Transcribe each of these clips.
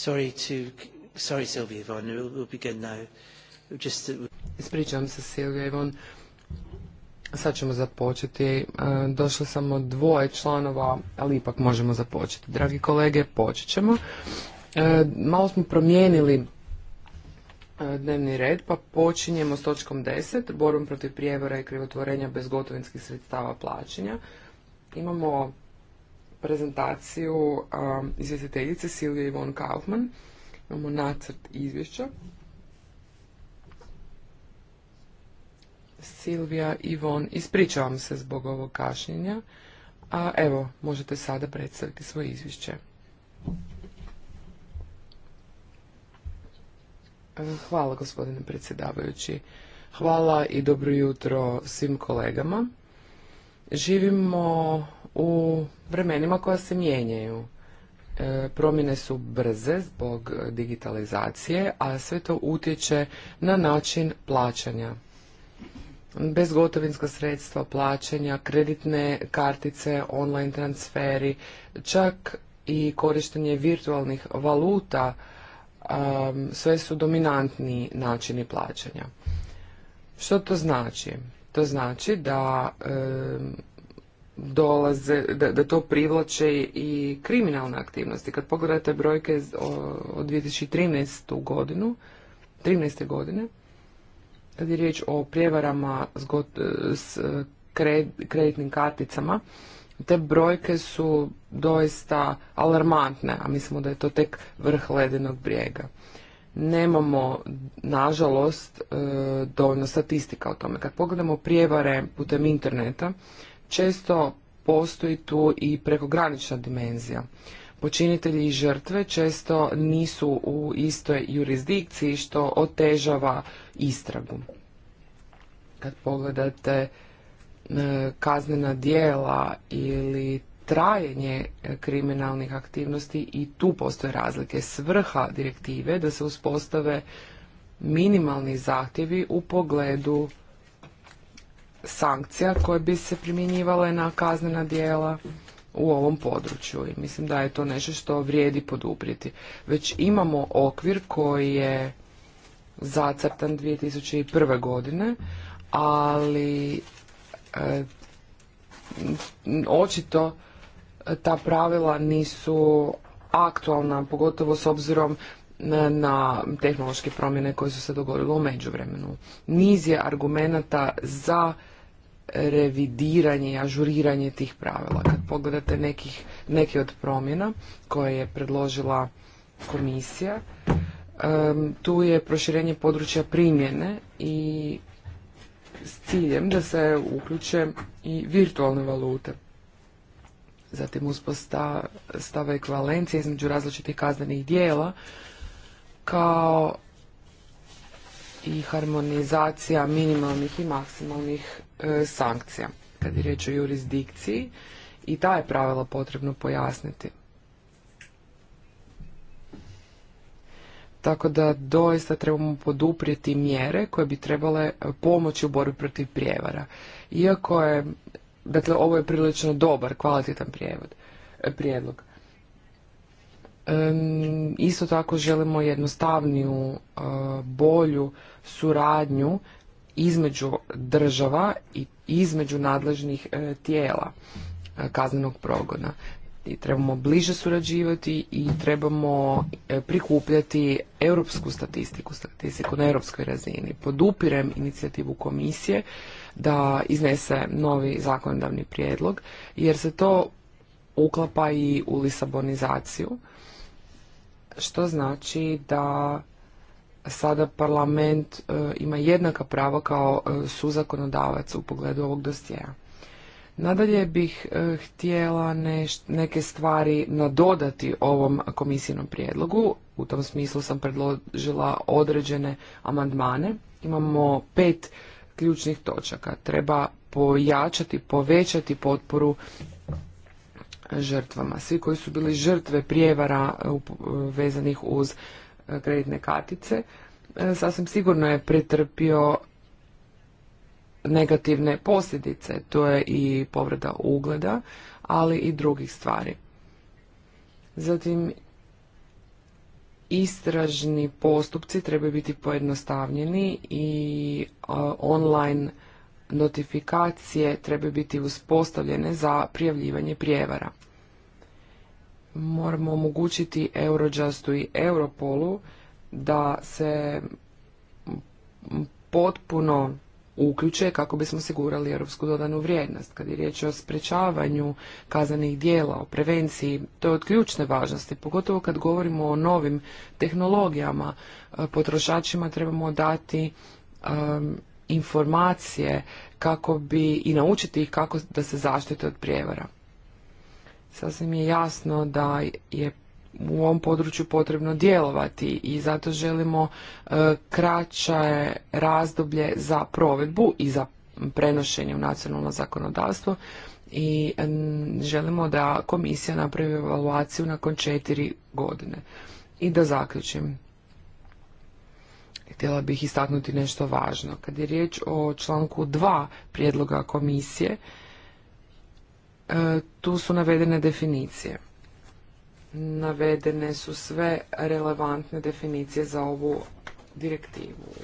Sorry Ispričavam se, Silvija Ivon. Sad ćemo započeti. E, Došlo samo dvoje članova, ali ipak možemo započeti. Dragi kolege, počet ćemo. E, malo smo promijenili e, dnevni red, pa počinjemo s točkom 10, borbom protiv prijevora i krivotvorenja bezgotovinskih sredstava plaćanja. Imamo prezentaciju um, izvjestiteljice Silvije Ivon Kaufman. Imamo nacrt izvješća. Silvija Ivon, ispričavam se zbog ovog kašnjenja. A evo, možete sada predstaviti svoje izvješće. Hvala gospodine predsjedavajući. Hvala i dobro jutro svim kolegama. Živimo u vremenima koja se mijenjaju. E, promjene su brze zbog digitalizacije, a sve to utječe na način plaćanja. Bezgotovinska sredstva plaćanja, kreditne kartice, online transferi, čak i korištenje virtualnih valuta, sve su dominantni načini plaćanja. Što to znači? To znači da dolaze, da, da to privlače i kriminalne aktivnosti. Kad pogledate brojke od 2013. godinu, 13. godine, kad je riječ o prijevarama s, kreditnim karticama, te brojke su doista alarmantne, a mislimo da je to tek vrh ledenog brijega. Nemamo, nažalost, e, dovoljno statistika o tome. Kad pogledamo prijevare putem interneta, često postoji tu i prekogranična dimenzija. Počinitelji i žrtve često nisu u istoj jurisdikciji što otežava istragu. Kad pogledate e, kaznena dijela ili trajanje kriminalnih aktivnosti i tu postoje razlike. Svrha direktive da se uspostave minimalni zahtjevi u pogledu sankcija koje bi se primjenjivale na kaznena djela u ovom području i mislim da je to nešto što vrijedi poduprijeti. Već imamo okvir koji je zacrtan 2001. godine, ali e, očito ta pravila nisu aktualna, pogotovo s obzirom na tehnološke promjene koje su se dogodile u međuvremenu. Niz je argumenata za revidiranje i ažuriranje tih pravila. Kad pogledate nekih, neke od promjena koje je predložila komisija, tu je proširenje područja primjene i s ciljem da se uključe i virtualne valute. Zatim uspostava ekvalencije između različitih kaznenih dijela kao i harmonizacija minimalnih i maksimalnih E, sankcija. Kad je riječ o jurisdikciji, i ta je pravila potrebno pojasniti. Tako da doista trebamo poduprijeti mjere koje bi trebale pomoći u borbi protiv prijevara. Iako je, dakle, ovo je prilično dobar, kvalitetan prijevod, e, prijedlog. Um, isto tako želimo jednostavniju, e, bolju suradnju između država i između nadležnih e, tijela e, kaznenog progona. I trebamo bliže surađivati i trebamo e, prikupljati europsku statistiku, statistiku na europskoj razini. Podupirem inicijativu komisije da iznese novi zakonodavni prijedlog jer se to uklapa i u lisabonizaciju što znači da sada parlament e, ima jednaka prava kao e, suzakonodavac u pogledu ovog dosjeja. Nadalje bih e, htjela neke stvari nadodati ovom komisijnom prijedlogu. U tom smislu sam predložila određene amandmane. Imamo pet ključnih točaka. Treba pojačati, povećati potporu žrtvama. Svi koji su bili žrtve prijevara vezanih uz kreditne kartice, e, sasvim sigurno je pretrpio negativne posljedice. To je i povreda ugleda, ali i drugih stvari. Zatim, istražni postupci trebaju biti pojednostavljeni i e, online notifikacije trebaju biti uspostavljene za prijavljivanje prijevara moramo omogućiti Eurojustu i Europolu da se potpuno uključe kako bismo sigurali europsku dodanu vrijednost. Kad je riječ o sprečavanju kazanih dijela, o prevenciji, to je od ključne važnosti, pogotovo kad govorimo o novim tehnologijama. E, potrošačima trebamo dati informacije kako bi i naučiti ih kako da se zaštite od prijevara sasvim je jasno da je u ovom području potrebno djelovati i zato želimo e, kraće razdoblje za provedbu i za prenošenje u nacionalno zakonodavstvo i želimo da komisija napravi evaluaciju nakon četiri godine. I da zaključim. Htjela bih istaknuti nešto važno. Kad je riječ o članku 2 prijedloga komisije, E, tu su navedene definicije. Navedene su sve relevantne definicije za ovu direktivu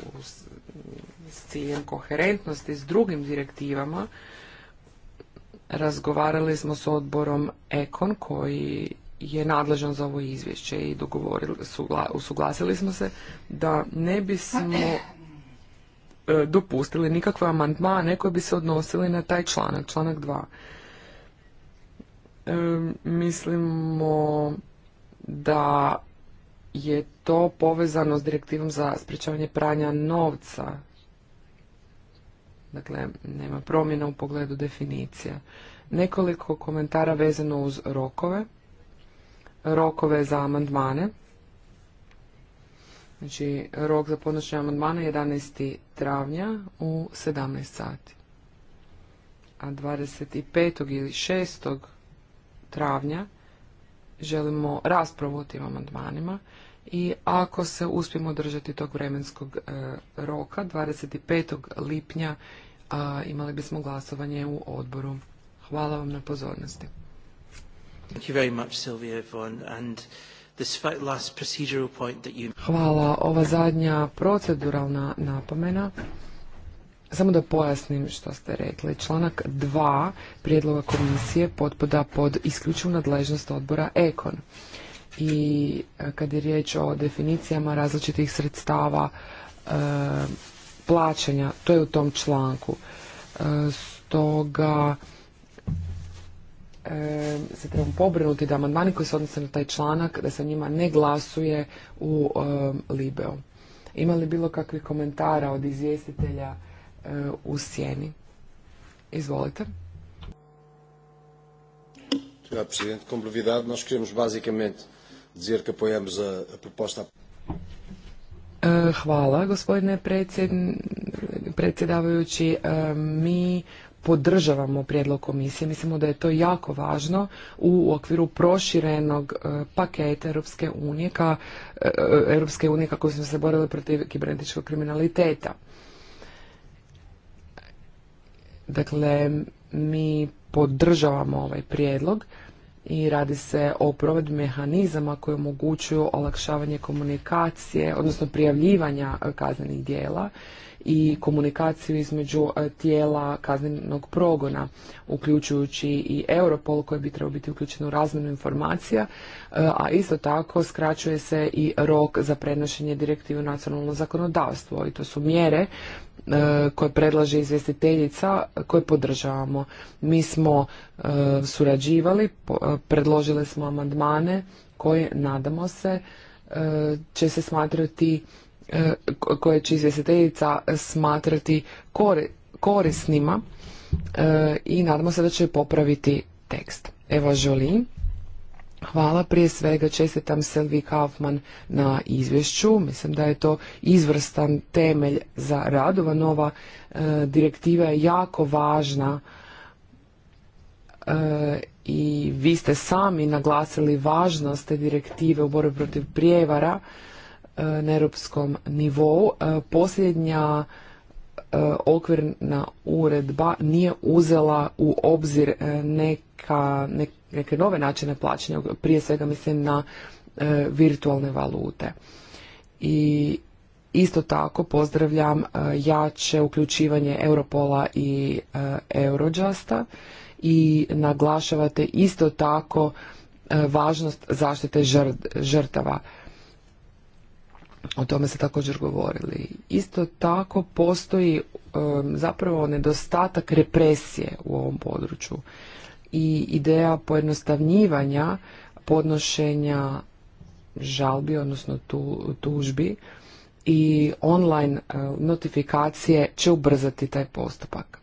s ciljem koherentnosti s drugim direktivama. Razgovarali smo s odborom Ekon koji je nadležan za ovo izvješće i dogovorili, usuglasili smo se da ne bismo e, dopustili nikakve amandmane koje bi se odnosili na taj članak, članak 2 mislimo da je to povezano s direktivom za sprječavanje pranja novca. Dakle, nema promjena u pogledu definicija. Nekoliko komentara vezano uz rokove. Rokove za amandmane. Znači, rok za podnošenje amandmana 11. travnja u 17 sati. A 25. ili 6 travnja želimo raspravu o tim amandmanima i ako se uspijemo držati tog vremenskog e, roka roka 25. lipnja imali bismo glasovanje u odboru. Hvala vam na pozornosti. Hvala. Ova zadnja proceduralna napomena samo da pojasnim što ste rekli. Članak 2 prijedloga komisije potpada pod isključivu nadležnost odbora EKON. I e, kad je riječ o definicijama različitih sredstava e, plaćanja, to je u tom članku. E, stoga se trebamo pobrinuti da amandmani koji se odnose na taj članak, da se njima ne glasuje u Libeu. Ima li bilo kakvih komentara od izvjestitelja u sjeni. Izvolite. Hvala, gospodine predsjedavajući. Eh, mi podržavamo prijedlog komisije. Mislimo da je to jako važno u okviru proširenog eh, paketa Europske unije, ka, eh, Europske unije kako smo se borili protiv kibernetičkog kriminaliteta. Dakle, mi podržavamo ovaj prijedlog i radi se o provedbi mehanizama koji omogućuju olakšavanje komunikacije, odnosno prijavljivanja e, kaznenih dijela i komunikaciju između e, tijela kaznenog progona, uključujući i Europol koji bi trebao biti uključen u razmjenu informacija, e, a isto tako skraćuje se i rok za prenošenje direktive u nacionalno zakonodavstvo i to su mjere E, koje predlaže izvjestiteljica koje podržavamo. Mi smo e, surađivali, e, predložili smo amandmane koje nadamo se će se smatrati koje će izvjestiteljica smatrati korisnima i nadamo se da će popraviti tekst. Evo Jolie. Hvala, prije svega čestitam Selvi Kaufman na izvješću. Mislim da je to izvrstan temelj za rad. nova e, direktiva je jako važna e, i vi ste sami naglasili važnost te direktive u borbi protiv prijevara e, na europskom nivou. Posljednja okvirna uredba nije uzela u obzir neka, nek, neke nove načine plaćanja, prije svega mislim na e, virtualne valute. I isto tako pozdravljam e, jače uključivanje Europola i e, Eurojusta i naglašavate isto tako e, važnost zaštite žrtava. O tome ste također govorili. Isto tako postoji zapravo nedostatak represije u ovom području i ideja pojednostavnjivanja podnošenja žalbi, odnosno tužbi i online e, notifikacije će ubrzati taj postupak.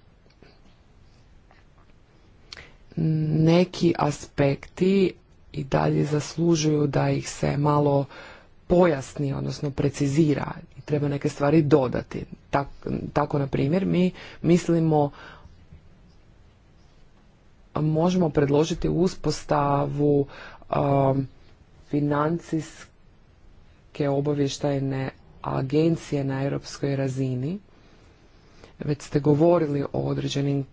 Neki aspekti i dalje zaslužuju da ih se malo pojasni, odnosno precizira i treba neke stvari dodati. tako na primjer, mi mislimo možemo predložiti uspostavu um, financijske obavještajne agencije na europskoj razini. Već ste govorili o određenim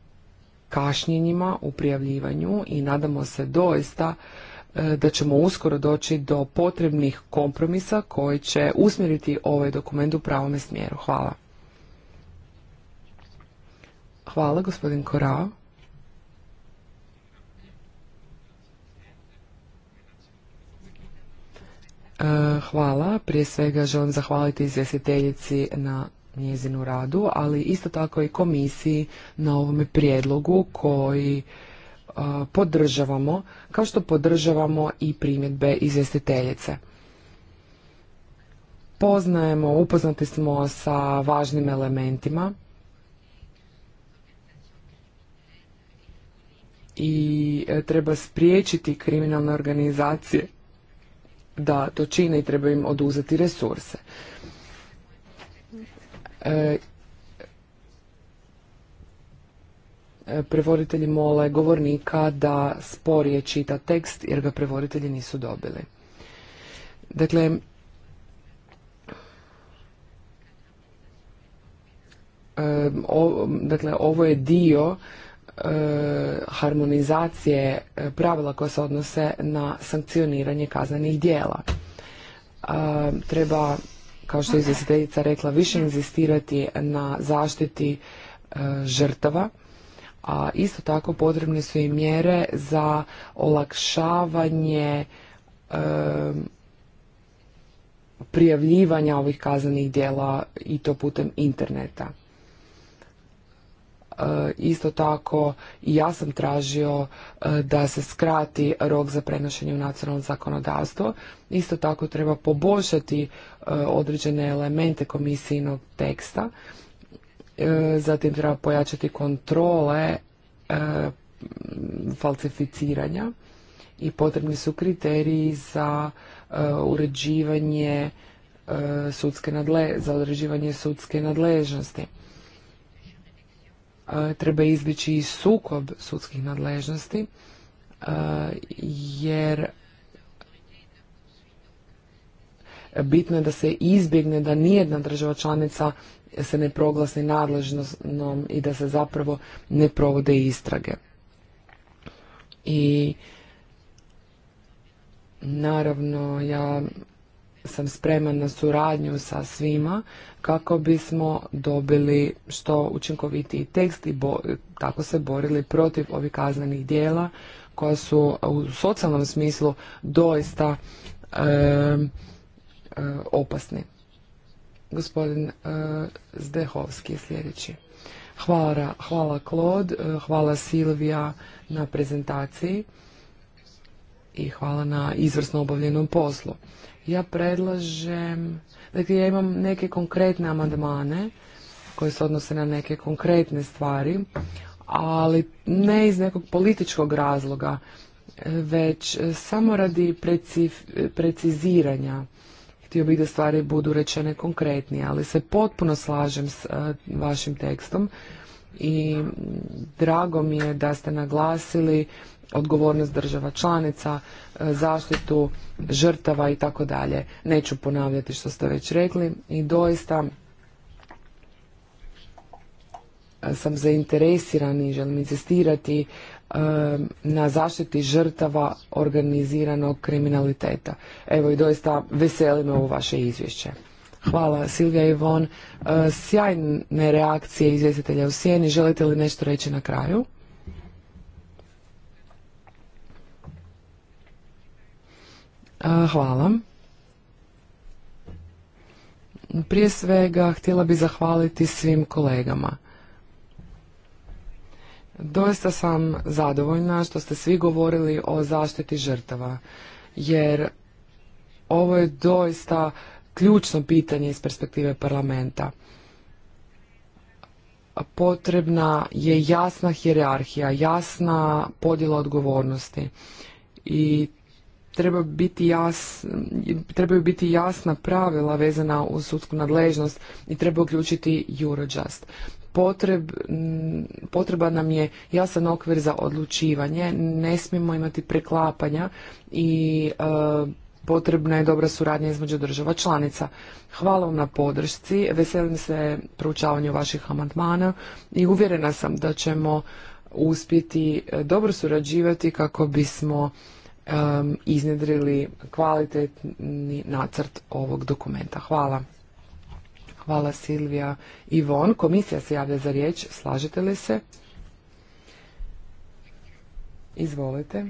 kašnjenjima u prijavljivanju i nadamo se doista e, da ćemo uskoro doći do potrebnih kompromisa koji će usmjeriti ovaj dokument u pravome smjeru. Hvala. Hvala, gospodin Korao. E, hvala. Prije svega želim zahvaliti izvjestiteljici na njezinu radu, ali isto tako i komisiji na ovome prijedlogu koji e, podržavamo, kao što podržavamo i primjedbe izvjestiteljice. Poznajemo, upoznati smo sa važnim elementima i e, treba spriječiti kriminalne organizacije da to čine i treba im oduzeti resurse. E, e, prevoditelji mole govornika da sporije čita tekst jer ga prevoditelji nisu dobili. Dakle, e, dakle ovo je dio Eh, harmonizacije eh, pravila koja se odnose na sankcioniranje kaznenih dijela. Eh, treba, kao što je izvjestiteljica rekla, više inzistirati na zaštiti žrtava, a isto tako potrebne su i mjere za olakšavanje prijavljivanja ovih kaznenih dijela i to putem interneta. E, isto tako i ja sam tražio e, da se skrati rok za prenošenje u nacionalno zakonodavstvo. Isto tako treba poboljšati e, određene elemente komisijnog teksta. Zatim treba pojačati kontrole falsificiranja i potrebni su kriteriji za uređivanje sudske za određivanje sudske nadležnosti. E, treba izbjeći i sukob sudskih nadležnosti e, jer bitno je da se izbjegne da nijedna država članica se ne proglasi nadležnom i da se zapravo ne provode istrage. I naravno ja sam spreman na suradnju sa svima kako bismo dobili što učinkovitiji tekst i tako se borili protiv ovih kaznenih dijela koja su u socijalnom smislu doista eh, opasni. Gospodin eh, Zdehovski je sljedeći. Hvala, hvala eh, hvala Silvija na prezentaciji i hvala na izvrsno obavljenom poslu. Ja predlažem, dakle ja imam neke konkretne amandmane koje se odnose na neke konkretne stvari, ali ne iz nekog političkog razloga, već samo radi preciziranja. Htio bih da stvari budu rečene konkretnije, ali se potpuno slažem s eh, vašim tekstom i drago mi je da ste naglasili odgovornost država članica, e, zaštitu žrtava i tako dalje. Neću ponavljati što ste već rekli i doista e, sam zainteresiran i želim insistirati e, na zaštiti žrtava organiziranog kriminaliteta. Evo i doista veseli ovo vaše izvješće. Hvala Silvija Ivon. Sjajne reakcije izvjestitelja u sjeni. Želite li nešto reći na kraju? Hvala. Prije svega htjela bih zahvaliti svim kolegama. Doista sam zadovoljna što ste svi govorili o zaštiti žrtava, jer ovo je doista ključno pitanje iz perspektive parlamenta. Potrebna je jasna hjerarhija, jasna podjela odgovornosti i treba biti jas, trebaju biti jasna pravila vezana uz sudsku nadležnost i treba uključiti Eurojust. Potreb, mm, potreba nam je jasan okvir za odlučivanje, ne smijemo imati preklapanja i e, potrebna je dobra suradnja između država članica. Hvala vam na podršci, veselim se proučavanju vaših amandmana i uvjerena sam da ćemo uspjeti e, dobro surađivati kako bismo um, iznedrili kvalitetni nacrt ovog dokumenta. Hvala. Hvala Silvija Ivon. Komisija se javlja za riječ. Slažete li se? Izvolite.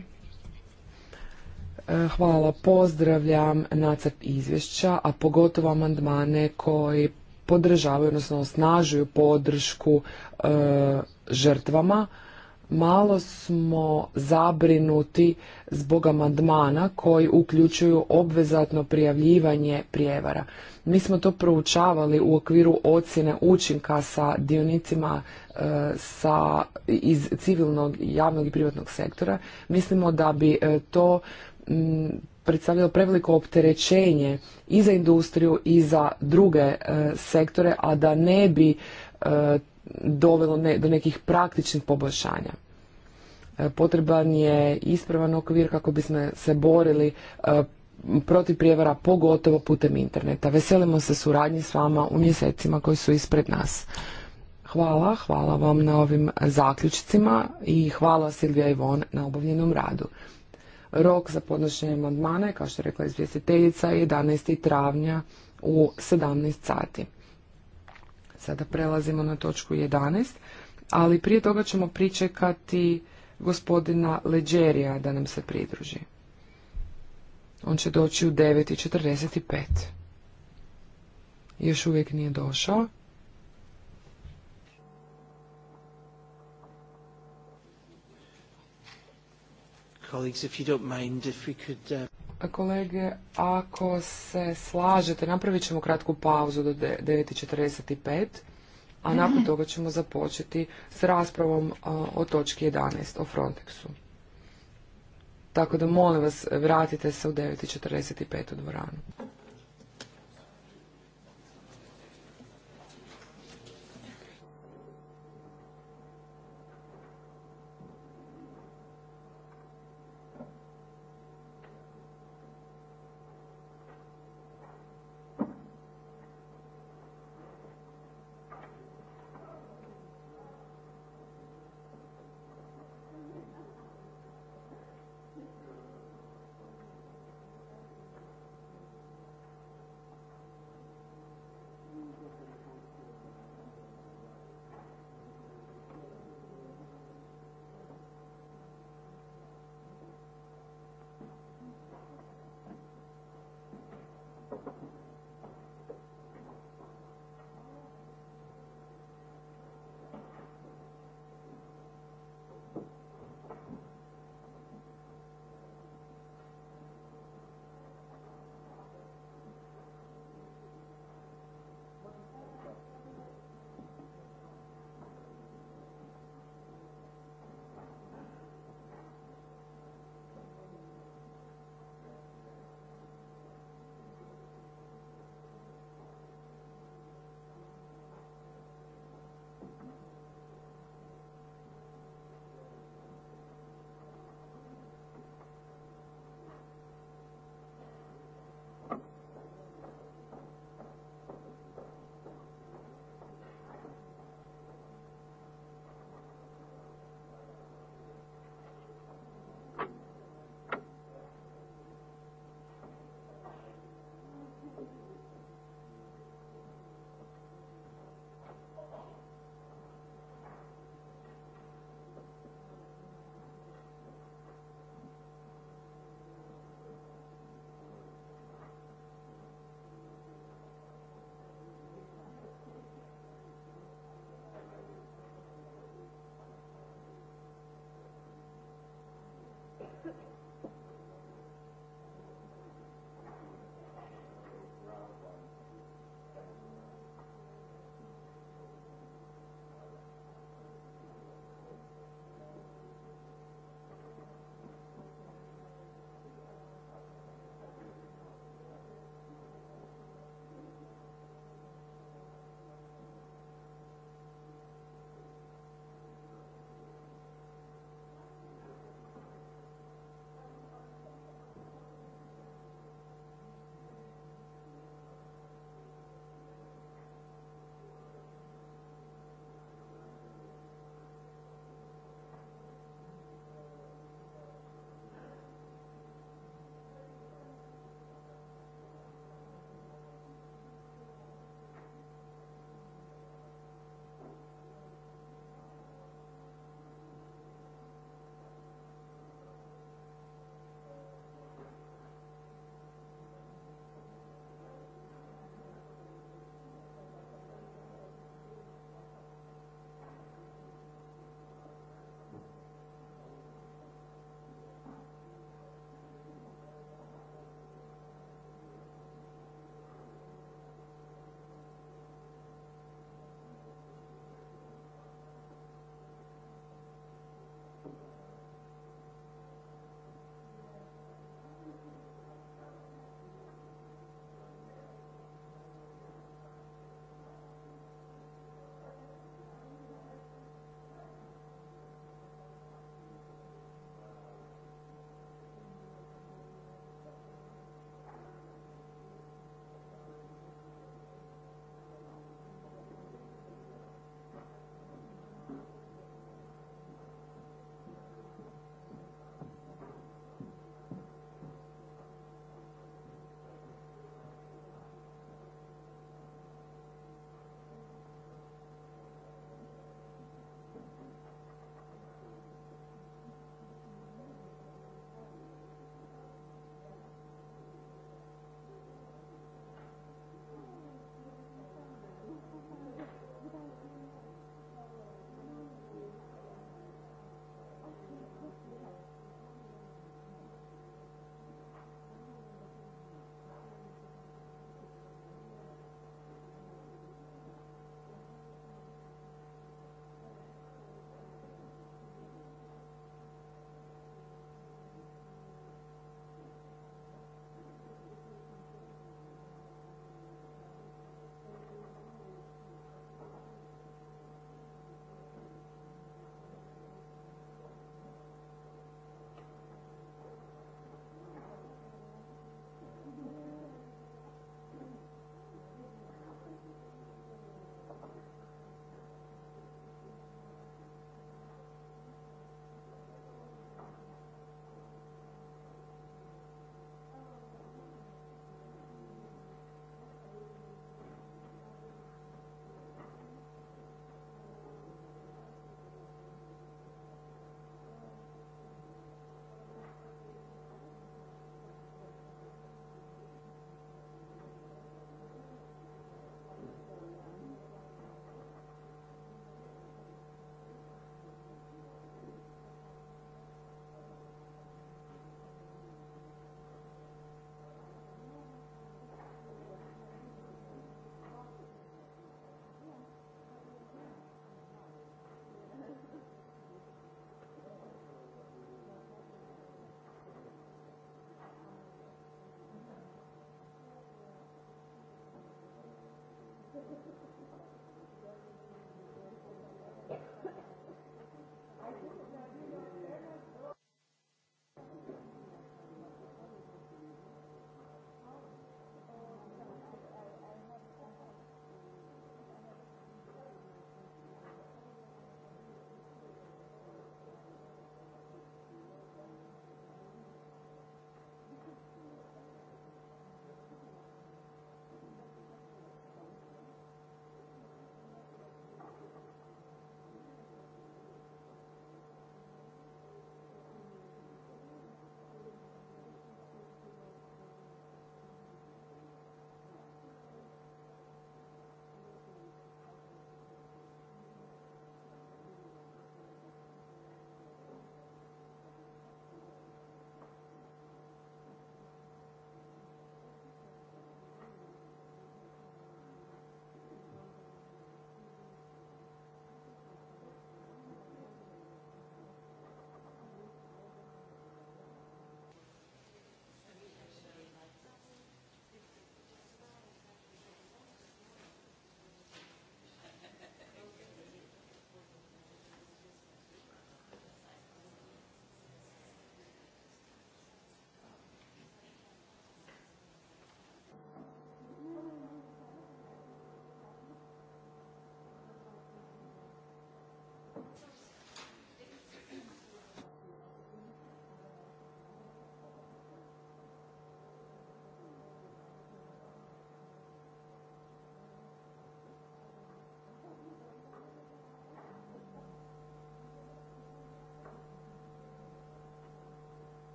E, hvala. Pozdravljam nacrt izvješća, a pogotovo amandmane koji podržavaju, odnosno osnažuju podršku e, žrtvama malo smo zabrinuti zbog amandmana koji uključuju obvezatno prijavljivanje prijevara. Mi smo to proučavali u okviru ocjene učinka sa dionicima e, sa, iz civilnog, javnog i privatnog sektora. Mislimo da bi e, to predstavljalo preveliko opterećenje i za industriju i za druge e, sektore, a da ne bi dovelo do nekih praktičnih poboljšanja. E, potreban je ispravan okvir kako bismo se borili e, protiv prijevara, pogotovo putem interneta. Veselimo se suradnji s vama u mjesecima koji su ispred nas. Hvala, hvala vam na ovim zaključcima i hvala Silvija Ivon na obavljenom radu. Rok za podnošenje amandmana je, kao što je rekla izvjestiteljica, 11. travnja u 17 sati. Sada prelazimo na točku 11, ali prije toga ćemo pričekati gospodina Leđerija da nam se pridruži. On će doći u 9.45. Još uvijek nije došao. Uh, A kolege, ako se slažete, napravit ćemo kratku pauzu do 9.45 a nakon toga ćemo započeti s raspravom o točki 11 o Frontexu. Tako da molim vas vratite se u 9.45 u dvoranu.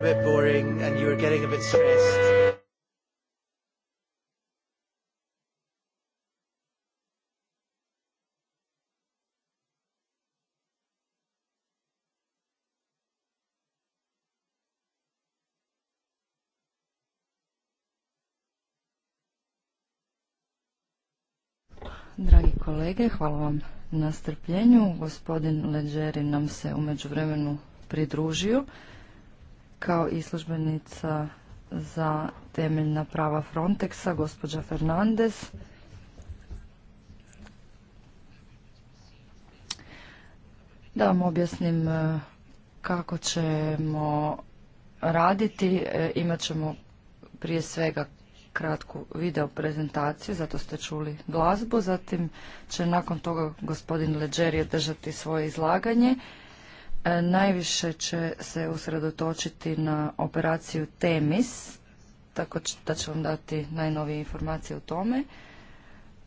a bit boring and you getting a bit stressed. Dragi kolege, hvala vam na strpljenju. Gospodin Leđeri nam se u međuvremenu pridružio kao i službenica za temeljna prava Frontexa, gospođa Fernandez. Da vam objasnim e, kako ćemo raditi. E, imat ćemo prije svega kratku video prezentaciju, zato ste čuli glazbu. Zatim će nakon toga gospodin leđerije držati svoje izlaganje. E, najviše će se usredotočiti na operaciju Temis, tako da ću vam dati najnovije informacije o tome.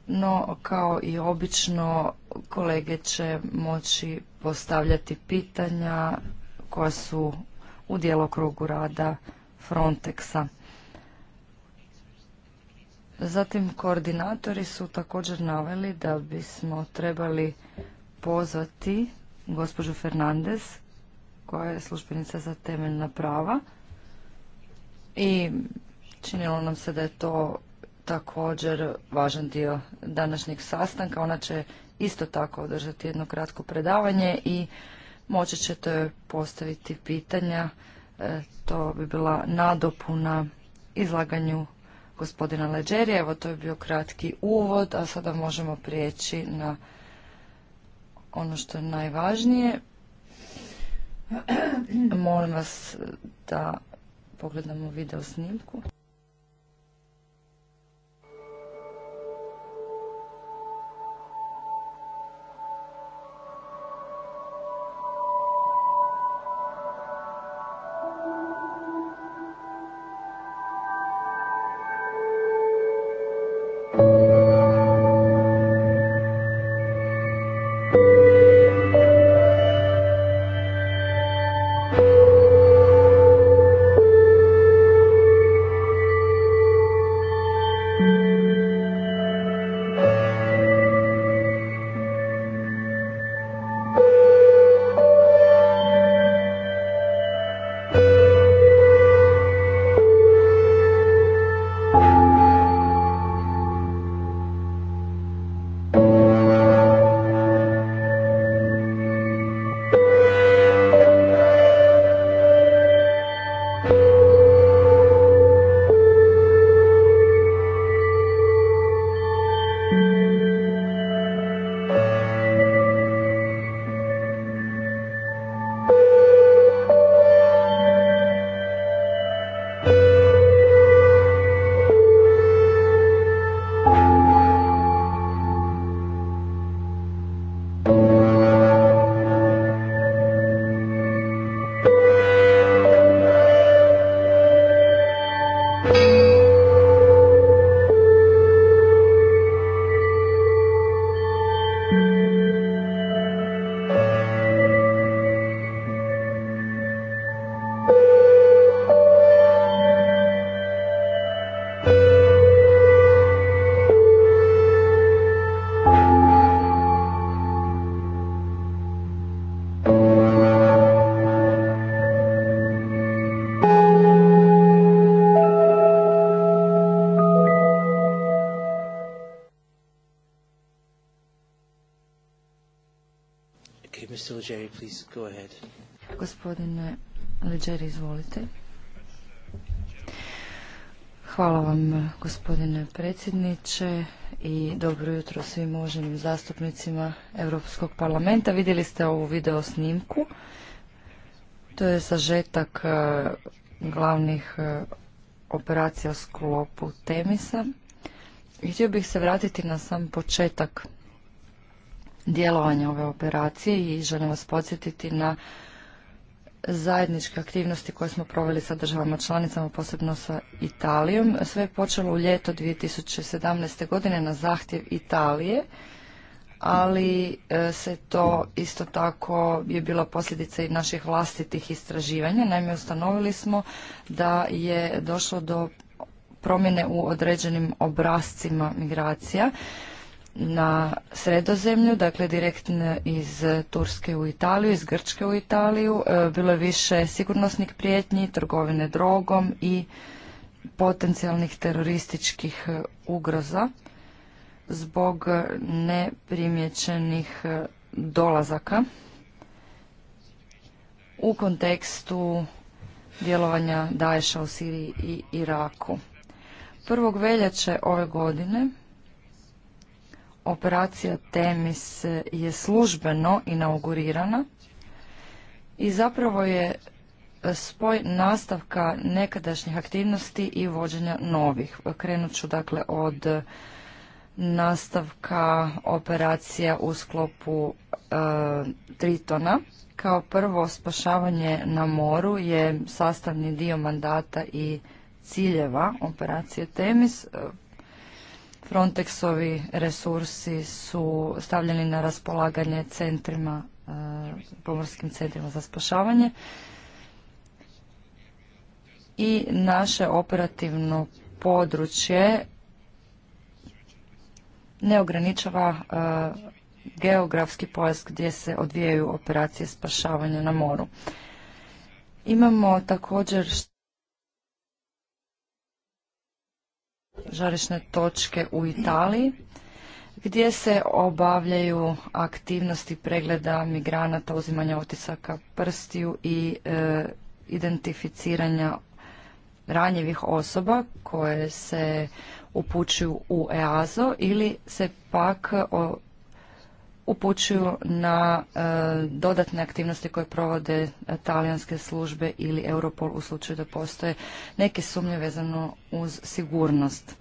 No, kao i obično, kolege će moći postavljati pitanja koja su u djelokrugu rada Frontexa. Zatim, koordinatori su također naveli da bismo trebali pozvati gospođu Fernandez, koja je službenica za temeljna prava. I činilo nam se da je to također važan dio današnjeg sastanka. Ona će isto tako održati jedno kratko predavanje i moći ćete postaviti pitanja. E, to bi bila nadopuna izlaganju gospodina Leđerija. Evo to je bio kratki uvod, a sada možemo prijeći na ono što je najvažnije. Molim vas da pogledamo video snimku. Leđeri, please go ahead. Gospodine Leđeri, izvolite. Hvala vam gospodine predsjedniče i dobro jutro svim uvaženim zastupnicima Europskog parlamenta. Vidjeli ste ovu video snimku. To je sažetak e, glavnih e, operacija u sklopu Temisa. Htio bih se vratiti na sam početak djelovanja ove operacije i želim vas podsjetiti na zajedničke aktivnosti koje smo proveli sa državama članicama, posebno sa Italijom. Sve je počelo u ljeto 2017. godine na zahtjev Italije, ali e, se to isto tako je bila posljedica i naših vlastitih istraživanja. Naime, ustanovili smo da je došlo do promjene u određenim obrazcima migracija na sredozemlju, dakle direktno iz Turske u Italiju, iz Grčke u Italiju. E, bilo je više sigurnosnih prijetnji, trgovine drogom i potencijalnih terorističkih e, ugroza zbog neprimjećenih e, dolazaka u kontekstu djelovanja Daesha u Siriji i Iraku. 1. veljače ove godine operacija Temis je službeno inaugurirana i zapravo je spoj nastavka nekadašnjih aktivnosti i vođenja novih. Krenut ću dakle od nastavka operacija u sklopu e, Tritona. Kao prvo spašavanje na moru je sastavni dio mandata i ciljeva operacije Temis. Frontexovi resursi su stavljeni na raspolaganje centrima, e, pomorskim centrima za spašavanje i naše operativno područje ne ograničava e, geografski pojas gdje se odvijaju operacije spašavanja na moru. Imamo također žarišne točke u Italiji gdje se obavljaju aktivnosti pregleda migranata, uzimanja otisaka prstiju i e, identificiranja ranjivih osoba koje se upućuju u EAZO ili se pak o, upućuju na e, dodatne aktivnosti koje provode e, talijanske službe ili Europol u slučaju da postoje neke sumnje vezano uz sigurnost.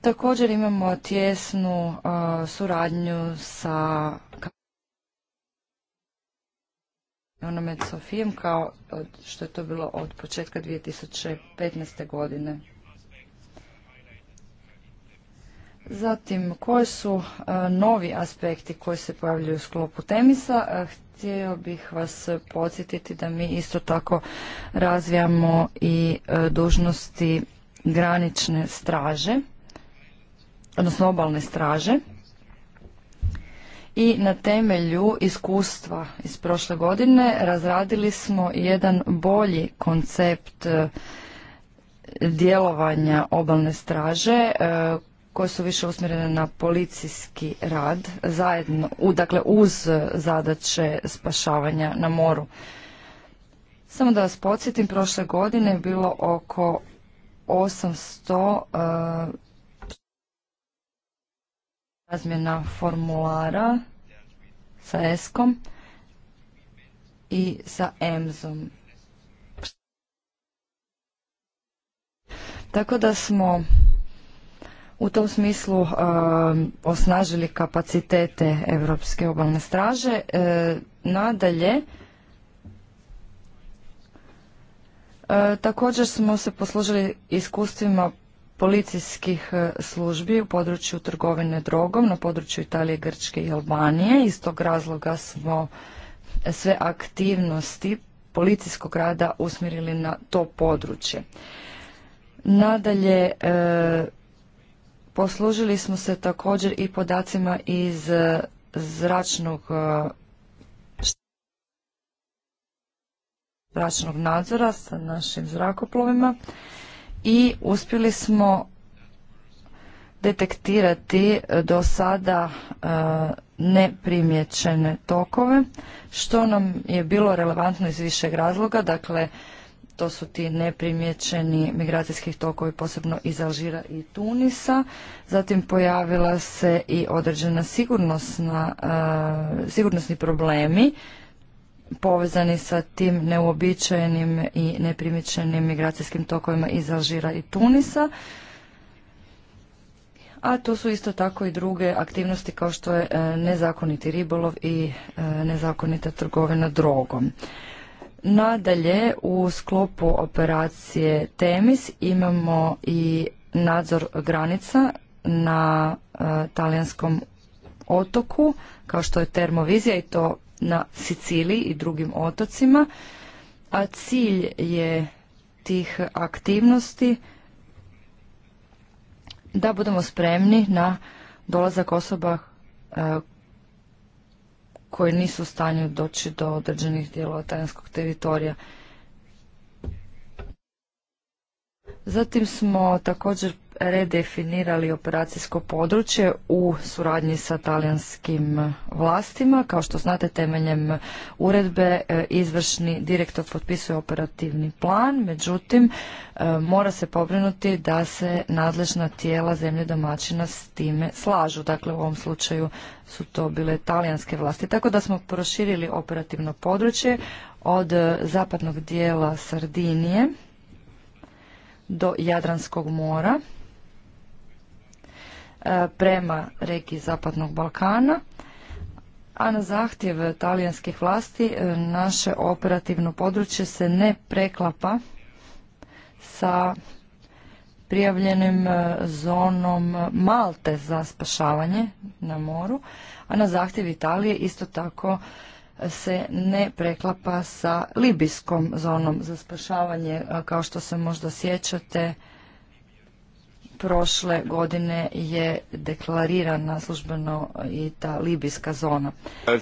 Također imamo tjesnu e, suradnju sa Onomet Sofijem kao što je to bilo od početka 2015. godine. Zatim, koji su e, novi aspekti koji se pojavljuju u sklopu Temisa? E, htio bih vas podsjetiti da mi isto tako razvijamo i e, dužnosti granične straže, odnosno obalne straže. I na temelju iskustva iz prošle godine razradili smo jedan bolji koncept djelovanja obalne straže koje su više usmjerene na policijski rad, zajedno, dakle uz zadaće spašavanja na moru. Samo da vas podsjetim, prošle godine je bilo oko 800 eh, razmjena formulara sa ESKOM i sa EMZom. Tako da smo u tom smislu e, osnažili kapacitete Europske obalne straže. E, nadalje, e, također smo se poslužili iskustvima policijskih e, službi u području trgovine drogom na području Italije, Grčke i Albanije. Iz tog razloga smo sve aktivnosti policijskog rada usmjerili na to područje. Nadalje, Poslužili smo se također i podacima iz e, zračnog e, zračnog nadzora sa našim zrakoplovima i uspjeli smo detektirati e, do sada neprimjećene tokove, što nam je bilo relevantno iz višeg razloga, dakle to su ti neprimjećeni migracijski tokovi posebno iz Alžira i Tunisa. Zatim pojavila se i određena sigurnosna, e, sigurnosni problemi povezani sa tim neuobičajenim i neprimjećenim migracijskim tokovima iz Alžira i Tunisa. A tu su isto tako i druge aktivnosti kao što je e, nezakoniti ribolov i e, nezakonita trgovina drogom. Nadalje, u sklopu operacije Temis imamo i nadzor granica na e, talijanskom otoku, kao što je termovizija i to na Siciliji i drugim otocima, a cilj je tih aktivnosti da budemo spremni na dolazak osoba e, koji nisu u stanju doći do određenih dijelova tajanskog teritorija. Zatim smo također redefinirali operacijsko područje u suradnji sa talijanskim vlastima. Kao što znate, temeljem uredbe e, izvršni direktor potpisuje operativni plan, međutim e, mora se pobrinuti da se nadležna tijela zemlje domaćina s time slažu. Dakle, u ovom slučaju su to bile talijanske vlasti. Tako da smo proširili operativno područje od e, zapadnog dijela Sardinije do Jadranskog mora E, prema reki Zapadnog Balkana, a na zahtjev talijanskih vlasti e, naše operativno područje se ne preklapa sa prijavljenim e, zonom Malte za spašavanje na moru, a na zahtjev Italije isto tako se ne preklapa sa libijskom zonom za spašavanje. Kao što se možda sjećate, prošle godine je deklarirana službeno i ta libijska zona. Uh,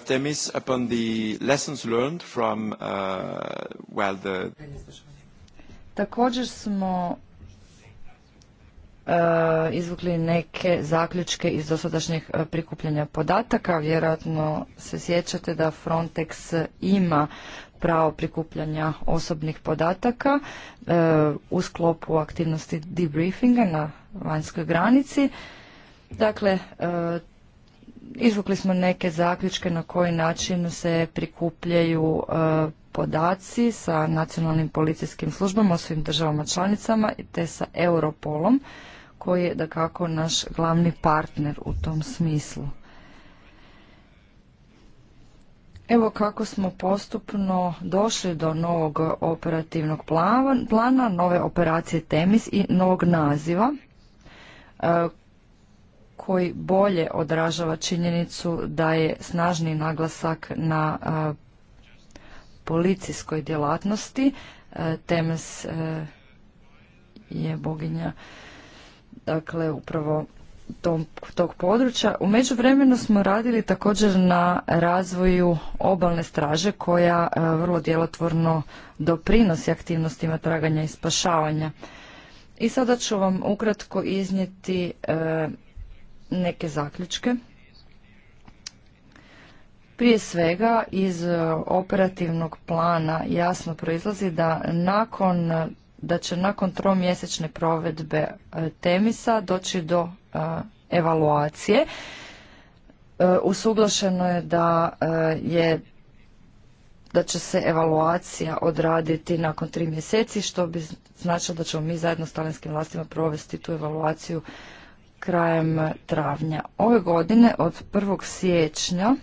Također smo e, izvukli neke zaključke iz dosadašnjih e, prikupljanja podataka. Vjerojatno se sjećate da Frontex ima pravo prikupljanja osobnih podataka e, u sklopu aktivnosti debriefinga na vanjskoj granici. Dakle, e, izvukli smo neke zaključke na koji način se prikupljaju e, podaci sa nacionalnim policijskim službama o svim državama članicama te sa Europolom koji je da kako naš glavni partner u tom smislu. Evo kako smo postupno došli do novog operativnog plana, nove operacije Temis i novog naziva E, koji bolje odražava činjenicu da je snažni naglasak na e, policijskoj djelatnosti. E, Temes je boginja dakle upravo tom, tog područja. U međuvremenu smo radili također na razvoju obalne straže koja vrlo djelotvorno doprinosi aktivnostima traganja i spašavanja. I sada ću vam ukratko iznijeti e, neke zaključke. Prije svega iz operativnog plana jasno proizlazi da nakon da će nakon tromjesečne provedbe e, temisa doći do e, evaluacije. usuglašeno je da je da će se evaluacija odraditi nakon tri mjeseci, što bi značilo da ćemo mi zajedno s talijanskim vlastima provesti tu evaluaciju krajem travnja. Ove godine od 1. siječnja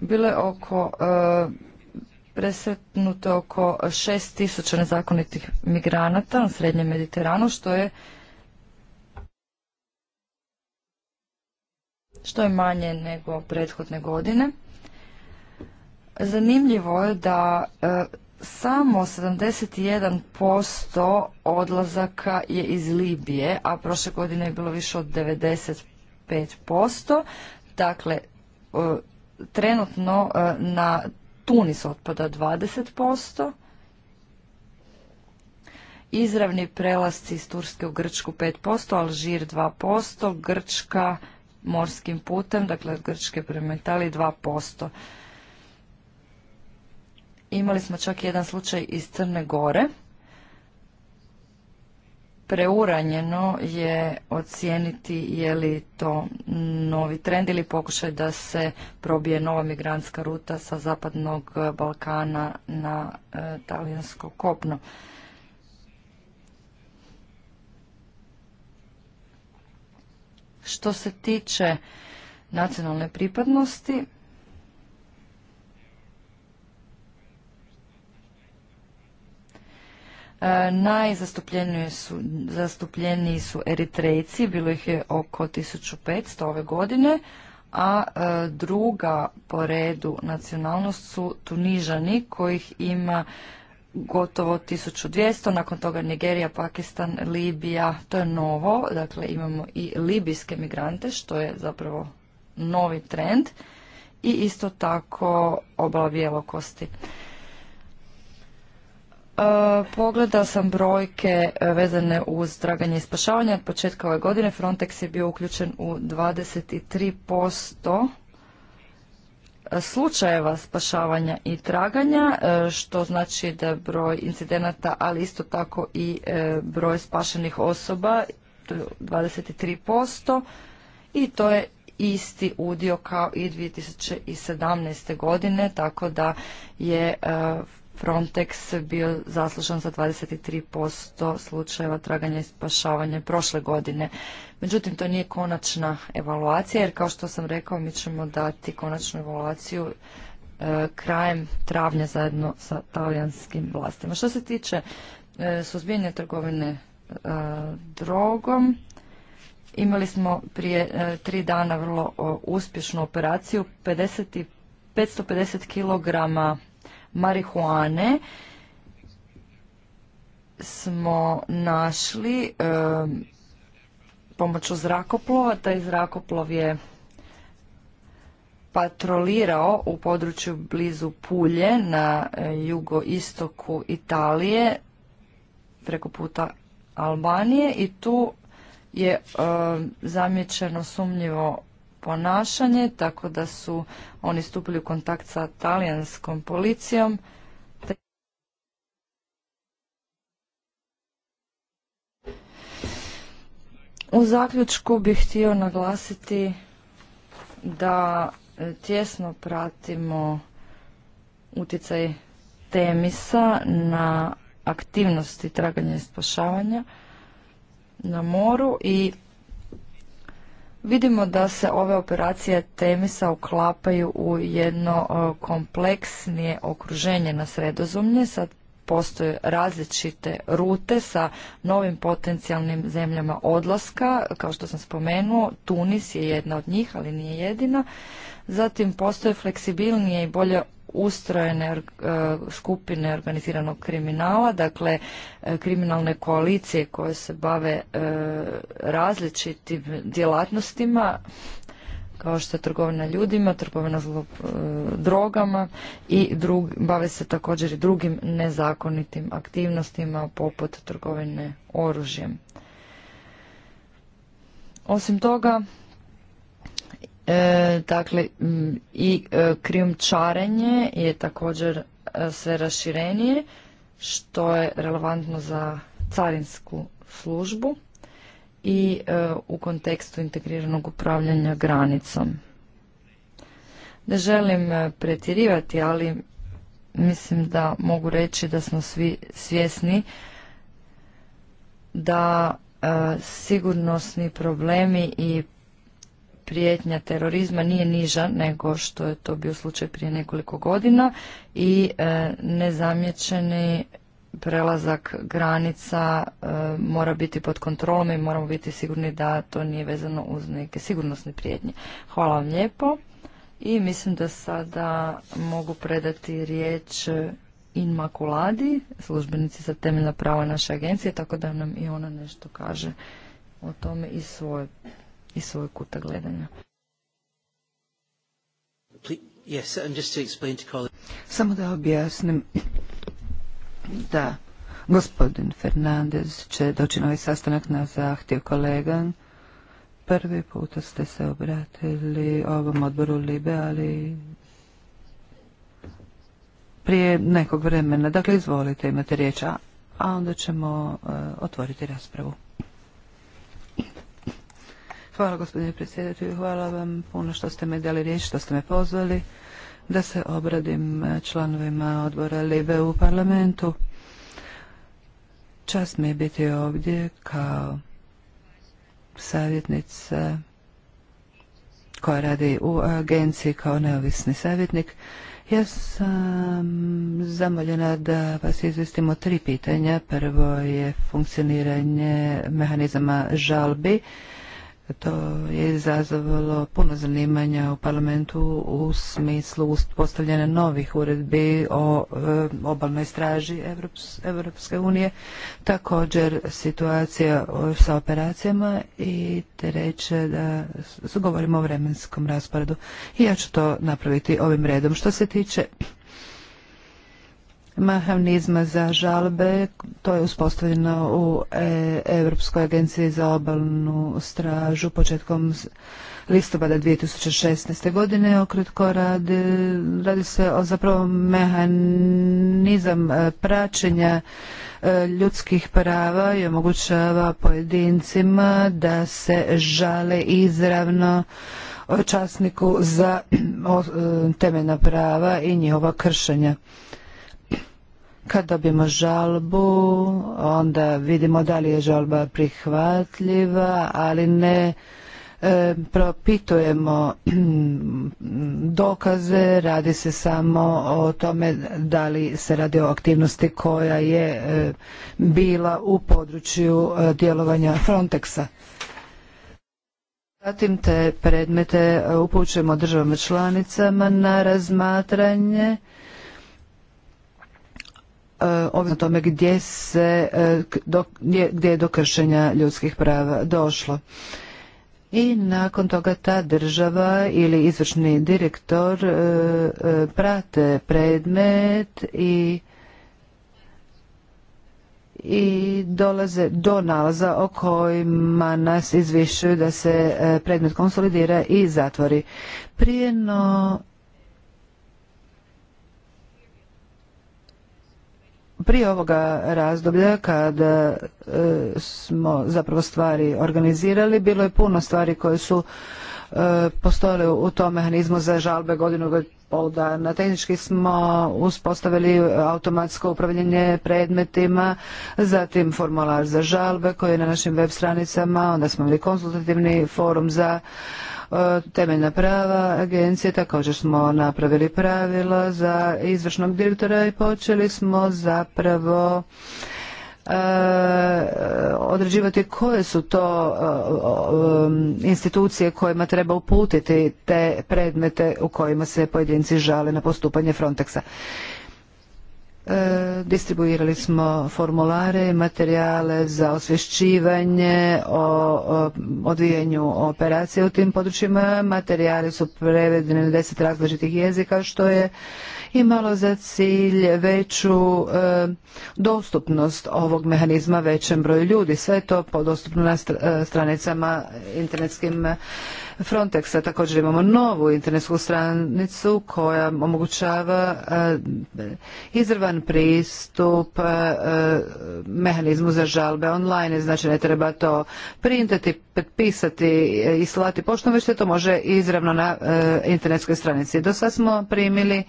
bilo je oko e, presretnuto oko 6000 nezakonitih migranata na srednjem Mediteranu, što je što je manje nego prethodne godine. Zanimljivo je da e, samo 71% odlazaka je iz Libije, a prošle godine je bilo više od 95%. Dakle, e, trenutno e, na Tunis otpada 20%. Izravni prelasci iz Turske u Grčku 5%, Alžir 2%, Grčka morskim putem, dakle Grčke prema Italiji 2%. Imali smo čak jedan slučaj iz Crne Gore. Preuranjeno je ocijeniti je li to novi trend ili pokušaj da se probije nova migrantska ruta sa zapadnog Balkana na e, talijansko kopno. Što se tiče nacionalne pripadnosti, E, najzastupljeniji su, zastupljeniji su Eritrejci, bilo ih je oko 1500 ove godine, a e, druga po redu nacionalnost su Tunižani kojih ima gotovo 1200, nakon toga Nigerija, Pakistan, Libija, to je novo, dakle imamo i libijske migrante što je zapravo novi trend i isto tako obala bijelokosti. kosti. E, Pogledao sam brojke e, vezane uz traganje i spašavanje. Od početka ove godine Frontex je bio uključen u 23% e, slučajeva spašavanja i traganja, što znači da broj incidenata, ali isto tako i broj spašenih osoba, 23%, i to je isti udio kao i 2017. godine, tako da je Frontex bio zaslužan za 23% slučajeva traganja i spašavanja prošle godine. Međutim, to nije konačna evaluacija, jer kao što sam rekao, mi ćemo dati konačnu evaluaciju e, krajem travnja zajedno sa talijanskim vlastima. Što se tiče e, suzbijanja trgovine e, drogom, imali smo prije tri dana vrlo uspješnu operaciju, 50 550 kilograma marihuane smo našli pomoću zrakoplova. Taj zrakoplov je patrolirao u području blizu Pulje na e, jugoistoku Italije preko puta Albanije i tu je zamijećeno sumnjivo ponašanje, tako da su oni stupili u kontakt sa talijanskom policijom. U zaključku bih htio naglasiti da e, tjesno pratimo utjecaj temisa na aktivnosti traganja i spašavanja na moru i Vidimo da se ove operacije Temisa uklapaju u jedno e, kompleksnije okruženje na sredozumlje. Sad postoje različite rute sa novim potencijalnim zemljama odlaska. Kao što sam spomenuo, Tunis je jedna od njih, ali nije jedina. Zatim postoje fleksibilnije i bolje ustrojene e, skupine organiziranog kriminala, dakle e, kriminalne koalicije koje se bave e, različitim djelatnostima kao što je trgovina ljudima, trgovina zlo, drogama i bave se također i drugim nezakonitim aktivnostima poput trgovine oružjem. Osim toga, E, dakle, i e, krijumčarenje je također e, sve raširenije, što je relevantno za carinsku službu i e, u kontekstu integriranog upravljanja granicom. Ne želim pretjerivati, ali mislim da mogu reći da smo svi svjesni da sigurnosni problemi i prijetnja terorizma nije niža nego što je to bio slučaj prije nekoliko godina i e, prelazak granica e, mora biti pod kontrolom i moramo biti sigurni da to nije vezano uz neke sigurnosne prijetnje. Hvala vam lijepo i mislim da sada mogu predati riječ Inmakuladi, službenici za temeljna prava naše agencije, tako da nam i ona nešto kaže o tome i svoje i svoj kuta gledanja. Samo da objasnim da gospodin Fernandez će doći na ovaj sastanak na zahtjev kolega. Prvi puta ste se obratili ovom odboru Libe, ali prije nekog vremena. Dakle, izvolite, imate riječ, a onda ćemo e, otvoriti raspravu. Hvala gospodine predsjedatelju, hvala vam puno što ste me dali riječ, što ste me pozvali da se obradim e, članovima odbora Libe u parlamentu. Čast mi je biti ovdje kao savjetnica koja radi u agenciji kao neovisni savjetnik. Ja sam zamoljena da vas izvestimo tri pitanja. Prvo je funkcioniranje mehanizama žalbi to je izazovalo puno zanimanja u parlamentu u smislu postavljanja novih uredbi o e, obalnoj straži EU, unije, također situacija sa operacijama i treće da govorimo o vremenskom rasporedu. I ja ću to napraviti ovim redom. Što se tiče mehanizma za žalbe, to je uspostavljeno u e, Europskoj agenciji za obalnu stražu početkom listopada 2016. godine. okretko radi, radi se o zapravo mehanizam e, praćenja e, ljudskih prava i omogućava pojedincima da se žale izravno časniku za temeljna prava i njihova kršenja. Kad dobijemo žalbu, onda vidimo da li je žalba prihvatljiva, ali ne e, propitujemo dokaze, radi se samo o tome da li se radi o aktivnosti koja je e, bila u području e, djelovanja Frontexa. Zatim te predmete upućujemo državama članicama na razmatranje E, ovisno o tome gdje, se, e, gdje je do kršenja ljudskih prava došlo. I nakon toga ta država ili izvršni direktor e, prate predmet i i dolaze do nalaza o kojima nas izvišuju da se predmet konsolidira i zatvori. Prije no prije ovoga razdoblja kada e, smo zapravo stvari organizirali, bilo je puno stvari koje su e, postojale u tom mehanizmu za žalbe godinu pol dana. Tehnički smo uspostavili automatsko upravljanje predmetima, zatim formular za žalbe koji je na našim web stranicama, onda smo imali konzultativni forum za E, temeljna prava agencije. Također smo napravili pravila za izvršnog direktora i počeli smo zapravo e, određivati koje su to e, institucije kojima treba uputiti te predmete u kojima se pojedinci žale na postupanje Frontexa. E, distribuirali smo formulare, i materijale za osvješćivanje o odvijenju operacije u tim područjima. Materijale su prevedeni na deset različitih jezika što je imalo za cilj veću e, dostupnost ovog mehanizma većem broju ljudi. Sve je to podostupno na e, stranicama internetskim Frontexa. Također imamo novu internetsku stranicu koja omogućava izravan pristup e, e, mehanizmu za žalbe online, znači ne treba to printati, pisati i slati poštom, već se to može izravno na e, internetskoj stranici. Do sad smo primili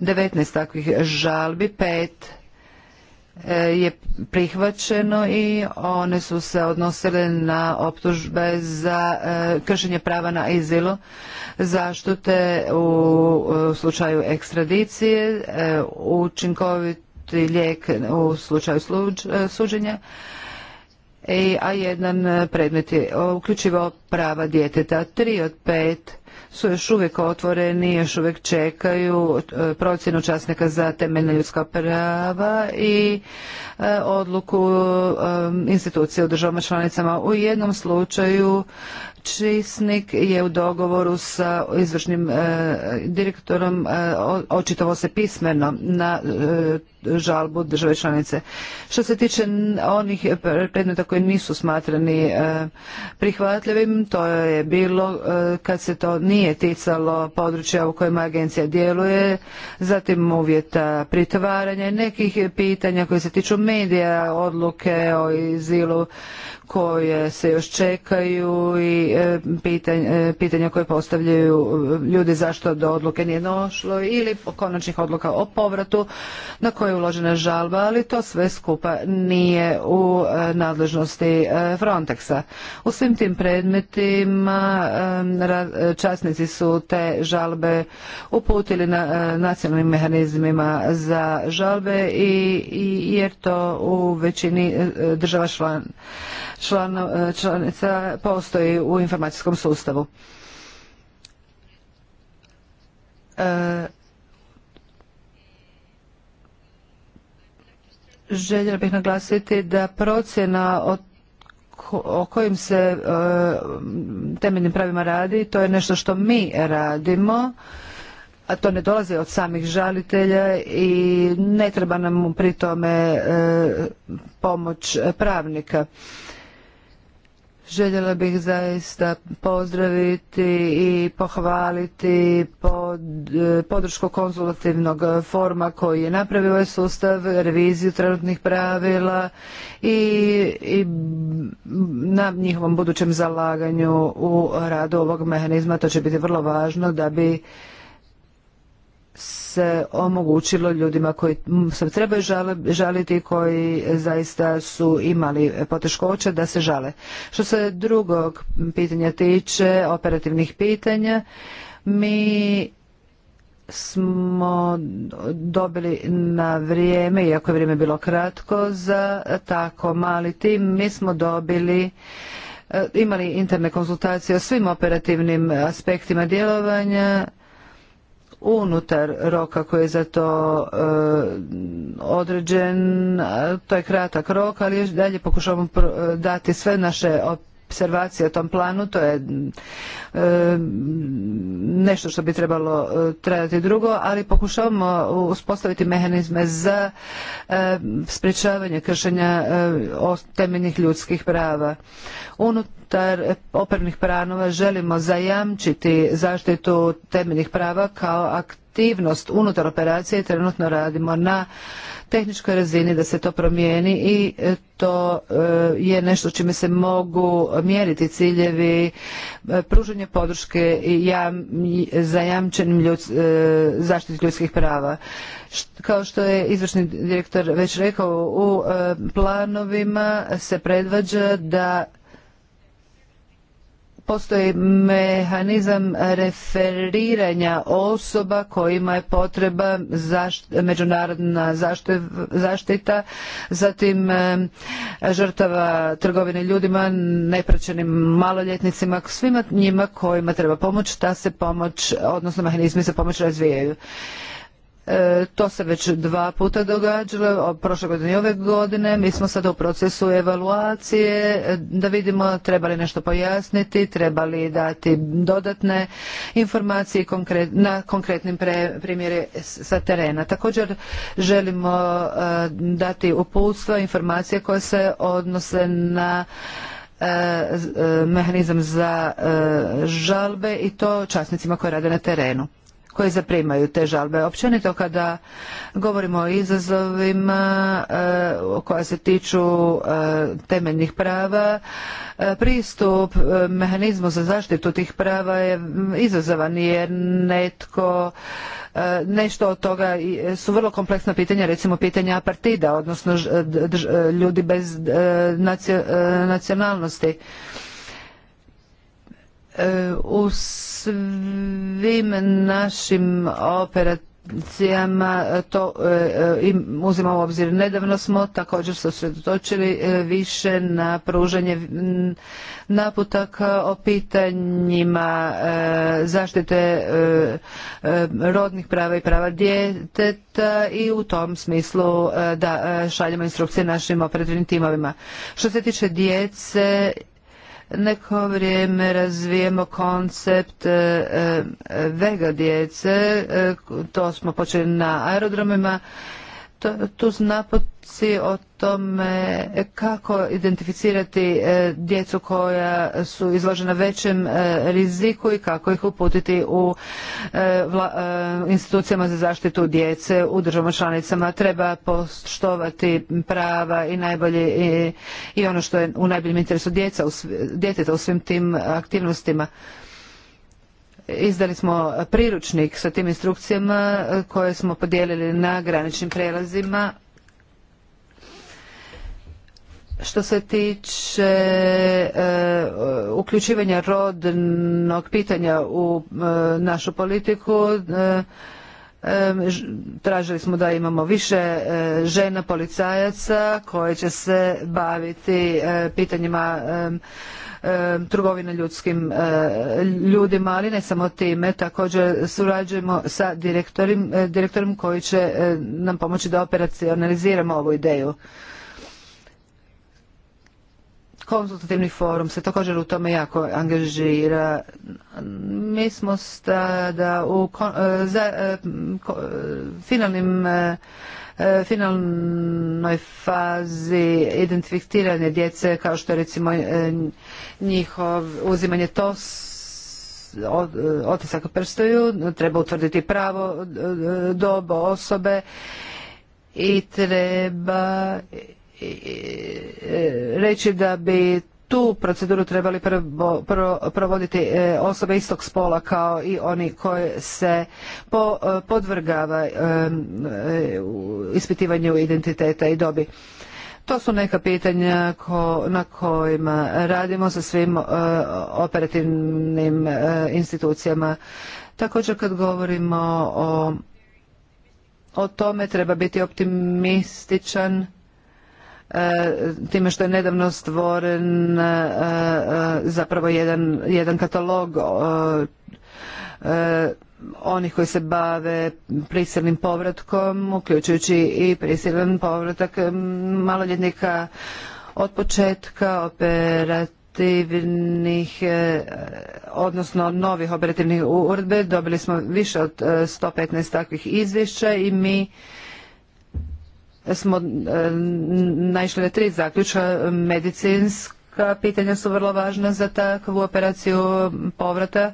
19 takvih žalbi, pet E, je prihvaćeno i one su se odnosile na optužbe za e, kršenje prava na izilo, zaštite u slučaju ekstradicije, e, učinkoviti lijek u slučaju suđenja, a jedan predmet je uključivao prava djeteta. Tri od pet su još uvijek otvoreni, još uvijek čekaju e, procjenu časnika za temeljna ljudska prava i e, odluku e, institucije u državama članicama. U jednom slučaju Čisnik je u dogovoru sa izvršnim e, direktorom e, očitovao se pismeno na e, žalbu države članice. Što se tiče onih predmeta koji nisu smatrani prihvatljivim, to je bilo kad se to nije ticalo područja u kojima agencija djeluje, zatim uvjeta pritvaranja i nekih pitanja koje se tiču medija, odluke o izilu koje se još čekaju i E, e, pitanja koje postavljaju e, ljudi zašto do odluke nije došlo ili konačnih odluka o povratu na koje je uložena žalba, ali to sve skupa nije u nadležnosti Frontexa. U svim tim predmetima časnici su te žalbe uputili na nacionalnim mehanizmima za žalbe i jer to u većini država član E, članica postoji u informacijskom sustavu. E, željela bih naglasiti da procjena o, kojim se e, temeljnim pravima radi, to je nešto što mi radimo, a to ne dolazi od samih žalitelja i ne treba nam pri tome pomoć pravnika. Željela bih zaista pozdraviti i pohvaliti podrško e, podršku konzulativnog forma koji je napravio ovaj sustav, reviziju trenutnih pravila i, i na njihovom budućem zalaganju u radu ovog mehanizma. To će biti vrlo važno da bi se omogućilo ljudima koji se trebaju žaliti i koji zaista su imali poteškoće da se žale. Što se drugog pitanja tiče, operativnih pitanja, mi smo dobili na vrijeme, iako je vrijeme bilo kratko, za tako mali tim, mi smo dobili e, imali interne konzultacije o svim operativnim aspektima djelovanja unutar roka koji je za to e, određen. To je kratak rok, ali dalje pokušavamo e, dati sve naše observacije o tom planu, to je e, nešto što bi trebalo e, trajati drugo, ali pokušavamo uspostaviti mehanizme za e, sprječavanje kršenja temeljnih ljudskih prava. Unutar opernih pranova želimo zajamčiti zaštitu temeljnih prava kao aktivnost unutar operacije trenutno radimo na tehničkoj razini da se to promijeni i e, to e, je nešto čime se mogu mjeriti ciljevi e, pružanje podrške i zajamčenim zaštiti ljudskih prava. Kao što je izvršni direktor već rekao, u planovima se predvađa da postoji mehanizam referiranja osoba kojima je potreba međunarodna zaštita, zatim e, žrtava trgovine ljudima, nepraćenim maloljetnicima, svima njima kojima treba pomoć, ta se pomoć, odnosno mehanizmi za pomoć razvijaju. E, to se već dva puta događalo, prošle godine i ove godine. Mi smo sada u procesu evaluacije e, da vidimo treba li nešto pojasniti, treba li dati dodatne informacije na konkretnim primjeri sa terena. Također želimo e, dati uputstva, informacije koje se odnose na mehanizam za žalbe i to časnicima koji rade na terenu koji zaprimaju te žalbe. Općenito kada govorimo o izazovima eh, koja se tiču eh, temeljnih prava, eh, pristup mehanizmu za zaštitu tih prava je izazovan jer netko nešto od toga su vrlo kompleksna pitanja, recimo pitanja apartida, odnosno ljudi bez nacionalnosti. E, u svim našim operacijama to e, e, uzimamo u obzir. Nedavno smo također se osredotočili više na pružanje naputaka o pitanjima zaštite rodnih prava i prava djeteta i u tom smislu da šaljemo instrukcije našim operativnim timovima. Što se tiče djece neko vrijeme razvijemo koncept e, e, vega djece, e, to smo počeli na aerodromima tu su napoci o tome kako identificirati e, djecu koja su izložena većem e, riziku i kako ih uputiti u e, institucijama za zaštitu djece u državama članicama. Treba poštovati prava i najbolje i ono što je u najboljem interesu djeteta u svim tim aktivnostima. Izdali smo priručnik sa tim instrukcijama e, koje smo podijelili na graničnim prelazima. Što se tiče e, e, uključivanja rodnog pitanja u našu politiku, tražili smo da imamo više žena policajaca koje će se baviti pitanjima E, trgovine ljudskim e, ljudima, ali ne samo time. Također surađujemo sa direktorim, e, koji će nam pomoći da operacionaliziramo ovu ideju. Konzultativni forum se također u tome jako angažira. Mi smo da u za, finalnim E, finalnoj fazi identificirane djece kao što recimo e, njihov uzimanje tos e, otisak prstaju, treba utvrditi pravo dobo osobe i treba reći da bi tu proceduru trebali provoditi e, osobe istog spola kao i oni koji se podvrgavaju e, podvrgava e, ispitivanju identiteta i dobi. To su neka pitanja na kojima radimo sa svim operativnim institucijama. Također kad govorimo o tome treba biti optimističan time što je nedavno stvoren e, e, zapravo jedan, katalog e, onih koji se bave prisilnim povratkom, uključujući i prisilan povratak maloljetnika od početka operativnih, odnosno novih operativnih uredbe. Dobili smo više od 115 takvih izvješća i mi smo e, naišli na tri zaključka. Medicinska pitanja su vrlo važna za takvu operaciju povrata.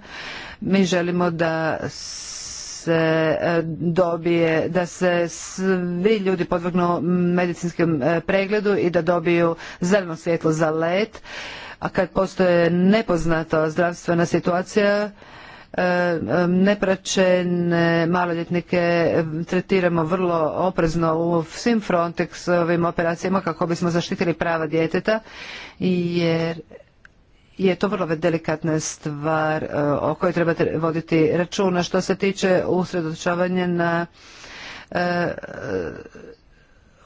Mi želimo da se e, dobije, da se svi ljudi podvrgnu medicinskim e, pregledu i da dobiju zeleno svjetlo za let. A kad postoje nepoznata zdravstvena situacija, nepraćene maloljetnike tretiramo vrlo oprezno u svim Frontexovim operacijama kako bismo zaštitili prava djeteta jer je to vrlo delikatna stvar e, o kojoj treba voditi računa. Što se tiče usredočavanja na e, e,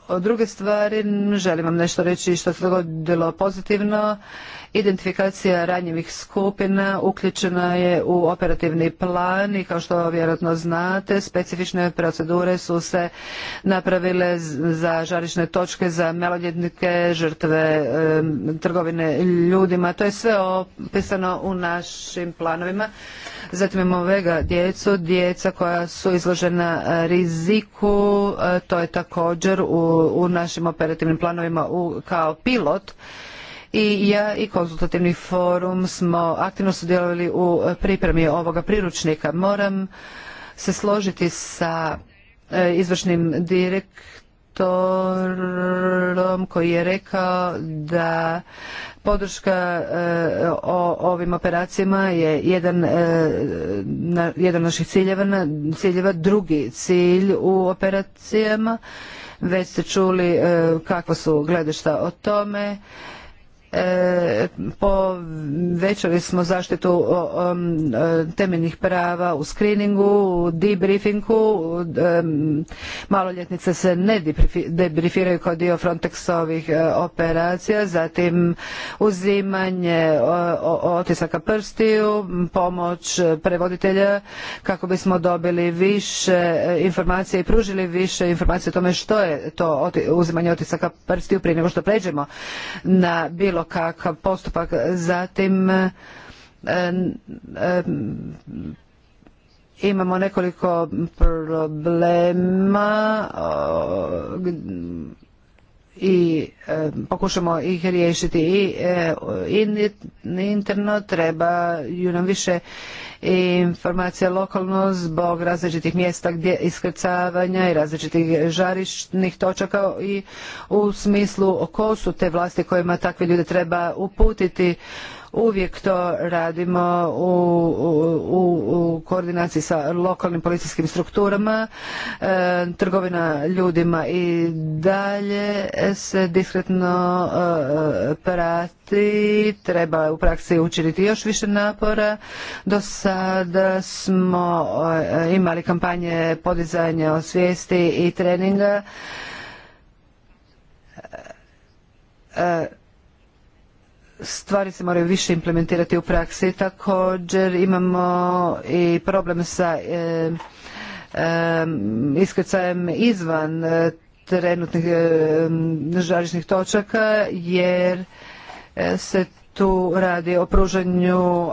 o druge stvari želim vam nešto reći što se dogodilo pozitivno. Identifikacija ranjivih skupina uključena je u operativni plan i kao što vjerojatno znate, specifične procedure su se napravile za žarišne točke za maloljetnike, žrtve trgovine ljudima. To je sve opisano u našim planovima. Zatim imamo vega djecu, djeca koja su izložena riziku, e, to je također u, našim operativnim planovima kao pilot i ja i konzultativni forum smo aktivno sudjelovali u pripremi ovoga priručnika. Moram se složiti sa e, izvršnim direktorom koji je rekao da podrška e, o ovim operacijama je jedan e, od naših ciljeva, ciljeva drugi cilj u operacijama već ste čuli kakva su gledišta o tome E, povećali smo zaštitu e, temeljnih prava u screeningu, u debriefingu, e, maloljetnice se ne debriefiraju kao dio Frontexovih operacija, zatim uzimanje otisaka prstiju, pomoć prevoditelja kako bismo dobili više informacije i pružili više informacije o tome što je to uzimanje otisaka prstiju prije nego što pređemo na bilo bilo kakav postupak. Zatim e, e, imamo nekoliko problema i e, pokušamo ih riješiti i interno trebaju nam više informacija lokalno zbog različitih mjesta gdje iskrcavanja i različitih žarišnih točaka i u smislu ko su te vlasti kojima takve ljude treba uputiti Uvijek to radimo u, koordinaciji sa lokalnim policijskim strukturama. E, trgovina ljudima i dalje se diskretno e, prati. Treba u praksi učiniti još više napora. Do sada smo e, imali kampanje podizanja svijesti i treninga stvari se moraju više implementirati u praksi. Također imamo i problem sa iskrcajem izvan e, trenutnih žarišnih točaka jer e, se tu radi o pružanju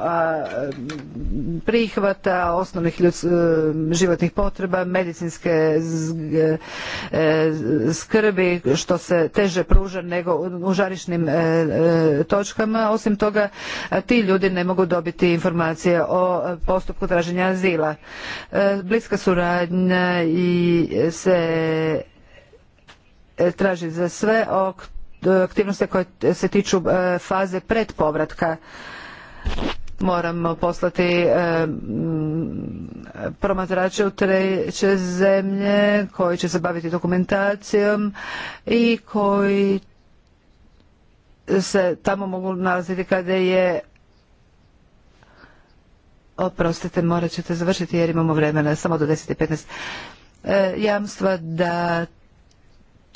prihvata osnovnih e, životnih potreba, medicinske e, e, skrbi što se teže pruža nego u žarišnim točkama. Osim toga, ti ljudi ne mogu dobiti informacije o postupku traženja azila. Bliska suradnja i se traži za sve aktivnosti koje se tiču e, faze predpovratka Moram poslati e, promatrače u treće zemlje koji će se baviti dokumentacijom i koji se tamo mogu nalaziti kada je oprostite morat ćete završiti jer imamo vremena samo do 10.15 e, jamstva da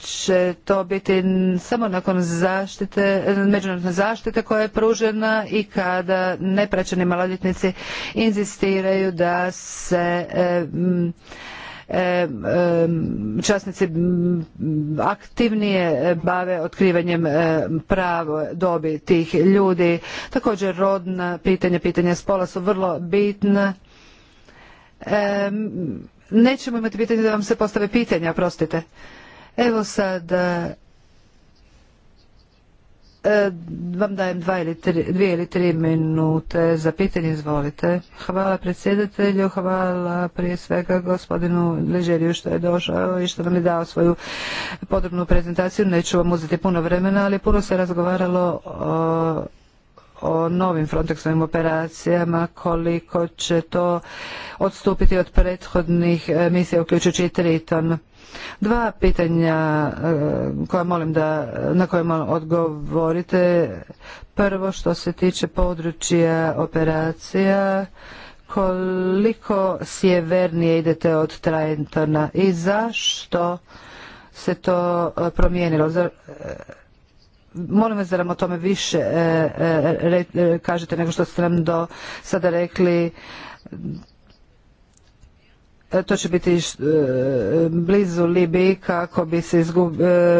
će to biti samo nakon zaštite, međunarodne zaštite koja je pružena i kada nepraćeni maloljetnici inzistiraju da se e, e, časnici aktivnije bave otkrivanjem e, pravo dobi tih ljudi. Također rodna pitanja, pitanja spola su vrlo bitna. nećemo imati pitanje da vam se postave pitanja, prostite. Evo sad, e, e, vam dajem dvije ili tri minute za pitanje, izvolite. Hvala predsjedatelju, hvala prije svega gospodinu Ležeriju što je došao i što nam je dao svoju podrobnu prezentaciju. Neću vam uzeti puno vremena, ali puno se razgovaralo o, novim Frontexovim operacijama, koliko će to odstupiti od prethodnih misija, uključujući i Triton dva pitanja e, koja molim da, na koje molim odgovorite. Prvo što se tiče područja operacija, koliko sjevernije idete od Trajentona i zašto se to e, promijenilo? E, molim vas da nam o tome više kažete nego što ste nam do sada rekli E, to će biti e, blizu Libiji kako bi se e,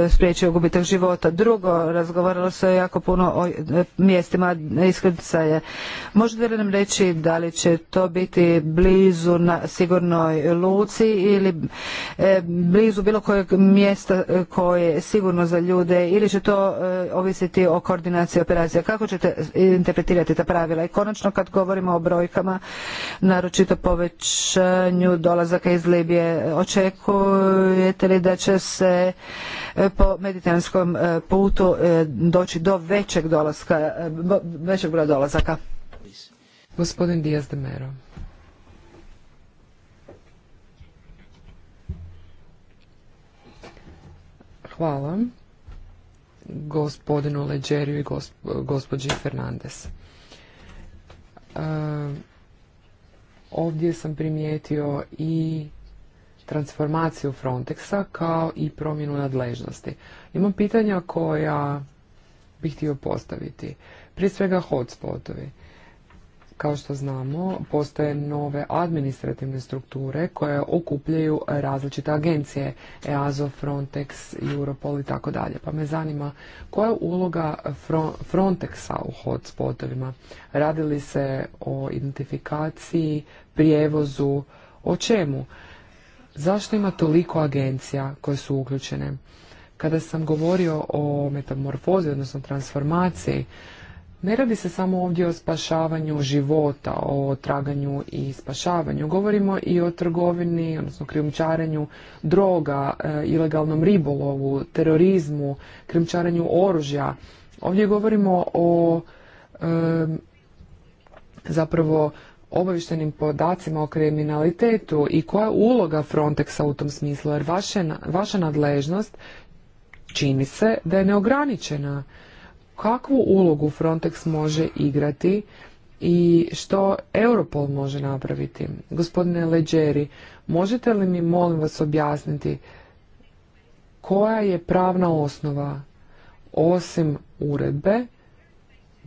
spriječio gubitak života. Drugo, razgovaralo se jako puno o mjestima iskrcaja. Možete li nam reći da li će to biti blizu na sigurnoj luci ili blizu bilo kojeg mjesta koje je sigurno za ljude ili će to ovisiti o koordinaciji operacija? Kako ćete interpretirati ta pravila? I konačno kad govorimo o brojkama, naročito povećanju dolazaka iz Libije. Očekujete li da će se e, po mediteranskom e, putu e, doći do većeg dolaska, većeg broja dolazaka? Gospodin Dijas de Mero. Hvala gospodinu Leđeriju i gospođi Fernandez. Ovdje sam primijetio i transformaciju Frontexa kao i promjenu nadležnosti. Imam pitanja koja bih htio postaviti. Prije svega hotspotovi. Kao što znamo, postoje nove administrativne strukture koje okupljaju različite agencije, EASO, Frontex, Europol i tako dalje. Pa me zanima koja je uloga Frontexa u hotspotovima? Radi li se o identifikaciji, prijevozu, o čemu? Zašto ima toliko agencija koje su uključene? Kada sam govorio o metamorfozi, odnosno transformaciji, ne radi se samo ovdje o spašavanju života, o traganju i spašavanju. Govorimo i o trgovini, odnosno krijumčarenju droga, e, ilegalnom ribolovu, terorizmu, krijumčarenju oružja. Ovdje govorimo o e, zapravo obavištenim podacima o kriminalitetu i koja je uloga Frontexa u tom smislu, jer vaša nadležnost čini se da je neograničena kakvu ulogu Frontex može igrati i što Europol može napraviti. Gospodine Leđeri, možete li mi molim vas objasniti koja je pravna osnova osim uredbe,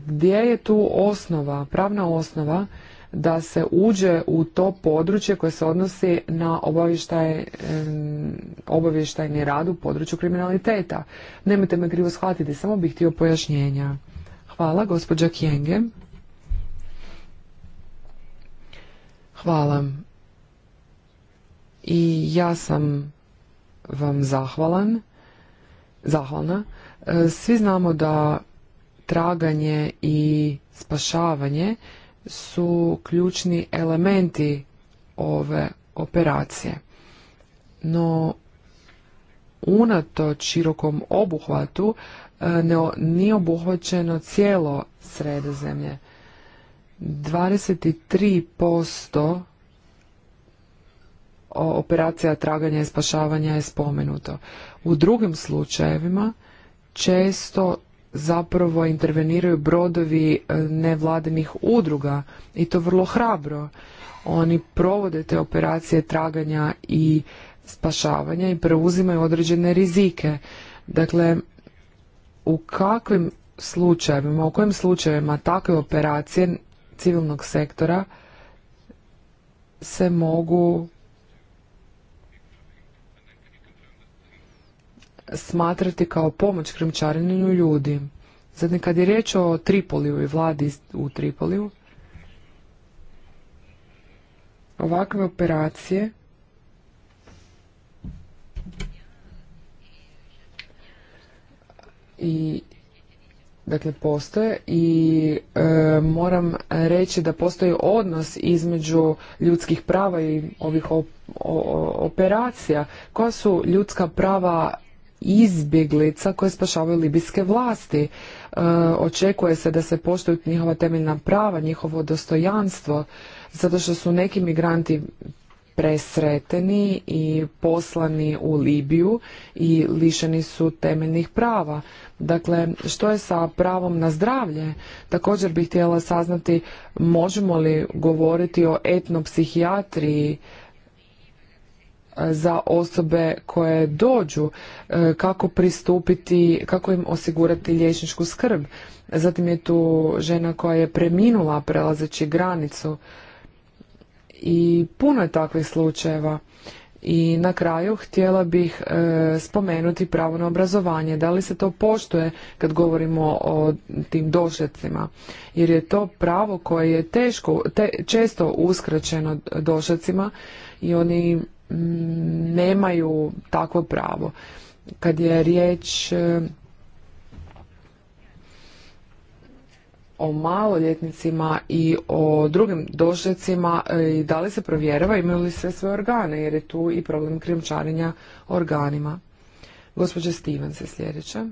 gdje je tu osnova, pravna osnova da se uđe u to područje koje se odnosi na obavještajni rad u području kriminaliteta. Nemojte me krivo shvatiti, samo bih htio pojašnjenja. Hvala, gospođa Kjenge. Hvala. I ja sam vam zahvalan, zahvalna. E, svi znamo da traganje i spašavanje su ključni elementi ove operacije. No, unato širokom obuhvatu e, ne, nije obuhvaćeno cijelo sredozemlje. 23% operacija traganja i spašavanja je spomenuto. U drugim slučajevima često zapravo interveniraju brodovi e, nevladinih udruga i to vrlo hrabro. Oni provode te operacije traganja i spašavanja i preuzimaju određene rizike. Dakle, u kakvim slučajevima, u kojim slučajevima takve operacije civilnog sektora se mogu smatrati kao pomoć krmčarinu ljudi. Zatim kad je riječ o Tripoliju i vladi u Tripoliju, ovakve operacije i dakle postoje i e, moram reći da postoji odnos između ljudskih prava i ovih operacija koja su ljudska prava izbjeglica koje spašavaju libijske vlasti. E, očekuje se da se poštuju njihova temeljna prava, njihovo dostojanstvo, zato što su neki migranti presreteni i poslani u Libiju i lišeni su temeljnih prava. Dakle, što je sa pravom na zdravlje? Također bih htjela saznati možemo li govoriti o etnopsihijatriji za osobe koje dođu, e, kako pristupiti, kako im osigurati liječničku skrb. Zatim je tu žena koja je preminula prelazeći granicu i puno je takvih slučajeva. I na kraju htjela bih e, spomenuti pravo na obrazovanje. Da li se to poštuje kad govorimo o tim došecima? Jer je to pravo koje je teško, te, često uskraćeno došecima i oni nemaju takvo pravo. Kad je riječ e, o maloljetnicima i o drugim došljecima, e, da li se provjerava imaju li sve svoje organe jer je tu i problem krijumčarenja organima. Gospođa Steven se sljedeća.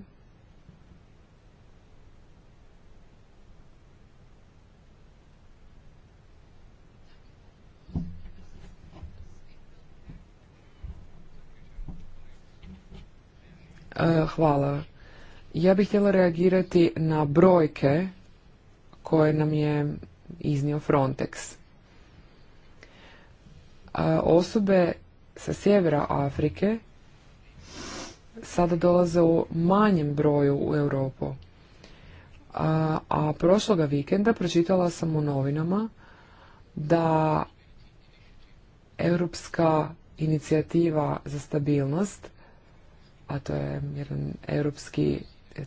E, hvala. Ja bih htjela reagirati na brojke koje nam je iznio Frontex. E, osobe sa sjevera Afrike sada dolaze u manjem broju u Europu. A, e, a prošloga vikenda pročitala sam u novinama da europska inicijativa za stabilnost a to je jedan europski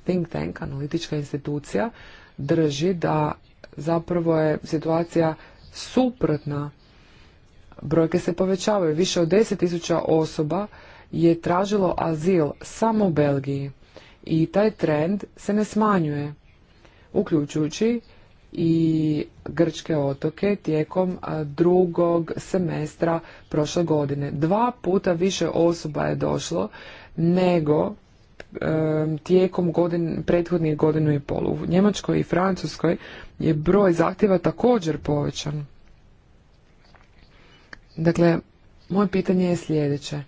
think tank, analitička institucija, drži da zapravo je situacija suprotna. Brojke se povećavaju. Više od 10.000 osoba je tražilo azil samo u Belgiji i taj trend se ne smanjuje, uključujući i grčke otoke tijekom drugog semestra prošle godine. Dva puta više osoba je došlo nego tijekom godin, prethodnih godinu i pol. U Njemačkoj i Francuskoj je broj zahtjeva također povećan. Dakle, moje pitanje je sljedeće.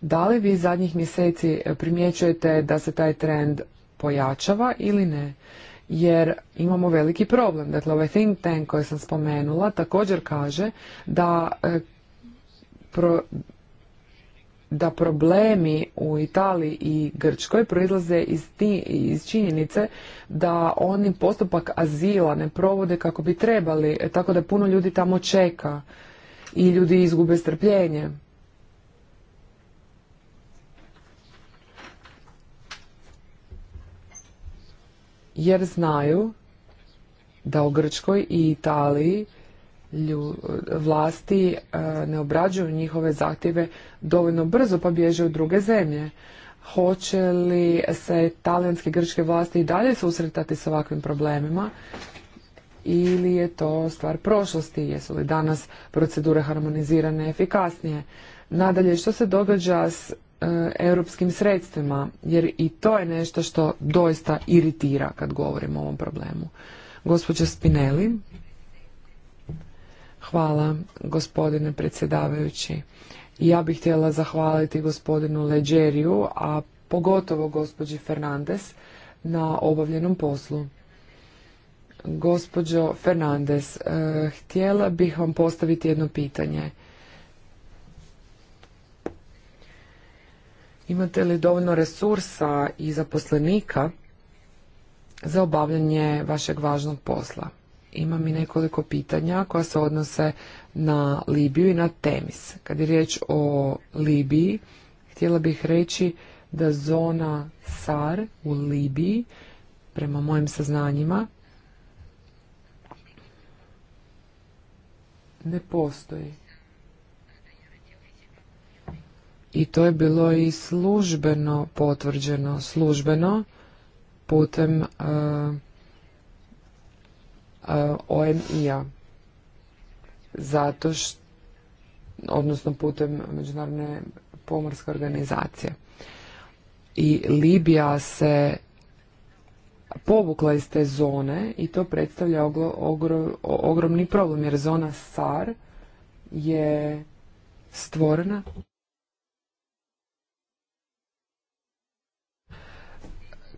Da li vi zadnjih mjeseci primjećujete da se taj trend pojačava ili ne? jer imamo veliki problem. Dakle, ovaj think tank koji sam spomenula također kaže da e, da problemi u Italiji i Grčkoj proizlaze iz, ti, iz činjenice da oni postupak azila ne provode kako bi trebali, e, tako da puno ljudi tamo čeka i ljudi izgube strpljenje. jer znaju da u Grčkoj i Italiji vlasti e, ne obrađuju njihove zahtjeve dovoljno brzo pa bježe u druge zemlje. Hoće li se talijanske grčke vlasti i dalje susretati s ovakvim problemima ili je to stvar prošlosti? Jesu li danas procedure harmonizirane efikasnije? Nadalje, što se događa s E, europskim sredstvima, jer i to je nešto što doista iritira kad govorimo o ovom problemu. gospođo Spinelli. Hvala, gospodine predsjedavajući. Ja bih htjela zahvaliti gospodinu Leđeriju, a pogotovo gospođi Fernandez, na obavljenom poslu. Gospođo Fernandez, e, htjela bih vam postaviti jedno pitanje. Imate li dovoljno resursa i zaposlenika za obavljanje vašeg važnog posla? Imam i nekoliko pitanja koja se odnose na Libiju i na Temis. Kad je riječ o Libiji, htjela bih reći da zona SAR u Libiji, prema mojim saznanjima, ne postoji i to je bilo i službeno potvrđeno, službeno putem uh, e, e, OMI-a. Zato što, odnosno putem Međunarodne pomorske organizacije. I Libija se povukla iz te zone i to predstavlja ogromni problem jer zona SAR je stvorena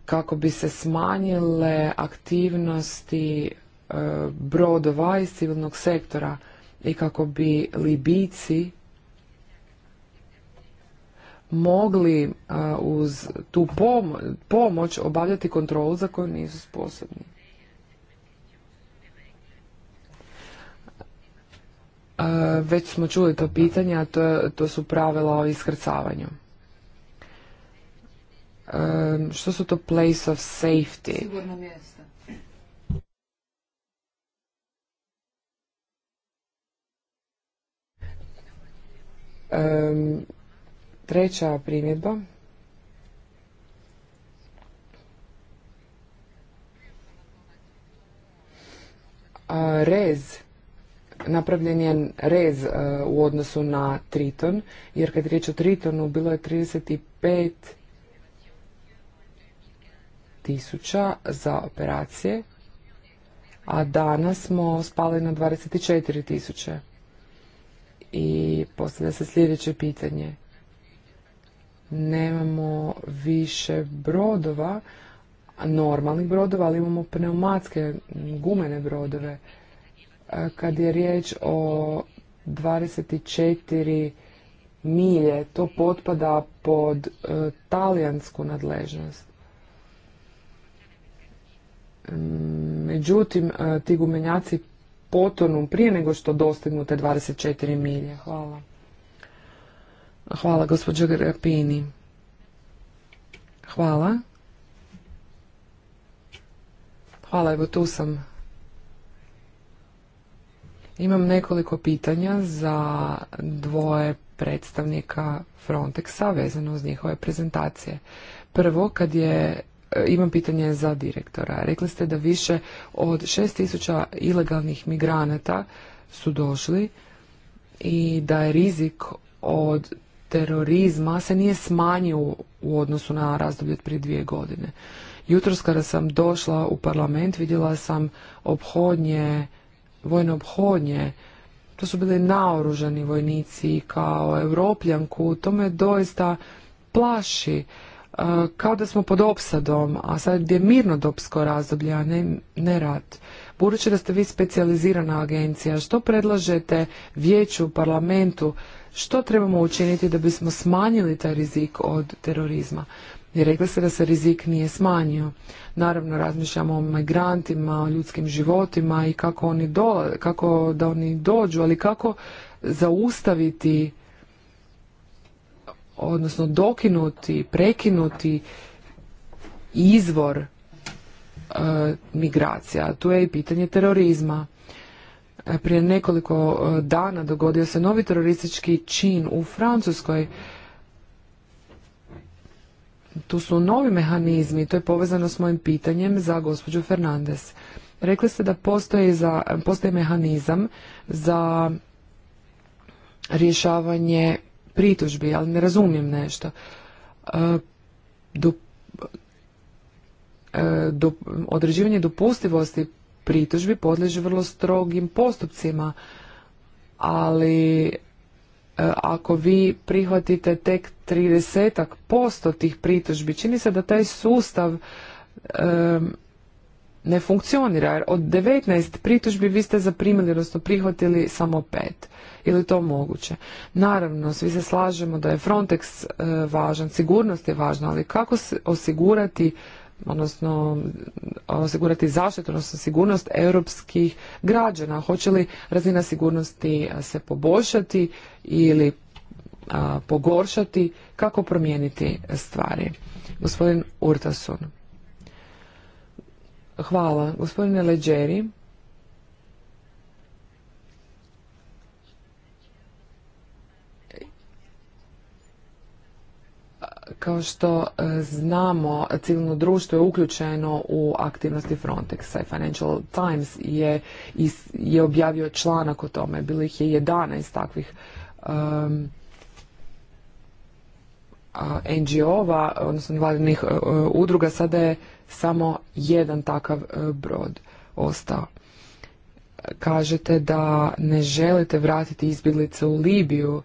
kako bi se smanjile aktivnosti e, brodova iz civilnog sektora i kako bi libici mogli e, uz tu pomoć obavljati kontrolu za koju nisu sposobni. E, već smo čuli to pitanje, a to su pravila o iskrcavanju što su to place of safety? Sigurno mjesto. treća primjedba. rez. Napravljen je rez e, u odnosu na Triton, jer kad je riječ o Tritonu bilo je 35 tisuća za operacije, a danas smo spali na 24 tisuće. I postavlja se sljedeće pitanje. Nemamo više brodova, normalnih brodova, ali imamo pneumatske gumene brodove. Kad je riječ o 24 milje, to potpada pod e, talijansku nadležnost. Međutim, e, ti gumenjaci potonu prije nego što dostignu te 24 milje. Hvala. Hvala, gospođo Grapini. Hvala. Hvala, evo tu sam. Imam nekoliko pitanja za dvoje predstavnika Frontexa vezano uz njihove prezentacije. Prvo, kad je E, imam pitanje za direktora. Rekli ste da više od 6000 ilegalnih migranata su došli i da je rizik od terorizma se nije smanjio u odnosu na razdoblje od prije dvije godine. Jutros kada sam došla u parlament vidjela sam obhodnje, vojno obhodnje, to su bili naoružani vojnici kao europljanku, to me doista plaši kao da smo pod opsadom, a sad je mirno dopsko razdoblje, a ne, rad. rat. Budući da ste vi specijalizirana agencija, što predlažete vijeću, parlamentu, što trebamo učiniti da bismo smanjili taj rizik od terorizma? Jer rekli ste da se rizik nije smanjio. Naravno, razmišljamo o migrantima, o ljudskim životima i kako, oni dola, kako da oni dođu, ali kako zaustaviti odnosno dokinuti, prekinuti izvor e, migracija. Tu je i pitanje terorizma. E, prije nekoliko e, dana dogodio se novi teroristički čin u Francuskoj. Tu su novi mehanizmi, to je povezano s mojim pitanjem za gospođu Fernandez. Rekli ste da postoji, postoji mehanizam za rješavanje pritužbi, ali ne razumijem nešto. E, e, određivanje dopustivosti pritužbi podliježe vrlo strogim postupcima, ali e, ako vi prihvatite tek 30 posto tih pritužbi, čini se da taj sustav ne funkcionira. Jer od 19 pritužbi vi ste zaprimili, odnosno prihvatili samo pet ili to moguće. Naravno, svi se slažemo da je Frontex e, važan, sigurnost je važna, ali kako se osigurati odnosno osigurati zaštitu, odnosno sigurnost europskih građana. Hoće li razina sigurnosti e, se poboljšati ili e, pogoršati, kako promijeniti stvari. Gospodin Urtasun. Hvala. Gospodine Leđeri, Kao što e, znamo, civilno društvo je uključeno u aktivnosti Frontex. Financial Times je, je objavio članak o tome. Bilo ih je 11 takvih um, NGO-ova, odnosno vladinih e, e, udruga, sada je samo jedan takav brod ostao. Kažete da ne želite vratiti izbjeglice u Libiju,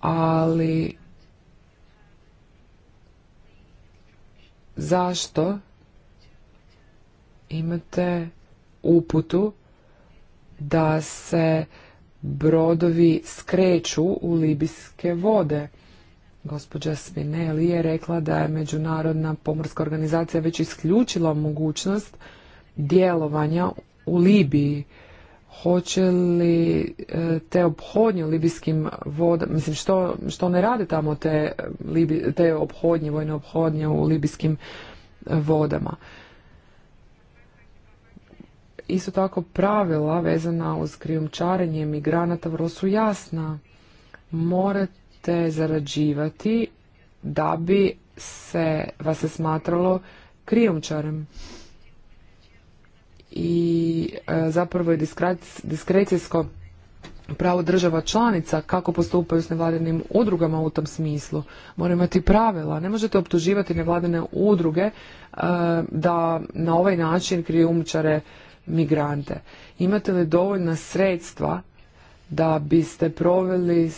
ali zašto imate uputu da se brodovi skreću u libijske vode. Gospođa Svineli je rekla da je Međunarodna pomorska organizacija već isključila mogućnost djelovanja u Libiji hoće li e, te obhodnje libijskim vodama, mislim što, što ne rade tamo te, e, te obhodnje, vojne obhodnje u libijskim e, vodama. Isto tako pravila vezana uz krijumčarenje migranata vrlo su jasna. Morate zarađivati da bi se vas se smatralo krijumčarem i e, zapravo je diskrecijsko pravo država članica kako postupaju s nevladinim udrugama u tom smislu. Moraju imati pravila. Ne možete optuživati nevladine udruge e, da na ovaj način umčare migrante. Imate li dovoljna sredstva da biste proveli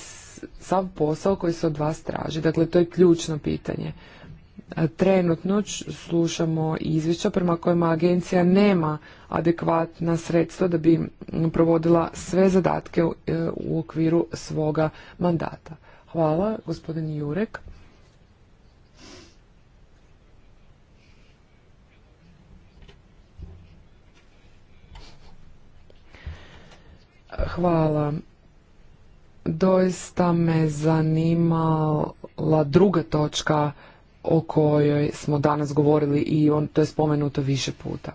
sav posao koji se od vas traži? Dakle, to je ključno pitanje. Trenutno slušamo izvješća prema kojima agencija nema adekvatna sredstva da bi provodila sve zadatke e, u okviru svoga mandata. Hvala, gospodin Jurek. Hvala. Doista me zanimala druga točka o kojoj smo danas govorili i on, to je spomenuto više puta.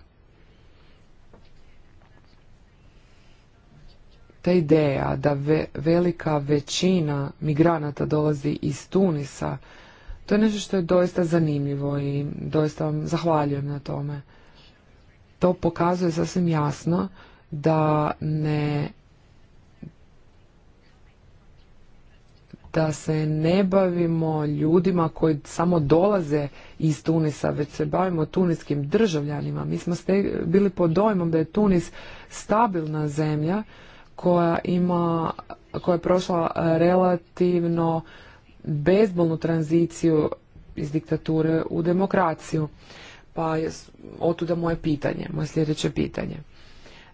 Ta ideja da velika većina migranata dolazi iz Tunisa, to je nešto što je doista zanimljivo i doista vam zahvaljujem na tome. To pokazuje sasvim jasno da ne da se ne bavimo ljudima koji samo dolaze iz Tunisa, već se bavimo tuniskim državljanima. Mi smo ste bili pod dojmom da je Tunis stabilna zemlja koja ima, koja je prošla e, relativno bezbolnu tranziciju iz diktature u demokraciju. Pa je, otuda moje pitanje, moje sljedeće pitanje.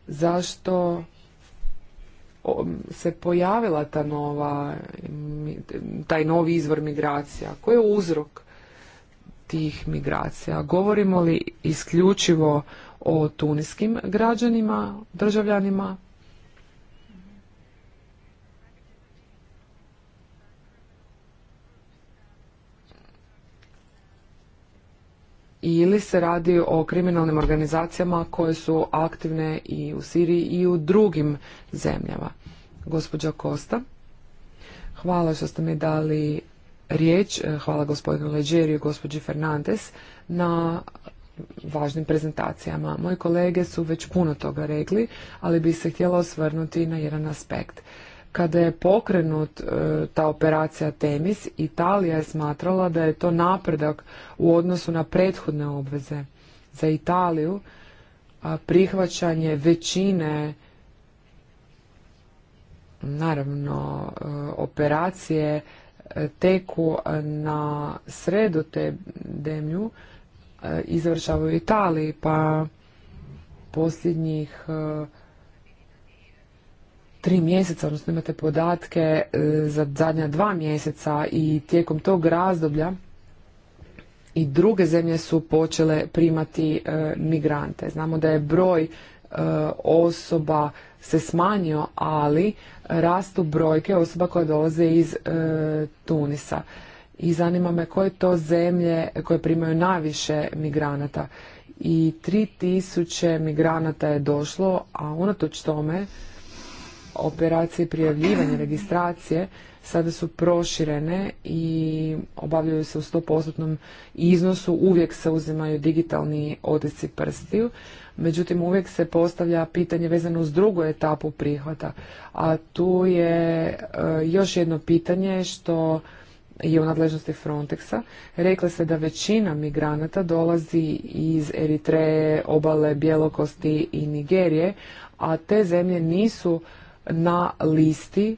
Zašto se pojavila ta nova, taj novi izvor migracija? Koji je uzrok tih migracija? Govorimo li isključivo o tuniskim građanima, državljanima ili se radi o kriminalnim organizacijama koje su aktivne i u Siriji i u drugim zemljama. Gospođa Kosta, hvala što ste mi dali riječ, eh, hvala gospodinu Leđeriju i gospođi Fernandes na važnim prezentacijama. Moji kolege su već puno toga rekli, ali bi se htjela osvrnuti na jedan aspekt. Kada je pokrenut e, ta operacija Temis, Italija je smatrala da je to napredak u odnosu na prethodne obveze. Za Italiju prihvaćanje većine naravno e, operacije e, teku na sredu te demlju izvršavaju u Italiji, pa posljednjih tri mjeseca, odnosno imate podatke e, za zadnja dva mjeseca i tijekom tog razdoblja i druge zemlje su počele primati e, migrante. Znamo da je broj e, osoba se smanjio, ali rastu brojke osoba koje dolaze iz Tunisa. I zanima me koje to zemlje koje primaju najviše migranata. I 3000 migranata je došlo, a unatoč tome operacije prijavljivanja registracije sada su proširene i obavljaju se u 100% iznosu, uvijek se uzimaju digitalni odisci prstiju, međutim uvijek se postavlja pitanje vezano uz drugu etapu prihvata, a tu je e, još jedno pitanje što je u nadležnosti Frontexa. Rekla se da većina migranata dolazi iz Eritreje, obale, Bjelokosti i Nigerije, a te zemlje nisu na listi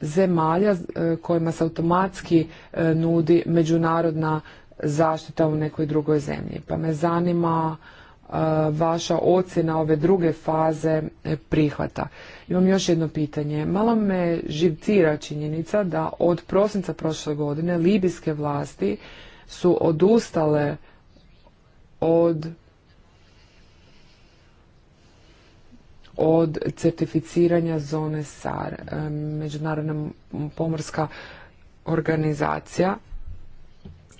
zemalja e, kojima se automatski e, nudi međunarodna zaštita u nekoj drugoj zemlji. Pa me zanima e, vaša ocjena ove druge faze prihvata. Imam još jedno pitanje. Malo me živcira činjenica da od prosinca prošle godine libijske vlasti su odustale od od certificiranja zone SAR. E, Međunarodna pomorska organizacija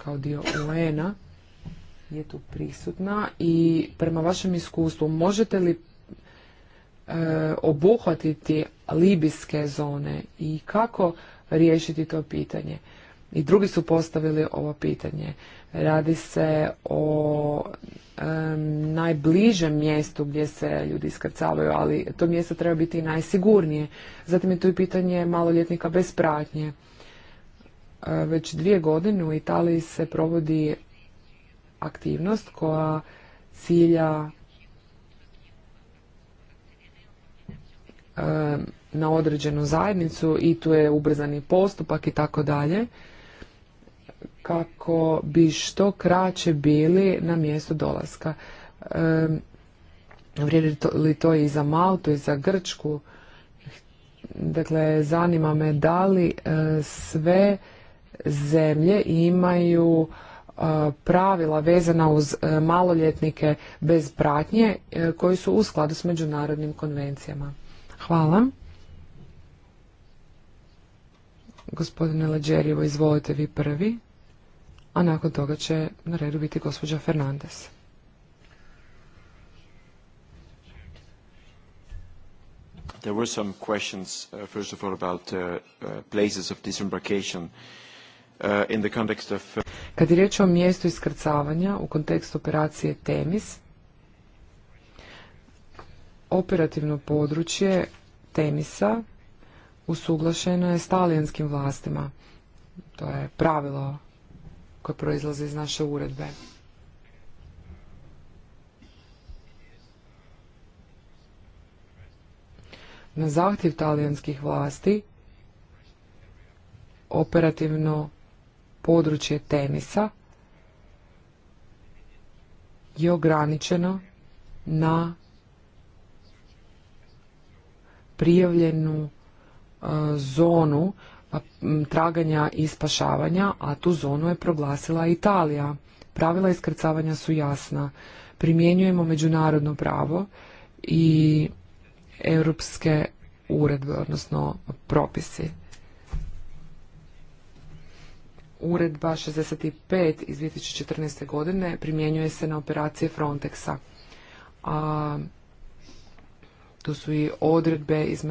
kao dio UN-a je tu prisutna i prema vašem iskustvu možete li e, obuhvatiti libijske zone i kako riješiti to pitanje? I drugi su postavili ovo pitanje. Radi se o najbližem mjestu gdje se ljudi iskrcavaju, ali to mjesto treba biti i najsigurnije. Zatim je tu i pitanje maloljetnika bez pratnje. E, već dvije godine u Italiji se provodi aktivnost koja cilja na određenu zajednicu i tu je ubrzani postupak i tako dalje kako bi što kraće bili na mjestu dolaska. Vrijedi li to i za Maltu i za Grčku? Dakle, zanima me da li e, sve zemlje imaju e, pravila vezana uz e, maloljetnike bez pratnje koji su u skladu s međunarodnim konvencijama. Hvala. Gospodine Lađerjevo, izvolite vi prvi a nakon toga će na redu biti gospođa Fernandez. There were some questions, uh, first of all, about uh, uh, places of disembarkation uh, in the context of... Kad je riječ o mjestu iskrcavanja u kontekstu operacije Temis, operativno područje Temisa usuglašeno je s talijanskim vlastima. To je pravilo koje proizlaze iz naše uredbe. Na zahtjev talijanskih vlasti operativno područje tenisa je ograničeno na prijavljenu e, zonu pa, traganja i spašavanja, a tu zonu je proglasila Italija. Pravila iskrcavanja su jasna. Primjenjujemo međunarodno pravo i europske uredbe, odnosno propisi. Uredba 65 iz 2014. godine primjenjuje se na operacije Frontexa. A tu su i odredbe iz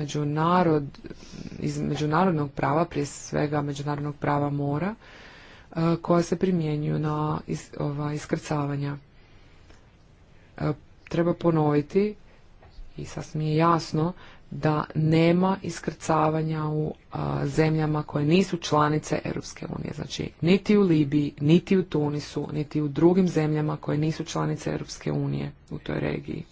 međunarodnog prava, prije svega međunarodnog prava mora, e, koja se primjenjuju na iskrcavanja. E, treba ponoviti, i sasvim je jasno, da nema iskrcavanja u e, zemljama koje nisu članice Europske unije. Znači, niti u Libiji, niti u Tunisu, niti u drugim zemljama koje nisu članice Europske unije u toj regiji.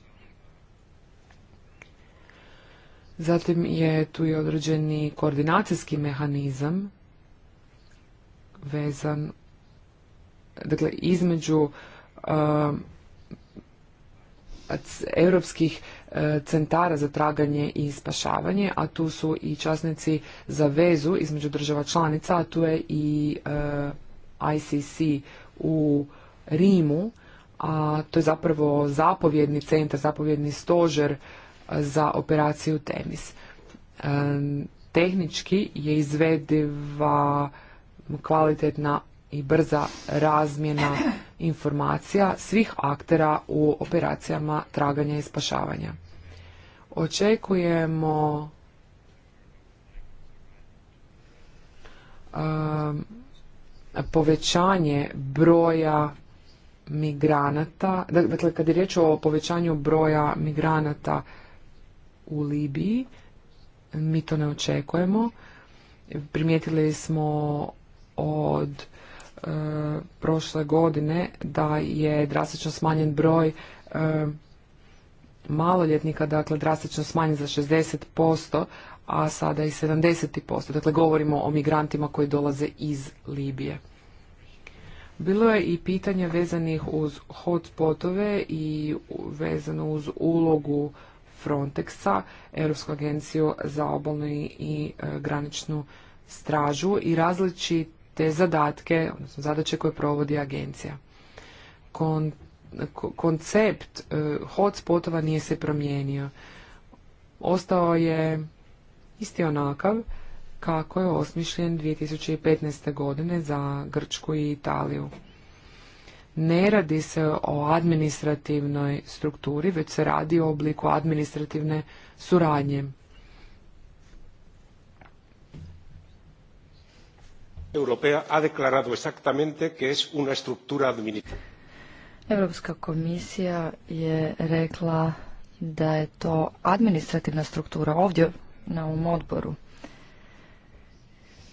Zatim je tu i određeni koordinacijski mehanizam vezan dakle između um, uh, europskih centara za traganje i spašavanje, a tu su i časnici za vezu između država članica, a tu je i uh, ICC u Rimu, a to je zapravo zapovjedni centar, zapovjedni stožer za operaciju Temis. Tehnički je izvediva kvalitetna i brza razmjena informacija svih aktera u operacijama traganja i spašavanja. Očekujemo povećanje broja migranata, dakle kad je riječ o povećanju broja migranata u Libiji. Mi to ne očekujemo. Primijetili smo od e, prošle godine da je drastično smanjen broj e, maloljetnika, dakle drastično smanjen za 60%, a sada i 70%. Dakle, govorimo o migrantima koji dolaze iz Libije. Bilo je i pitanja vezanih uz hotspotove i vezano uz ulogu Frontexa, Europsku agenciju za obalnu i e, graničnu stražu i različite zadatke, odnosno zadaće koje provodi agencija. Kon, koncept e, hotspotova nije se promijenio. Ostao je isti onakav kako je osmišljen 2015. godine za Grčku i Italiju ne radi se o administrativnoj strukturi, već se radi o obliku administrativne suradnje. Europea ha declarado exactamente que es una estructura administrativa. Europska komisija je rekla da je to administrativna struktura ovdje na ovom odboru.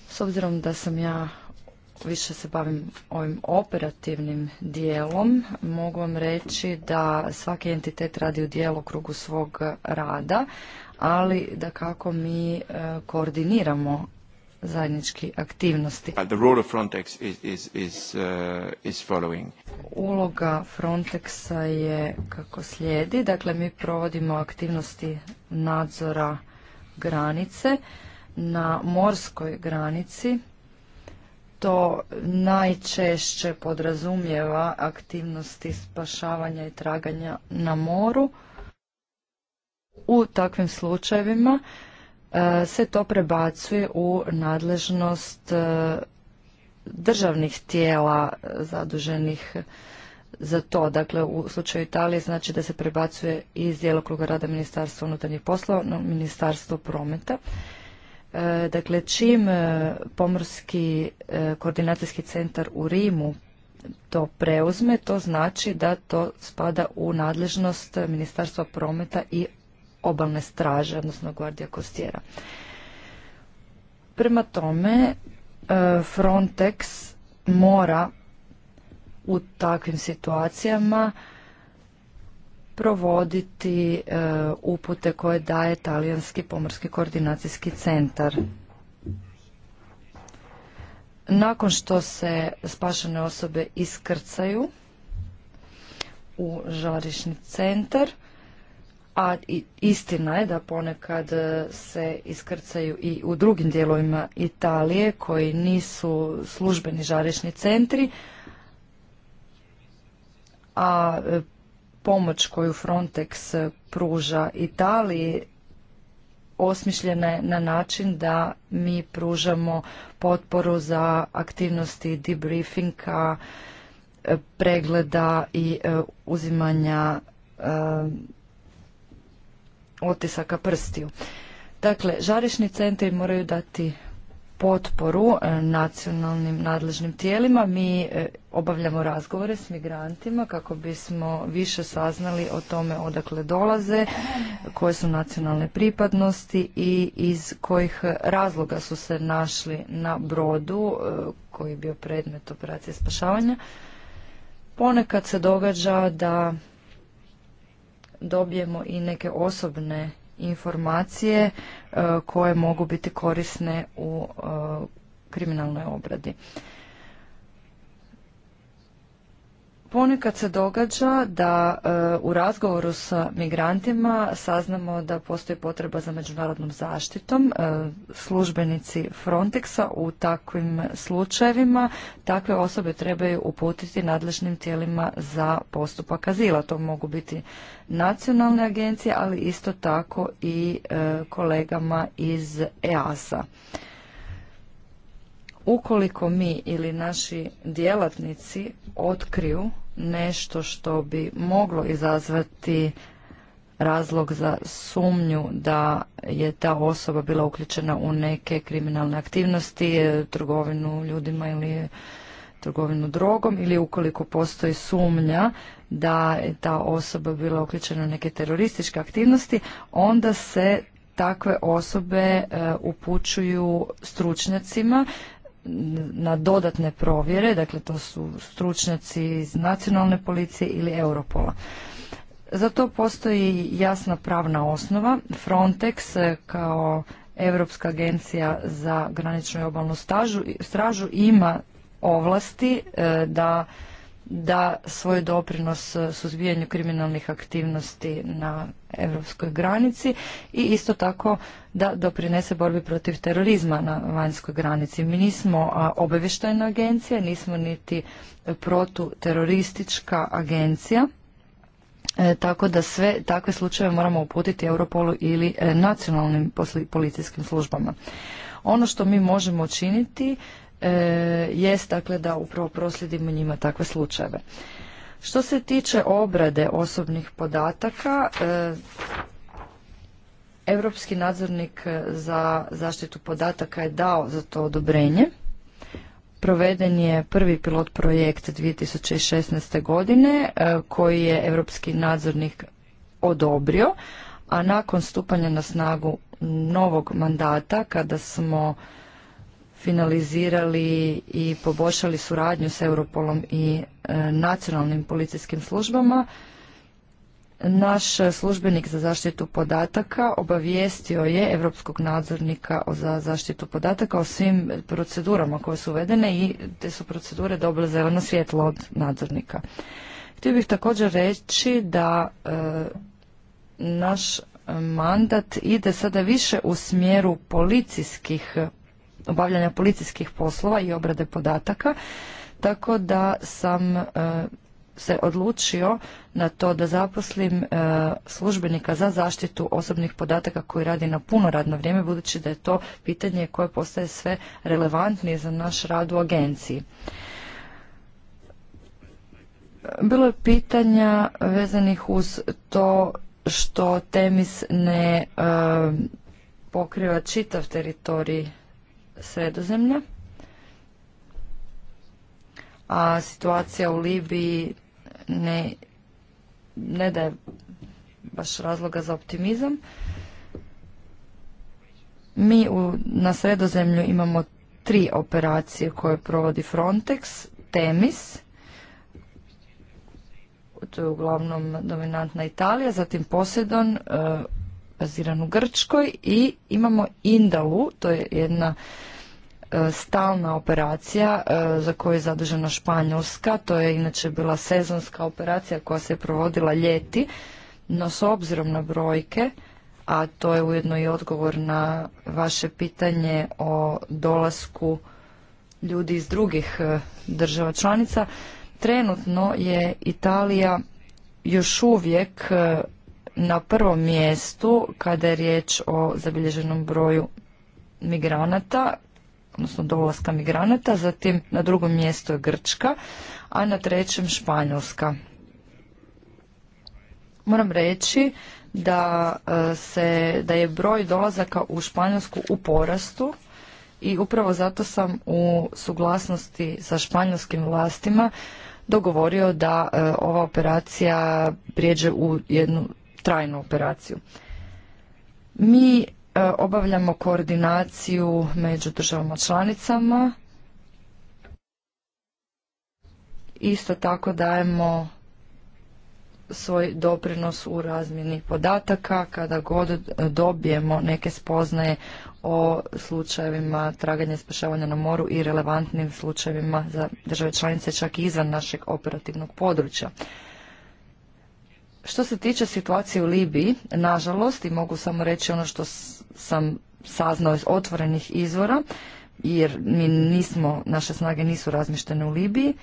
S obzirom da sam ja više se bavim ovim operativnim dijelom, mogu vam reći da svaki entitet radi u krugu svog rada, ali da kako mi e, koordiniramo zajednički aktivnosti. Uh, Uloga Frontexa je kako slijedi, dakle mi provodimo aktivnosti nadzora granice na morskoj granici to najčešće podrazumijeva aktivnosti spašavanja i traganja na moru. U takvim slučajevima e, se to prebacuje u nadležnost e, državnih tijela zaduženih za to. Dakle, u slučaju Italije znači da se prebacuje iz djelokruga rada Ministarstva unutarnjih poslova na Ministarstvo prometa. E, dakle, čim e, pomorski e, koordinacijski centar u Rimu to preuzme, to znači da to spada u nadležnost Ministarstva prometa i obalne straže, odnosno Guardia Kostjera. Prema tome, Frontex mora u takvim situacijama provoditi e, upute koje daje Talijanski pomorski koordinacijski centar. Nakon što se spašene osobe iskrcaju u žarišni centar, a istina je da ponekad se iskrcaju i u drugim dijelovima Italije koji nisu službeni žarišni centri, a pomoć koju Frontex e, pruža Italiji osmišljena je na način da mi pružamo potporu za aktivnosti debriefinga, e, pregleda i e, uzimanja otisaka prstiju. Dakle, žarišni centri moraju dati potporu e, nacionalnim nadležnim tijelima. Mi e, obavljamo razgovore s migrantima kako bismo više saznali o tome odakle dolaze, koje su nacionalne pripadnosti i iz kojih razloga su se našli na brodu e, koji je bio predmet operacije spašavanja. Ponekad se događa da dobijemo i neke osobne informacije e, koje mogu biti korisne u e, kriminalnoj obradi. Ponekad se događa da e, u razgovoru sa migrantima saznamo da postoji potreba za međunarodnom zaštitom. E, službenici Frontexa u takvim slučajevima takve osobe trebaju uputiti nadležnim tijelima za postupak azila. To mogu biti nacionalne agencije, ali isto tako i e, kolegama iz EASA. Ukoliko mi ili naši djelatnici otkriju nešto što bi moglo izazvati razlog za sumnju da je ta osoba bila uključena u neke kriminalne aktivnosti, e, trgovinu ljudima ili trgovinu drogom ili ukoliko postoji sumnja da je ta osoba bila uključena u neke terorističke aktivnosti, onda se takve osobe e, upućuju stručnjacima na dodatne provjere, dakle to su stručnjaci iz nacionalne policije ili Europola. Za to postoji jasna pravna osnova. Frontex eh, kao Europska agencija za graničnu i obalnu stražu ima ovlasti eh, da da svoj doprinos e, suzbijanju kriminalnih aktivnosti na europskoj granici i isto tako da doprinese borbi protiv terorizma na vanjskoj granici. Mi nismo obavještajna agencija, nismo niti protuteroristička agencija, e, tako da sve takve slučajeve moramo uputiti Europolu ili e, nacionalnim policijskim službama. Ono što mi možemo činiti E, jest dakle da upravo prosljedimo njima takve slučajeve. Što se tiče obrade osobnih podataka, e, Europski nadzornik za zaštitu podataka je dao za to odobrenje. Proveden je prvi pilot projekt 2016. godine e, koji je Europski nadzornik odobrio, a nakon stupanja na snagu novog mandata kada smo finalizirali i poboljšali suradnju s Europolom i e, nacionalnim policijskim službama. Naš službenik za zaštitu podataka obavijestio je Europskog nadzornika za zaštitu podataka o svim procedurama koje su uvedene i te su procedure dobile zeleno svjetlo od nadzornika. Htio bih također reći da e, naš mandat ide sada više u smjeru policijskih obavljanja policijskih poslova i obrade podataka, tako da sam e, se odlučio na to da zaposlim e, službenika za zaštitu osobnih podataka koji radi na puno radno vrijeme, budući da je to pitanje koje postaje sve relevantnije za naš rad u agenciji. Bilo je pitanja vezanih uz to što Temis ne e, pokriva čitav teritorij sredozemlja. A situacija u Libiji ne, ne daje baš razloga za optimizam. Mi u, na sredozemlju imamo tri operacije koje provodi Frontex, Temis, to je uglavnom dominantna Italija, zatim Poseidon, e, baziran u Grčkoj i imamo Indalu, to je jedna E, stalna operacija e, za koju je zadužena Španjolska. To je inače bila sezonska operacija koja se provodila ljeti, no s obzirom na brojke, a to je ujedno i odgovor na vaše pitanje o dolasku ljudi iz drugih e, država članica, trenutno je Italija još uvijek na prvom mjestu kada je riječ o zabilježenom broju migranata odnosno dolaska migranata, zatim na drugom mjestu je Grčka, a na trećem Španjolska. Moram reći da, e, se, da je broj dolazaka u Španjolsku u porastu i upravo zato sam u suglasnosti sa španjolskim vlastima dogovorio da e, ova operacija prijeđe u jednu trajnu operaciju. Mi E, obavljamo koordinaciju među državama članicama. Isto tako dajemo svoj doprinos u razmjeni podataka kada god dobijemo neke spoznaje o slučajevima traganja i spašavanja na moru i relevantnim slučajevima za države članice čak i izvan našeg operativnog područja. Što se tiče situacije u Libiji, nažalost, i mogu samo reći ono što sam saznao iz otvorenih izvora, jer mi nismo, naše snage nisu razmištene u Libiji,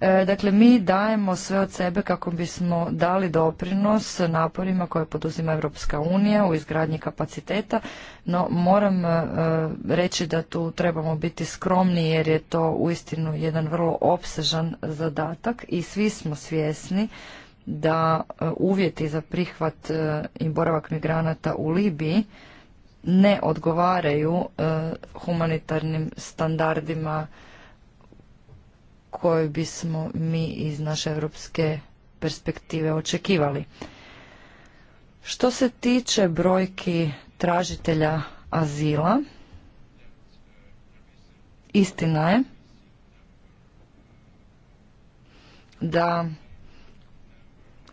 e, dakle mi dajemo sve od sebe kako bismo dali doprinos naporima koje poduzima Europska unija u izgradnji kapaciteta, no moram e, reći da tu trebamo biti skromni jer je to uistinu jedan vrlo opsežan zadatak i svi smo svjesni da e, uvjeti za prihvat e, i boravak migranata u Libiji ne odgovaraju e, humanitarnim standardima koje bismo mi iz naše europske perspektive očekivali. Što se tiče brojki tražitelja azila, istina je da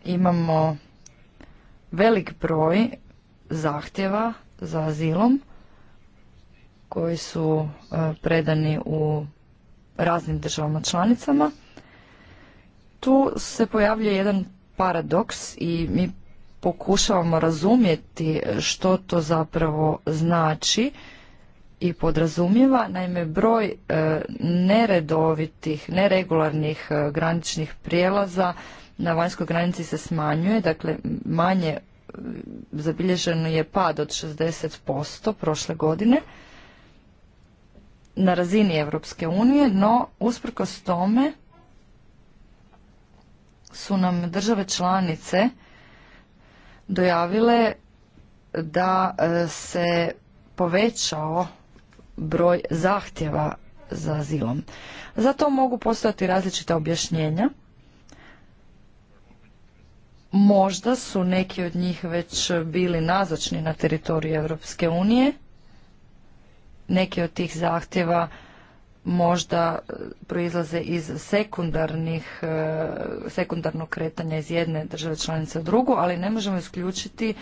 imamo velik broj zahtjeva za azilom koji su e, predani u raznim državama članicama. Tu se pojavljuje jedan paradoks i mi pokušavamo razumjeti što to zapravo znači i podrazumijeva. Naime, broj e, neredovitih, neregularnih e, graničnih prijelaza na vanjskoj granici se smanjuje, dakle manje e, zabilježeno je pad od 60% prošle godine na razini Europske unije, no usprkos tome su nam države članice dojavile da e, se povećao broj zahtjeva za azilom. Za to mogu postojati različita objašnjenja. Možda su neki od njih već bili nazočni na teritoriju Europske unije. Neki od tih zahtjeva možda e, proizlaze iz sekundarnih, e, sekundarnog kretanja iz jedne države članice u drugu, ali ne možemo isključiti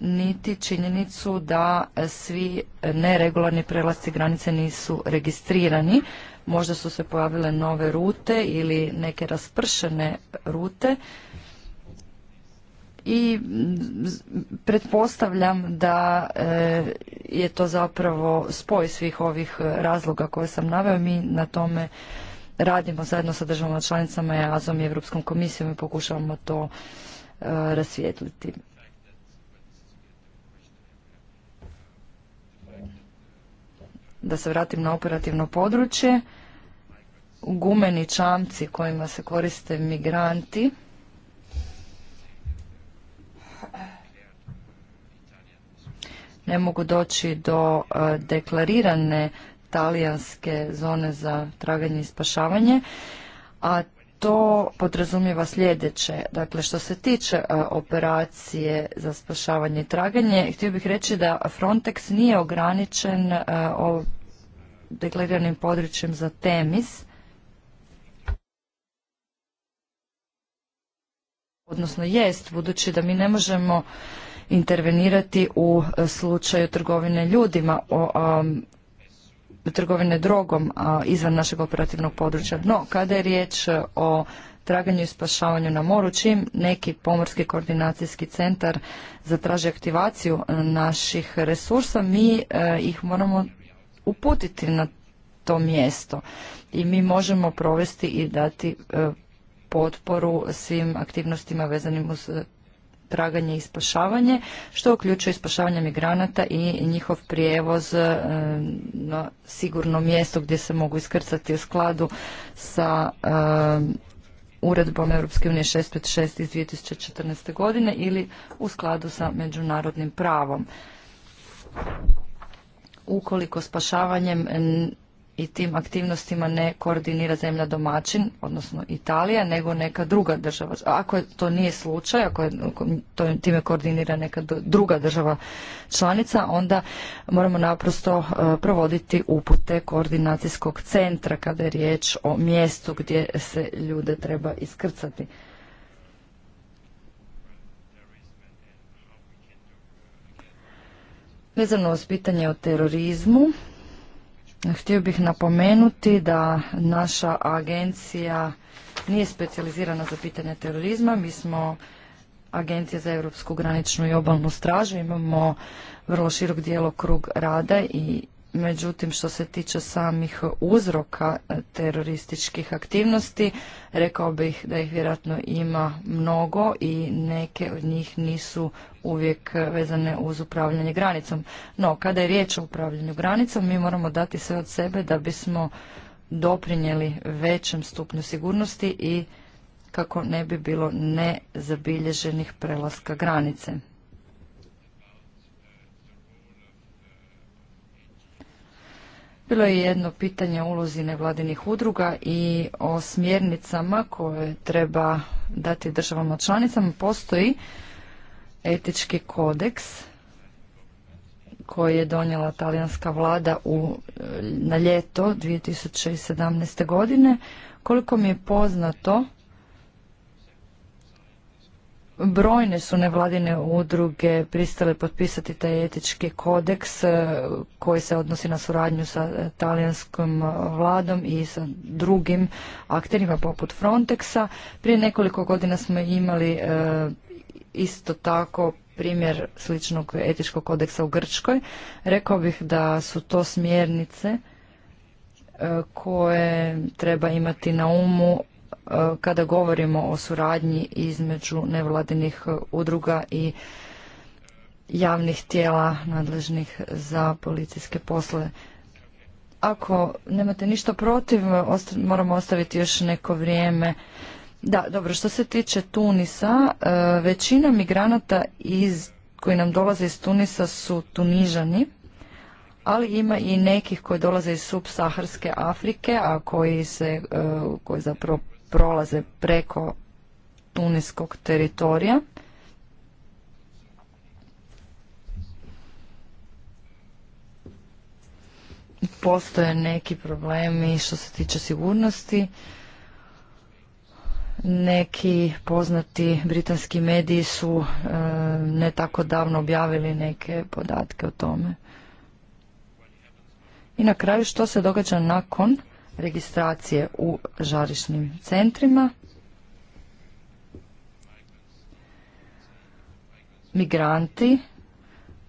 niti činjenicu da svi neregularni prelasci granice nisu registrirani. Možda su se pojavile nove rute ili neke raspršene rute i pretpostavljam da e, je to zapravo spoj svih ovih razloga koje sam naveo. Mi na tome radimo zajedno sa državama članicama, Azom i Europskom komisijom i pokušavamo to e, rasvijetliti. Da se vratim na operativno područje. Gumeni čamci kojima se koriste migranti ne mogu doći do e, deklarirane talijanske zone za traganje i spašavanje, a to podrazumijeva sljedeće. Dakle, što se tiče e, operacije za spašavanje i traganje, htio bih reći da Frontex nije ograničen e, deklariranim područjem za Temis, odnosno jest, budući da mi ne možemo intervenirati u e, slučaju trgovine ljudima, trgovine drogom izvan našeg operativnog područja. No, kada je riječ e, o traganju i spašavanju na moru, čim neki pomorski koordinacijski centar zatraži aktivaciju e, naših resursa, mi ih moramo uputiti na to mjesto i mi možemo provesti i dati potporu svim aktivnostima vezanim uz traganje i spašavanje, što uključuje spašavanje migranata i njihov prijevoz e, na sigurno mjesto gdje se mogu iskrcati u skladu sa e, uredbom Europske unije 656 iz 2014. godine ili u skladu sa međunarodnim pravom. Ukoliko spašavanjem i tim aktivnostima ne koordinira zemlja domaćin, odnosno Italija, nego neka druga država. Ako to nije slučaj, ako je, to, time koordinira neka druga država članica, onda moramo naprosto e, provoditi upute koordinacijskog centra kada je riječ o mjestu gdje se ljude treba iskrcati. Vezano uz pitanje o terorizmu, Htio bih napomenuti da naša agencija nije specijalizirana za pitanje terorizma. Mi smo Agencija za europsku graničnu i obalnu stražu. Imamo vrlo širok krug rada i Međutim, što se tiče samih uzroka e, terorističkih aktivnosti, rekao bih da ih vjerojatno ima mnogo i neke od njih nisu uvijek vezane uz upravljanje granicom. No, kada je riječ o upravljanju granicom, mi moramo dati sve od sebe da bismo doprinijeli većem stupnju sigurnosti i kako ne bi bilo nezabilježenih prelaska granice. Bilo je jedno pitanje o ulozi nevladinih udruga i o smjernicama koje treba dati državama članicama. Postoji etički kodeks koji je donijela talijanska vlada u, na ljeto 2017. godine. Koliko mi je poznato, Brojne su nevladine udruge pristale potpisati taj etički kodeks e, koji se odnosi na suradnju sa e, talijanskom e, vladom i sa drugim akterima poput Frontexa. Prije nekoliko godina smo imali isto tako primjer sličnog etičkog kodeksa u Grčkoj. Rekao bih da su to smjernice koje treba imati na umu E, kada govorimo o suradnji između nevladinih e, udruga i javnih tijela nadležnih za policijske posle. Ako nemate ništa protiv, moramo ostaviti još neko vrijeme. Da, dobro, što se tiče Tunisa, e, većina migranata iz, koji nam dolaze iz Tunisa su Tunižani, ali ima i nekih koji dolaze iz subsaharske Afrike, a koji se, koji zapravo prolaze preko tuneskog teritorija. Postoje neki problemi što se tiče sigurnosti. Neki poznati britanski mediji su e, ne tako davno objavili neke podatke o tome. I na kraju što se događa nakon registracije u žarišnim centrima. Migranti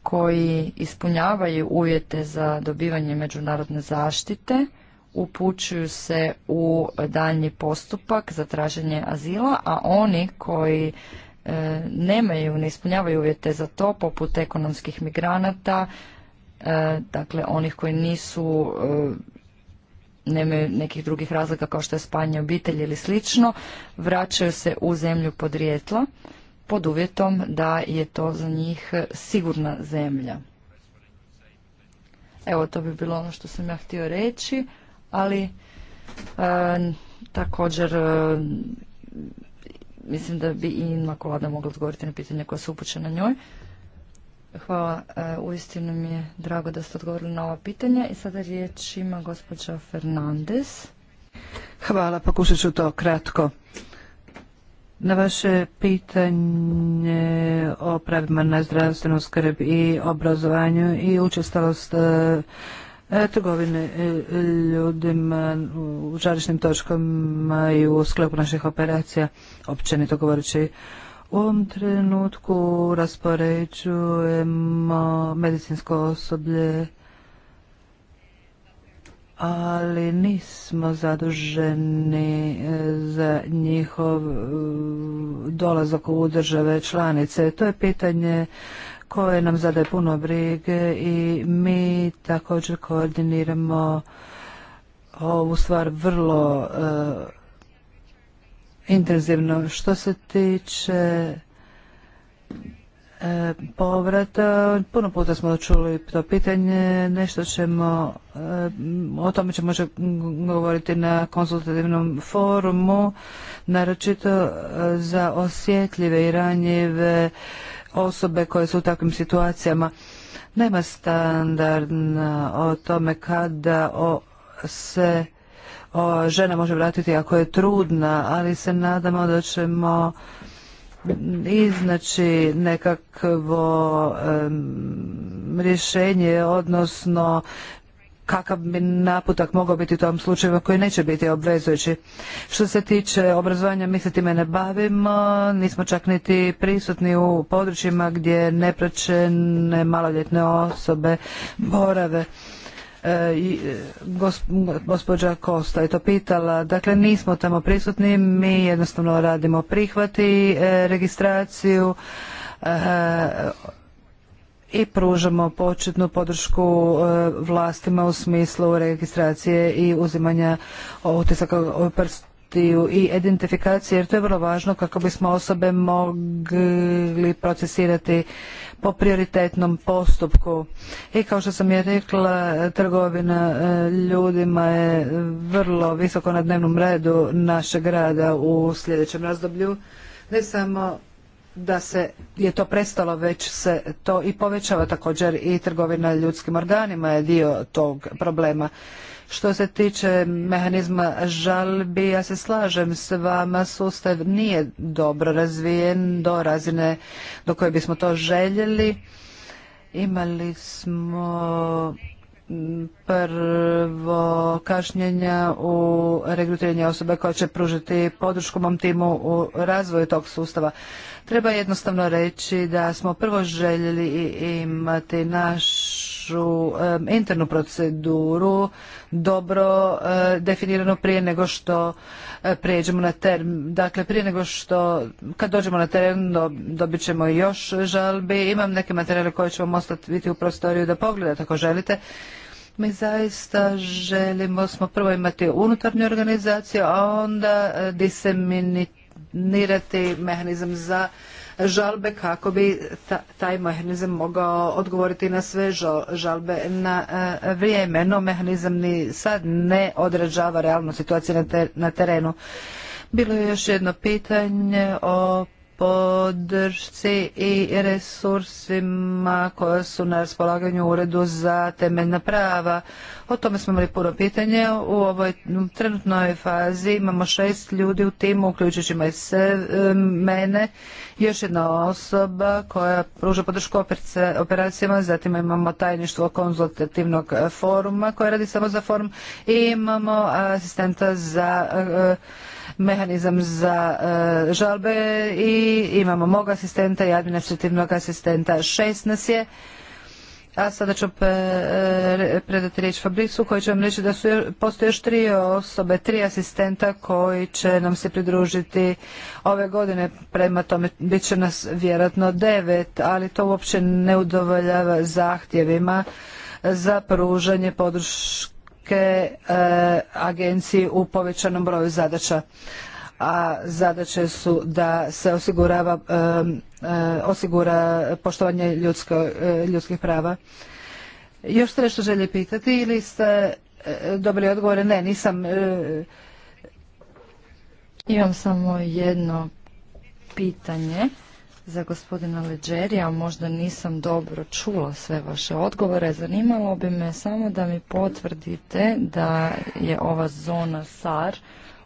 koji ispunjavaju uvjete za dobivanje međunarodne zaštite upućuju se u daljnji postupak za traženje azila, a oni koji e, nemaju, ne ispunjavaju uvjete za to, poput ekonomskih migranata, e, dakle onih koji nisu e, nemaju nekih drugih razloga kao što je spajanje obitelji ili slično, vraćaju se u zemlju podrijetla pod uvjetom da je to za njih sigurna zemlja. Evo, to bi bilo ono što sam ja htio reći, ali e, također e, mislim da bi i Kolada mogla odgovoriti na pitanje koja su na njoj. Hvala. E, uistinu mi je drago da ste odgovorili na ova pitanja. I sada riječ ima gospođa Fernandez. Hvala, pokušat ću to kratko. Na vaše pitanje o pravima na zdravstvenu skrb i obrazovanju i učestalost e, e, trgovine ljudima u žarišnim točkama i u sklopu naših operacija, općenito govoreći u ovom trenutku raspoređujemo medicinsko osoblje, ali nismo zaduženi e, za njihov e, dolazak u države članice. To je pitanje koje nam zadaje puno brige i mi također koordiniramo ovu stvar vrlo e, intenzivno. Što se tiče e, povrata. Puno puta smo čuli to pitanje, nešto ćemo, e, o tome ćemo govoriti na konsultativnom forumu, naročito e, za osjetljive i ranjive osobe koje su u takvim situacijama. Nema standardna o tome kada se žena može vratiti ako je trudna, ali se nadamo da ćemo iznaći nekakvo rješenje, odnosno kakav bi naputak mogao biti u tom slučaju koji neće biti obvezujući. Što se tiče obrazovanja, mi se time ne bavimo, nismo čak niti prisutni u područjima gdje nepraćene maloljetne osobe borave. E, e, gospođa Kosta je to pitala. Dakle, nismo tamo prisutni, mi jednostavno radimo prihvati, e, registraciju i pružamo početnu podršku vlastima u smislu registracije i uzimanja otisaka prst i identifikaciju jer to je vrlo važno kako bismo osobe mogli procesirati po prioritetnom postupku. I kao što sam je rekla, trgovina e, ljudima je vrlo visoko na dnevnom redu našeg rada u sljedećem razdoblju. Ne samo da se je to prestalo, već se to i povećava također i trgovina ljudskim organima je dio tog problema. Što se tiče mehanizma žalbi, ja se slažem s vama, sustav nije dobro razvijen do razine do koje bismo to željeli. Imali smo prvo kašnjenja u regrutiranju osobe koja će pružiti podršku mom timu u razvoju tog sustava. Treba jednostavno reći da smo prvo željeli imati naš našu internu proceduru dobro e, definirano prije nego što e, pređemo na teren. Dakle, prije nego što, kad dođemo na teren dobit ćemo još žalbi. Imam neke materijale koje ćemo vam ostati biti u prostoriju da pogledate ako želite. Mi zaista želimo smo prvo imati unutarnju organizaciju, a onda e, diseminirati mehanizam za žalbe kako bi taj mehanizam mogao odgovoriti na sve žalbe na e, vrijeme. No mehanizam ni sad ne odražava realnu situaciju na terenu. Bilo je još jedno pitanje o podršci i resursima koja su na raspolaganju u Uredu za temeljna prava. O tome smo imali puno pitanje. U ovoj trenutnoj fazi imamo šest ljudi u timu, uključujući i se, mene, još jedna osoba koja pruža podršku operacijama, zatim imamo tajništvo konzultativnog foruma koje radi samo za forum i imamo asistenta za e, mehanizam za e, žalbe i imamo mog asistenta i administrativnog asistenta. Šest nas je. A sada ću e, predati riječ Fabricu koji će vam reći da su, postoje još tri osobe, tri asistenta koji će nam se pridružiti ove godine. Prema tome bit će nas vjerojatno devet, ali to uopće ne udovoljava zahtjevima za pružanje podrške E, agenciji u povećanom broju zadaća a zadaće su da se osigurava e, e, osigura poštovanje ljudsko, ljudskih prava još ste nešto želje pitati ili ste dobili odgovore ne nisam imam samo jedno pitanje za gospodina Leđerija, možda nisam dobro čula sve vaše odgovore. Zanimalo bi me samo da mi potvrdite da je ova zona SAR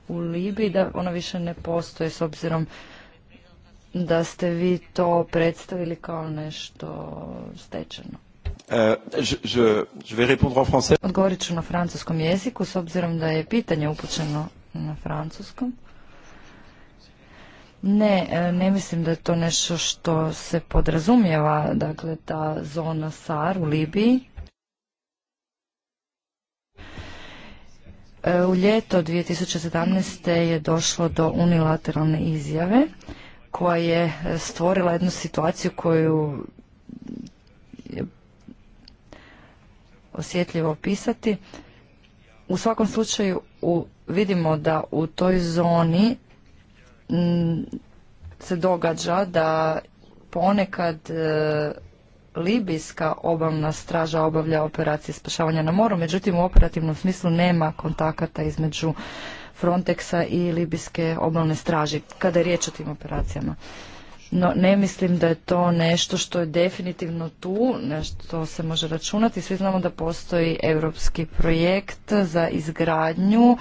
u Libiji, da ona više ne postoji s obzirom da ste vi to predstavili kao nešto stečeno. E, Odgovorit ću na francuskom jeziku s obzirom da je pitanje upućeno na francuskom. Ne, e, ne mislim da je to nešto što se podrazumijeva, dakle ta zona SAR u Libiji. E, u ljeto 2017. je došlo do unilateralne izjave koja je stvorila jednu situaciju koju je osjetljivo opisati. U svakom slučaju vidimo da u toj zoni Mm, se događa da ponekad e, libijska obalna straža obavlja operacije spašavanja na moru, međutim u operativnom smislu nema kontakata između Frontexa i libijske obalne straži kada je riječ o tim operacijama. No, ne mislim da je to nešto što je definitivno tu, nešto se može računati. Svi znamo da postoji europski projekt za izgradnju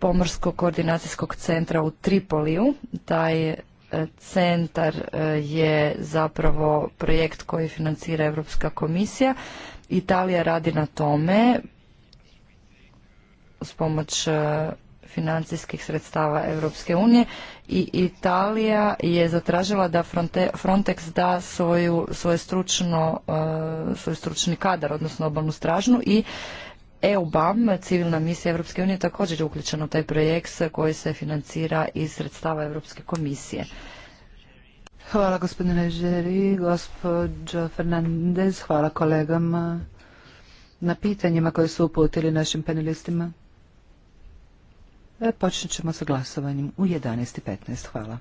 Pomorskog koordinacijskog centra u Tripoliju. Taj e, centar e, je zapravo projekt koji financira Europska komisija. Italija radi na tome s pomoć e, financijskih sredstava Europske unije i Italija je zatražila da Frontex da svoju, svoje stručno, svoj stručni kadar, odnosno obalnu stražnu i EUBAM, civilna misija Europske unije, također je uključena u taj projekt koji se financira iz sredstava Europske komisije. Hvala gospodine Žeri, gospođo Fernandez, hvala kolegama na pitanjima koje su uputili našim panelistima. E, ćemo sa glasovanjem u 11.15. Hvala.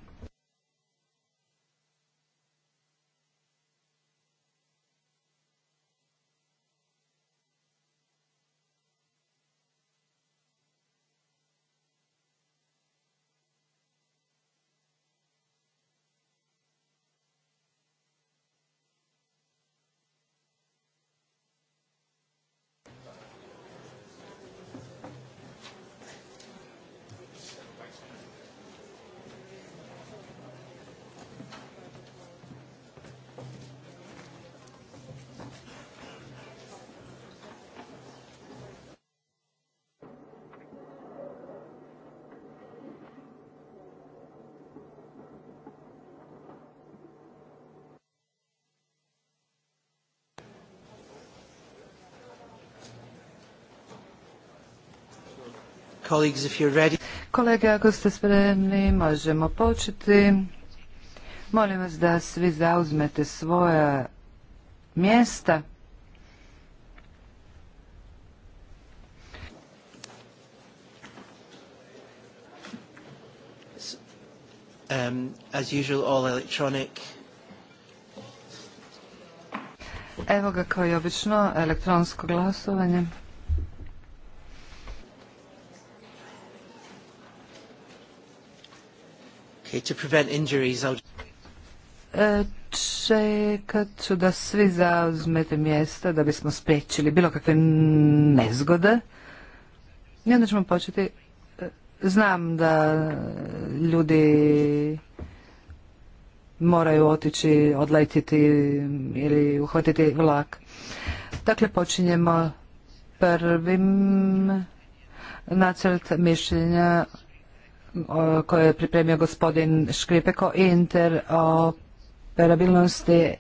Colleagues, if you're ready. Kolege, ako ste spremni, možemo početi. Molim vas da svi zauzmete svoja mjesta. Um, as usual, all electronic. Evo ga kao i obično, elektronsko glasovanje. to prevent injuries, I'll... E, čekat ću da svi zauzmete mjesta da bismo spriječili bilo kakve nezgode. I onda ćemo početi. E, znam da ljudi moraju otići, odletiti ili uhvatiti vlak. Dakle, počinjemo prvim nacrt mišljenja koje je pripremio gospodin Škripeko Inter operabilnosti e,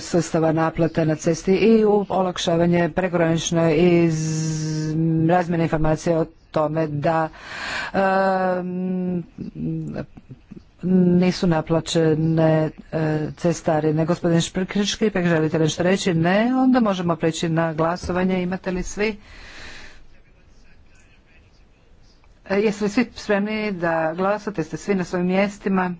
sustava naplate na cesti i u olakšavanje pregoranične i razmjene informacije o tome da e, nisu naplaćene e, cestarine. Gospodin Škripek, želite nešto reći? Ne, onda možemo preći na glasovanje. Imate li svi? E, Jeste li svi spremni da glasate? Ste svi na svojim mjestima?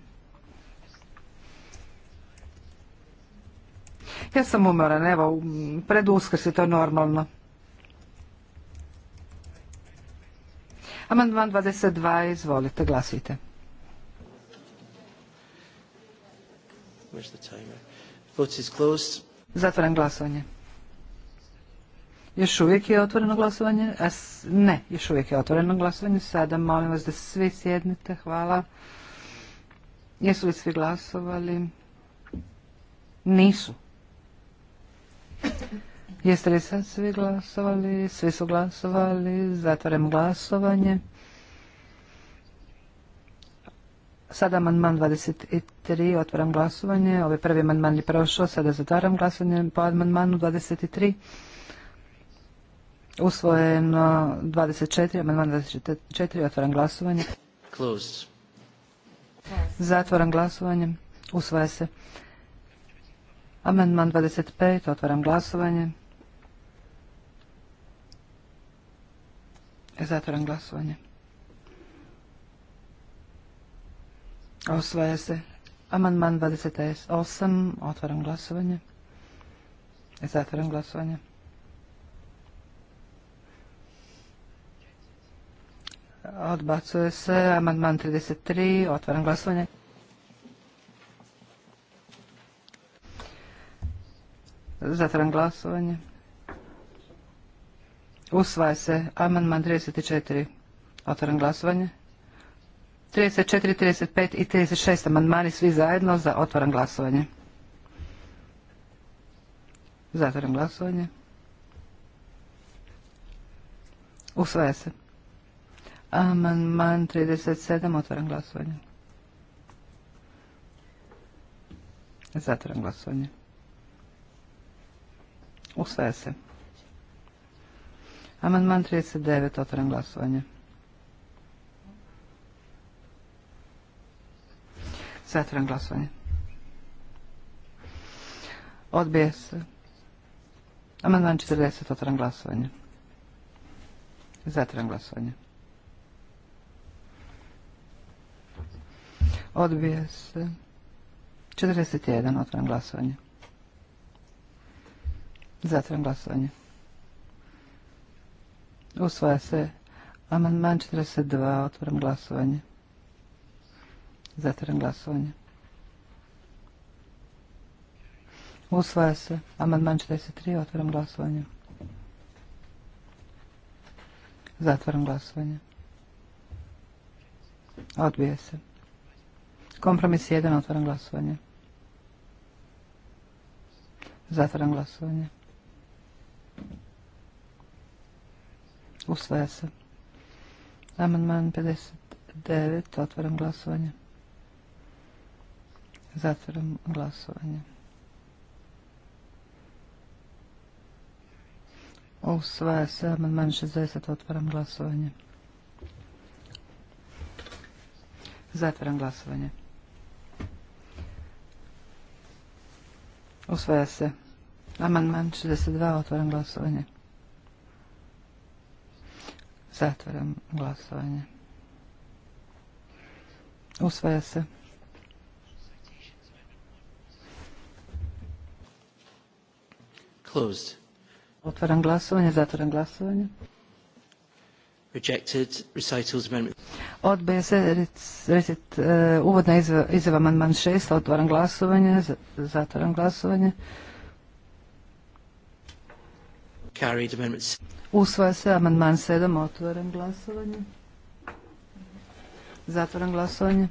Ja sam umoran, evo, pred uskrs je to normalno. Amandman 22, izvolite, glasujte. Zatvaram glasovanje. Još uvijek je otvoreno glasovanje? A, ne, još uvijek je otvoreno glasovanje. Sada molim vas da svi sjednete. Hvala. Jesu li svi glasovali? Nisu. Jeste li sad svi glasovali? Svi su glasovali. Zatvaram glasovanje. Sada amandman 23, otvaram glasovanje. Ovaj prvi amandman je prošao, sada zatvaram glasovanje po amandmanu 23. Usvojeno 24, amandman 24, otvaram glasovanje. Closed. Zatvaram glasovanje. usvoje se. Amandman 25, otvaram glasovanje. Zatvaram glasovanje. osvoje se. Amandman 28, otvaram glasovanje. Zatvaram glasovanje. Odbacuje se. Amandman 33. Otvaram glasovanje. Zatvaram glasovanje. Usvaja se. Amandman 34. Otvaram glasovanje. 34, 35 i 36 amandmani svi zajedno za otvaram glasovanje. Zatvaram glasovanje. Usvaja se. Amandman 37. Otvaram glasovanje. Zatvaram glasovanje. Usvaja se. Amandman 39. Otvaram glasovanje. Zatvaram glasovanje. Odbije se. Amandman 40. Otvaram glasovanje. Zatvaram glasovanje. odbije se. 41. Otvaram glasovanje. Zatvaram glasovanje. Usvaja se amandman 42. Otvaram glasovanje. Zatvaram glasovanje. Usvaja se amandman 43. Otvaram glasovanje. Zatvaram glasovanje. Odbija se. Kompromis 1. Otvaram glasovanje. Zatvaram glasovanje. Usvaja se. Amandman 59. Otvaram glasovanje. Zatvaram glasovanje. Usvaja se amandman 60. Otvaram glasovanje. Zatvaram glasovanje. Usvaja se. Amandman 62. Otvaram glasovanje. Zatvaram glasovanje. Usvaja se. Closed. Otvaram glasovanje, zatvaram glasovanje. Rejected. Recitals amendment. Odbija se recit, eh, uvodna izjava, amandman 6. Otvaram glasovanje. Zatvaram glasovanje. Carried amendment. Usvaja se amandman 7. Otvaram glasovanje. Zatvaram glasovanje.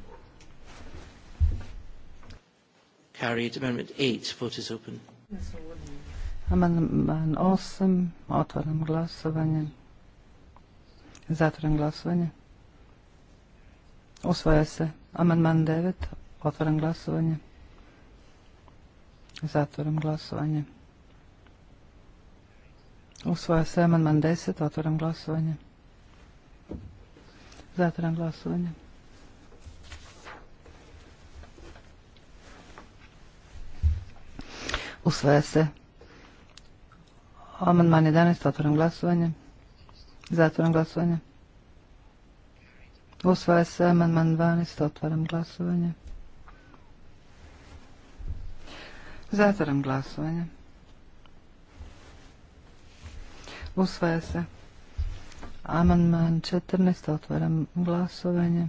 Carried amendment 8. Vote is open. Amandman 8. Otvaram glasovanje. Zatvoren glasovanje. Usvaja se. Amandman 9. Otvoren glasovanje. Zatvoram glasovanje. Usvaja se amandman 10. Otvoram glasovanje. Zatvoram glasovanje. Usvaja se. Amandman 11. Otvoram glasovanje. Zatvoram glasovanje. Usvaja se amandman 12. Otvaram glasovanje. Zatvaram glasovanje. Usvaja se. Amandman 14. Otvaram glasovanje.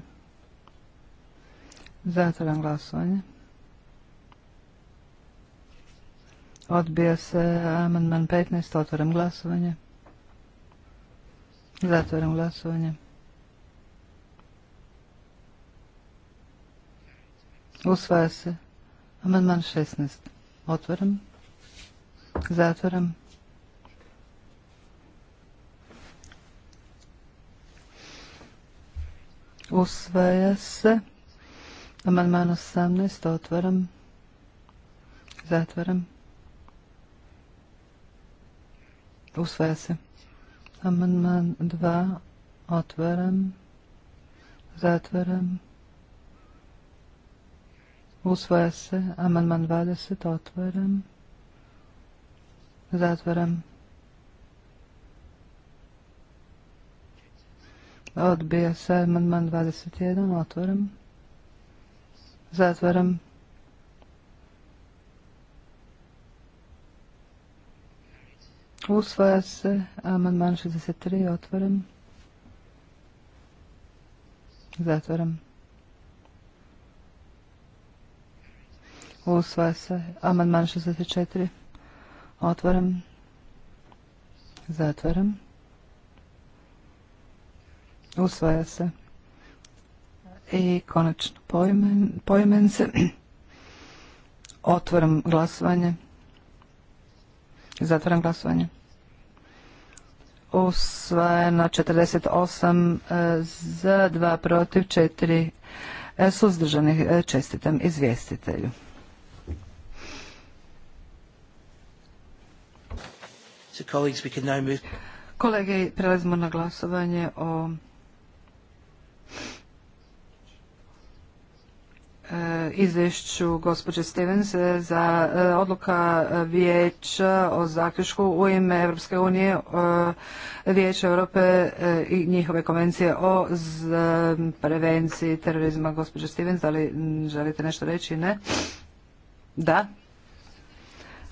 Zatvaram glasovanje. Odbija se amandman 15. Otvaram glasovanje. Zatvaram glasovanje. Usvaja se. Amandman 16. Otvaram. Zatvaram. Usvaja se. Amandman 18. Otvaram. Zatvaram. Usvaja se. Amandman 2. Otvaram. Zatvaram. Usvoja se. Amandman 20. Otvaram. Zatvaram. Odbija se. Amandman 21. Otvaram. Zatvaram. Usvaja se amandman 63. otvorim, zatvorim. Usvaja se amandman 64. otvorim, Zatvaram. Usvaja se. I konačno pojmen se. Otvaram glasovanje. Zatvaram glasovanje. Usvajeno 48 e, za, 2 protiv, 4 e, suzdržanih. E, čestitam izvjestitelju. Kolege, prelazimo na glasovanje o izvješću gospođe Stevens e, za e, odluka vijeća o zaključku u ime Europske unije e, vijeća Europe i njihove konvencije o prevenciji terorizma. gospođe Stevens, da li želite nešto reći? Ne? Da?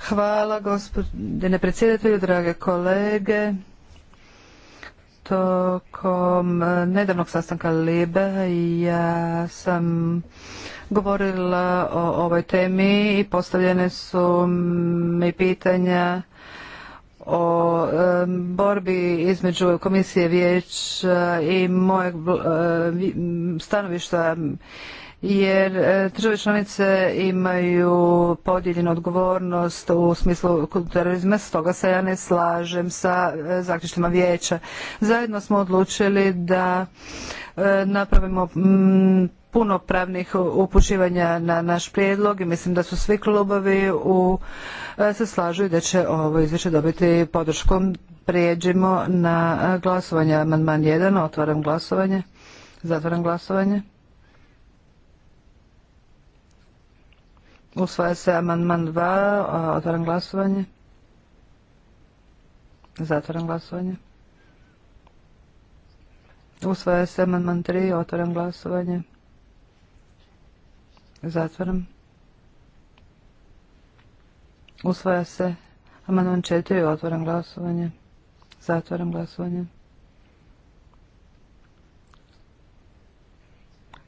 Hvala gospodine predsjedatelju, drage kolege tokom nedavnog sastanka Libe ja sam govorila o ovoj temi i postavljene su mi pitanja o borbi između komisije vijeća i mojeg stanovišta jer države članice imaju podijeljenu odgovornost u smislu terorizma, stoga se ja ne slažem sa zaključnjima vijeća. Zajedno smo odlučili da napravimo punopravnih upućivanja na naš prijedlog i mislim da su svi klubovi u, e, se slažu i da će ovo izvješće dobiti podrškom. Prijeđimo na glasovanje. Amandman 1. Otvaram glasovanje. Zatvaram glasovanje. Usvaja se amandman 2. Otvaram glasovanje. Zatvaram glasovanje. Usvaja se amandman 3. Otvaram glasovanje. Zatvaram. Usvaja se amandman 4. Otvaram glasovanje. Zatvaram glasovanje.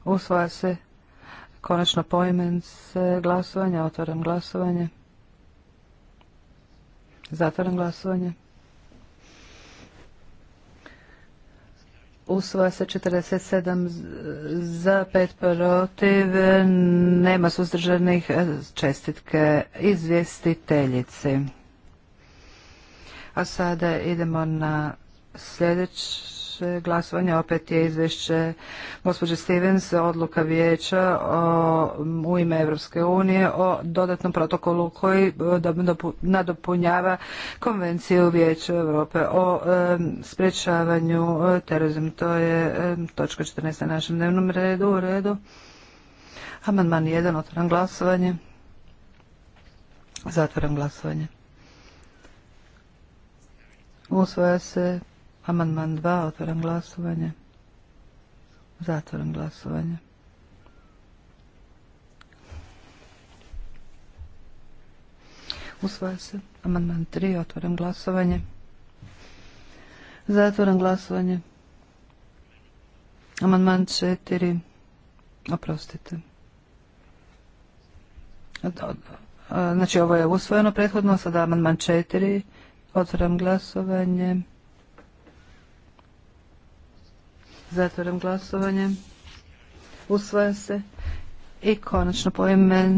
Usvaja se konačno se glasovanja. Otvaram glasovanje. Zatvaram glasovanje. usvoja se 47 za 5 protiv, nema suzdržanih čestitke izvjestiteljici. A sada idemo na sljedeći naše glasovanje opet je izvješće gospođe Stevens, odluka vijeća u ime Europske unije o dodatnom protokolu koji e, nadopunjava konvenciju vijeća Europe o e, sprječavanju e, terorizma. To je točka 14 na našem dnevnom redu. U redu. Amandman 1. Otvaram glasovanje. Zatvaram glasovanje. Usvaja se Amandman 2. Otvoram glasovanje. Zatvoram glasovanje. Usvaja se. Amandman 3. Otvoram glasovanje. Zatvoram glasovanje. Amandman 4. Oprostite. Znači ovo je usvojeno prethodno, sada amandman 4. Otvoram glasovanje. Zatvaram glasovanje. Usvaja se. I konačno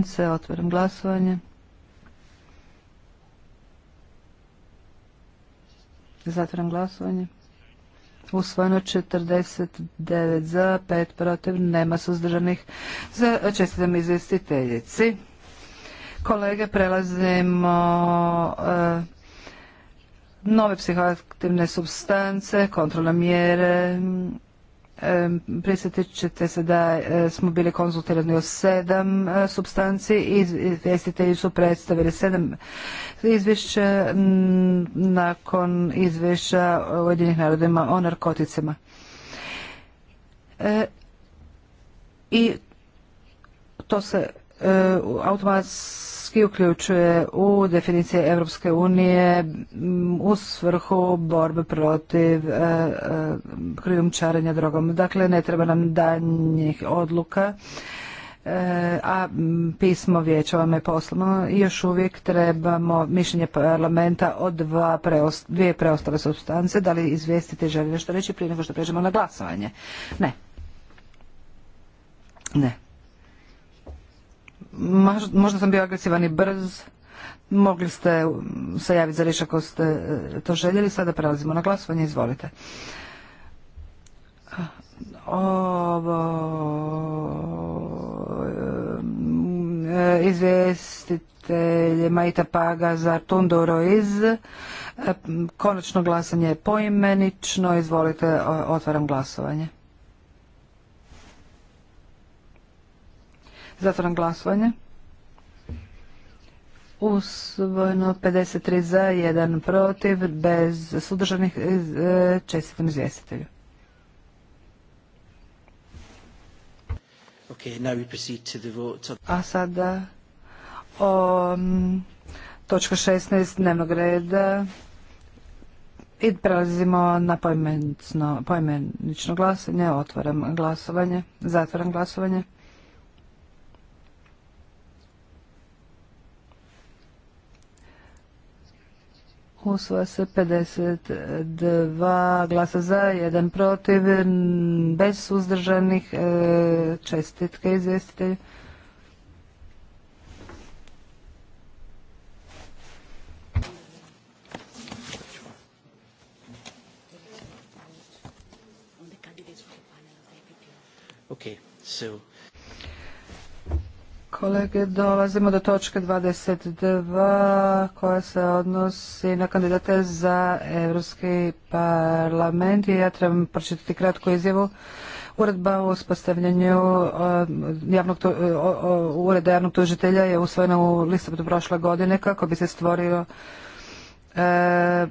se Otvaram glasovanje. Zatvaram glasovanje. Usvojeno 49 za, 5 protiv, nema suzdržanih. Za čestitam izvestiteljici. Kolege, prelazimo e, nove psihoaktivne substance, kontrolne mjere, Prisjetit ćete se da e, smo bili konzultirani o sedam e, substanci i izvjestitelji su predstavili sedam izvješća nakon izvješća jedinih narodima o narkoticima. E, I to se automatski Europski uključuje u definicije Europske unije u svrhu borbe protiv e, e, krijumčarenja drogom. Dakle, ne treba nam danjih odluka e, a pismo vijeća vam je poslano i još uvijek trebamo mišljenje parlamenta o dvije preostale substance. Da li izvijestite želi nešto reći prije nego što pređemo na glasovanje? Ne. Ne možda sam bio agresivan i brz, mogli ste um, se javiti za riječ ako ste e, to željeli. Sada prelazimo na glasovanje, izvolite. Ovo, e, e, izvjestitelj Majita Paga za Tundoro iz konačno glasanje je poimenično, izvolite, otvaram glasovanje. Zatvoram glasovanje. Usvojeno 53 za, 1 protiv, bez sudržanih e, čestitim izvjestitelju. A sada o, um, točka 16 dnevnog reda i prelazimo na pojmenično glasanje. Otvaram glasovanje, zatvaram glasovanje. Usvaja se 52 glasa za, jedan protiv, bez uzdržanih e, čestitke izvjestitelju. Okay, so kolege, dolazimo do točke 22 koja se odnosi na kandidate za Europski parlament i ja trebam pročitati kratku izjavu. Uredba o uspostavljanju e, e, ureda javnog tužitelja je usvojena u listopadu prošle godine kako bi se stvorio e,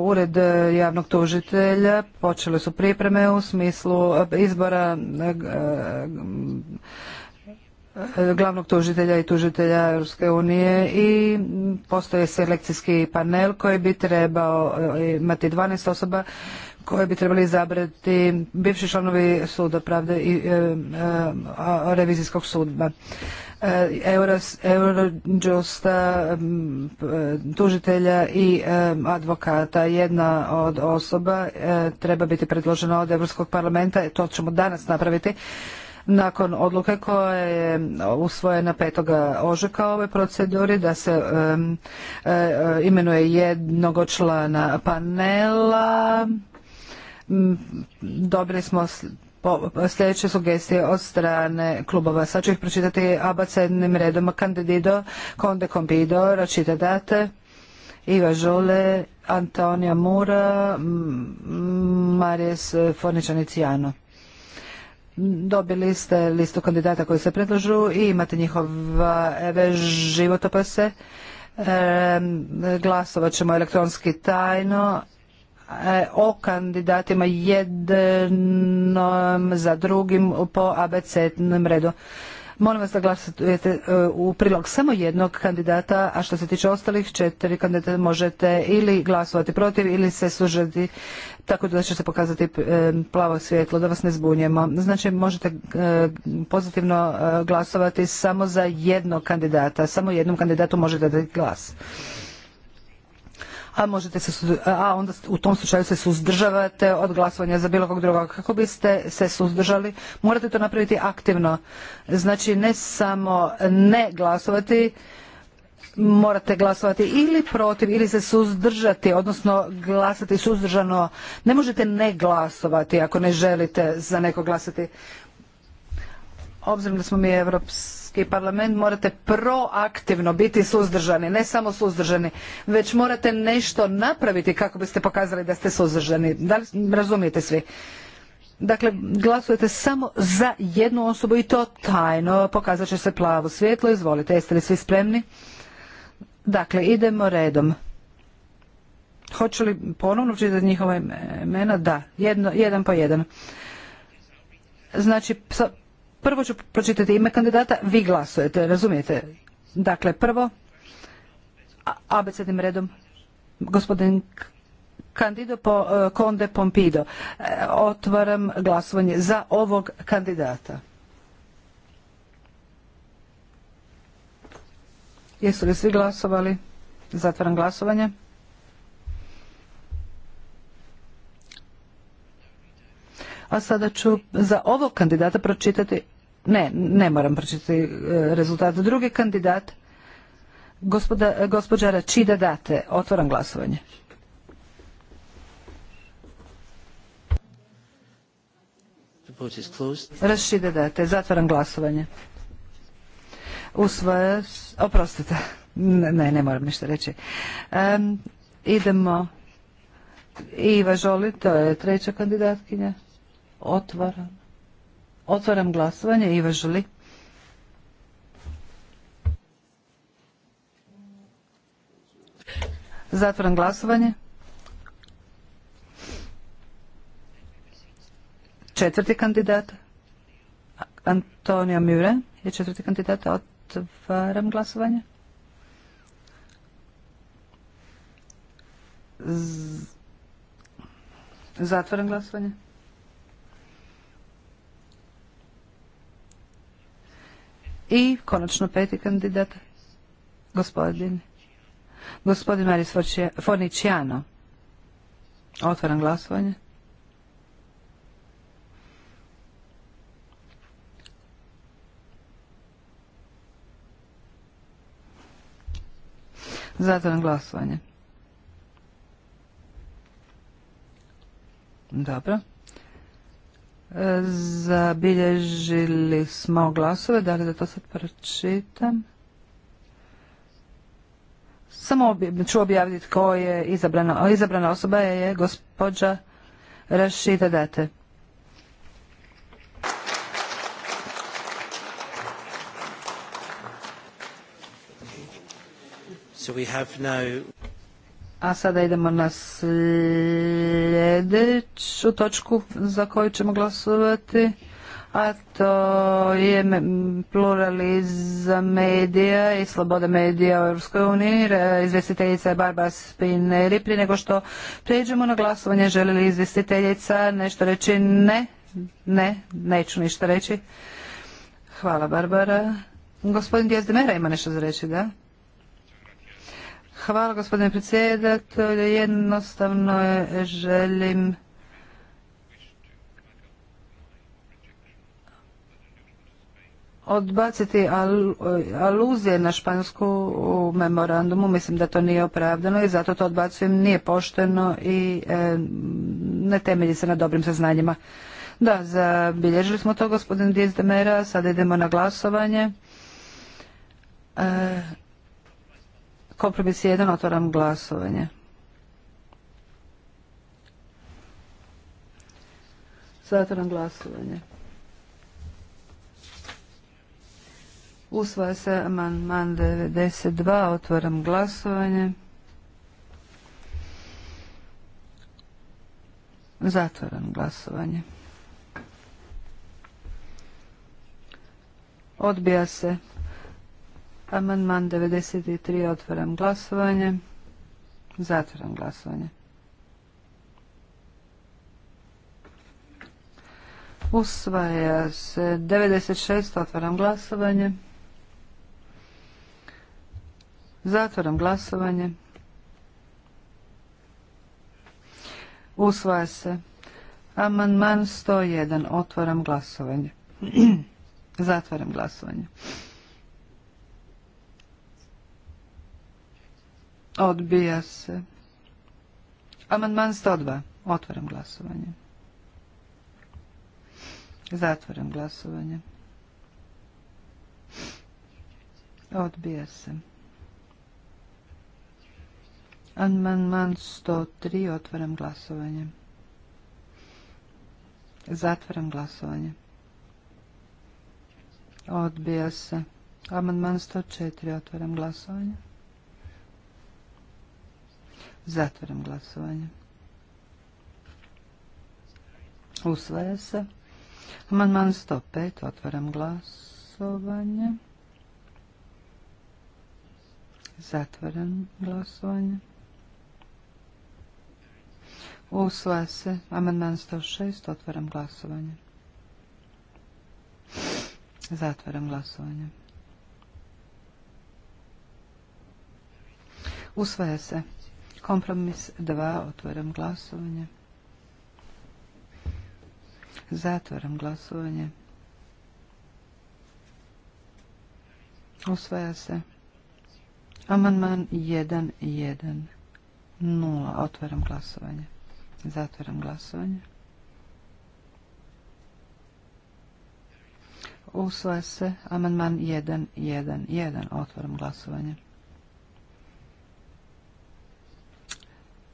ured javnog tužitelja počele su pripreme u smislu izbora glavnog tužitelja i tužitelja Europske unije i postoje selekcijski panel koji bi trebao e, imati 12 osoba koje bi trebali izabrati bivši članovi suda pravde i e, e, revizijskog sudba. Eurojusta, tužitelja i advokata. Jedna od osoba treba biti predložena od Europskog parlamenta, to ćemo danas napraviti nakon odluke koja je usvojena 5. ožaka ove proceduri da se e, imenuje jednog člana panela. Dobili smo sljedeće sugestije od strane klubova. Sad ću ih pročitati abacednim redom. Candidido, Conde Compido, Račita Date, Iva Žule, Antonija Mura, Marijes Forničanicijano. Dobili ste listu kandidata koji se predlažu i imate njihove životopise. E, glasovat ćemo elektronski tajno e, o kandidatima jednom za drugim po abecednom redu. Molim vas da glasujete e, u prilog samo jednog kandidata, a što se tiče ostalih četiri kandidata možete ili glasovati protiv ili se služiti tako da će se pokazati e, plavo svjetlo, da vas ne zbunjemo. Znači možete e, pozitivno e, glasovati samo za jednog kandidata, samo jednom kandidatu možete dati glas. A, možete se, a onda u tom slučaju se suzdržavate od glasovanja za bilo kog drugog. Kako biste se suzdržali, morate to napraviti aktivno. Znači ne samo ne glasovati, morate glasovati ili protiv ili se suzdržati, odnosno glasati suzdržano. Ne možete ne glasovati ako ne želite za neko glasati. Obzirom da smo mi Evropski parlament, morate proaktivno biti suzdržani, ne samo suzdržani, već morate nešto napraviti kako biste pokazali da ste suzdržani. Da li razumijete svi? Dakle, glasujete samo za jednu osobu i to tajno. Pokazat će se plavo svjetlo. Izvolite, jeste li svi spremni? Dakle, idemo redom. Hoću li ponovno čitati njihova imena? Da, jedno, jedan po jedan. Znači, prvo ću pročitati ime kandidata, vi glasujete, razumijete? Dakle, prvo, abecednim redom, gospodin Candido po, eh, Conde Pompido. Eh, otvaram glasovanje za ovog kandidata. Jesu li svi glasovali? Zatvaram glasovanje. A sada ću za ovog kandidata pročitati, ne, ne moram pročitati e, rezultat. Drugi kandidat, gospođa Račida Date, otvoram glasovanje. Račida Date, zatvaram glasovanje svoje, oprostite, ne, ne moram ništa reći. idemo, Iva Žoli, to je treća kandidatkinja, otvaram, otvaram glasovanje, Iva Žoli. Zatvaram glasovanje. Četvrti kandidat, Antonio Mure je četvrti kandidat, Otvaram glasovanje. Zatvaram glasovanje. I konačno peti kandidat, gospodin, gospodin Maris Forniciano. Otvaram glasovanje. Zatvoram glasovanje. Dobro. E, zabilježili smo glasove, da da to sad pročitam? Samo ću objaviti ko je izabrana. Izabrana osoba je gospođa Rašida Date. A sada idemo na sljedeću točku za koju ćemo glasovati, a to je pluralizam medija i sloboda medija u Europskoj uniji. Izvjestiteljica je Barbara Spineri. Prije nego što prijeđemo na glasovanje, želi li izvjestiteljica nešto reći? Ne, ne, neću ništa reći. Hvala Barbara. Gospodin Dijazdemera ima nešto za reći, da? Hvala gospodine predsjedatelju. Jednostavno želim odbaciti aluzije na špansku memorandumu. Mislim da to nije opravdano i zato to odbacujem. Nije pošteno i e, ne temelji se na dobrim saznanjima. Da, zabilježili smo to gospodin Dizdemera. Sada idemo na glasovanje. E, Kompromis 1, otvaram glasovanje. Zatvaram glasovanje. Usvaja se amandman 92, otvaram glasovanje. Zatvaram glasovanje. Odbija se Amandman 93. Otvaram glasovanje. Zatvaram glasovanje. Usvaja se 96. Otvaram glasovanje. Zatvaram glasovanje. Usvaja se. Amandman 101. Otvaram glasovanje. Zatvaram glasovanje. Odbija se. Amandman 102. Otvaram glasovanje. Zatvaram glasovanje. Odbija se. Amandman 103. Otvaram glasovanje. Zatvaram glasovanje. Odbija se. Amandman 104. Otvaram glasovanje. Zatvaram glasovanje. Usvaja se. Amandman 105. Otvaram glasovanje. Zatvaram glasovanje. Usvaja se. Amandman 106. Otvaram glasovanje. Zatvaram glasovanje. Usvaja se. Kompromis 2. Otvaram glasovanje. Zatvaram glasovanje. Usvaja se. Amandman 1, 1, 0. Otvaram glasovanje. Zatvaram glasovanje. Usvaja se. Amandman 1, 1, 1. Otvaram glasovanje.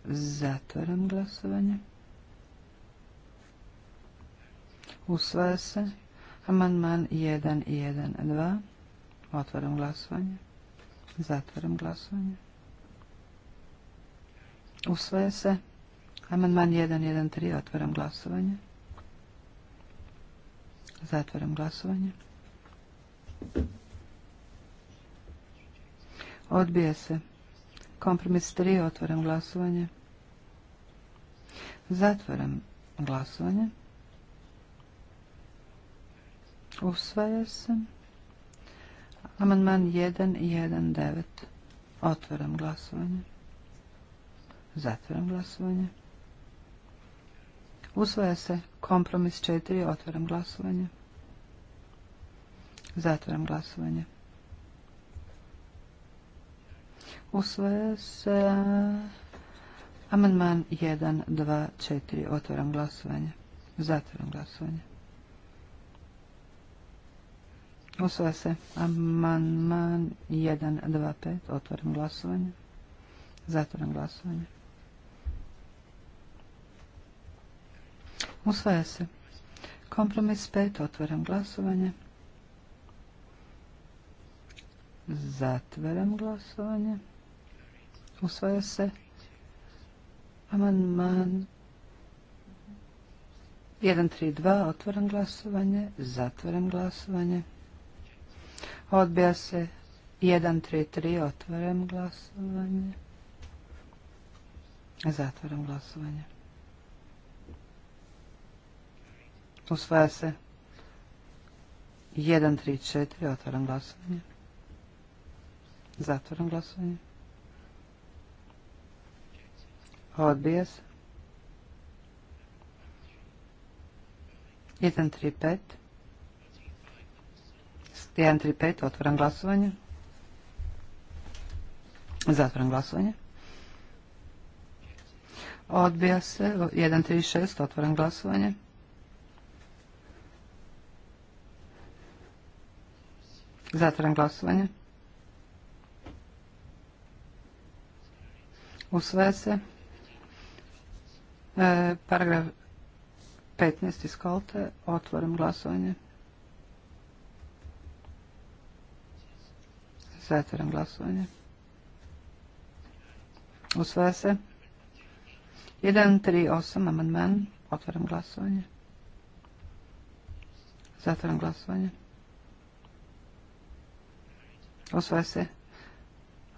Zatvaram glasovanje. Usvaja se. Amandman 1 i 1, 2. Otvaram glasovanje. Zatvaram glasovanje. Usvaja se. Amandman 3 Otvaram glasovanje. Zatvaram glasovanje. Odbija se. Kompromis 3. Otvaram glasovanje. Zatvaram glasovanje. Usvaja se. Amandman 1.1.9. Otvaram glasovanje. Zatvaram glasovanje. Usvaja se kompromis 4. Otvaram glasovanje. Zatvaram glasovanje. Usvaja se amandman 1, 2, 4. Otvaram glasovanje. Zatvaram glasovanje. Usvaja se amandman 1, 2, 5. Otvaram glasovanje. Zatvaram glasovanje. Usvaja se. Kompromis 5. Otvaram glasovanje. Zatvaram glasovanje. Usvaja se 1, amandman 2. Otvoram glasovanje. Zatvoram glasovanje. Odbija se 1, 133. Otvoram glasovanje. Zatvoram glasovanje. Usvaja se 1, 134. Otvoram glasovanje. Zatvoram glasovanje. Odbija se. 135. 135. Otvoram glasovanje. Zatvoram glasovanje. Odbija se. 136. Otvoram glasovanje. Zatvoram glasovanje. Usvaja se. E, paragraf 15 iz Kolte. Otvorim glasovanje. Zatvaram glasovanje. Usvaja se. 138 amandman. Otvaram glasovanje. Zatvaram glasovanje. Osvaja se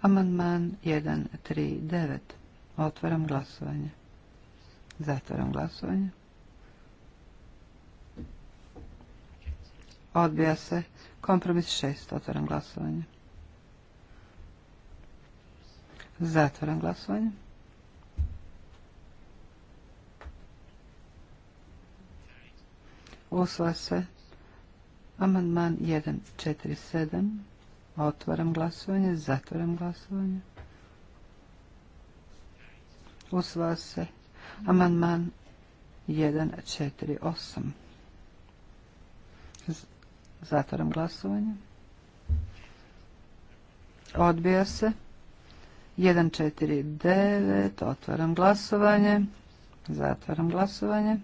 amandman 139. Otvaram glasovanje. Zatvaram glasovanje. Odbija se. Kompromis 6. Otvaram glasovanje. Zatvaram glasovanje. Usva se amandman 1.4.7. Otvaram glasovanje. Zatvaram glasovanje. Usva se Amandman 148. Zatvaram glasovanje. Odbija se. 149. Otvaram glasovanje. Zatvaram glasovanje.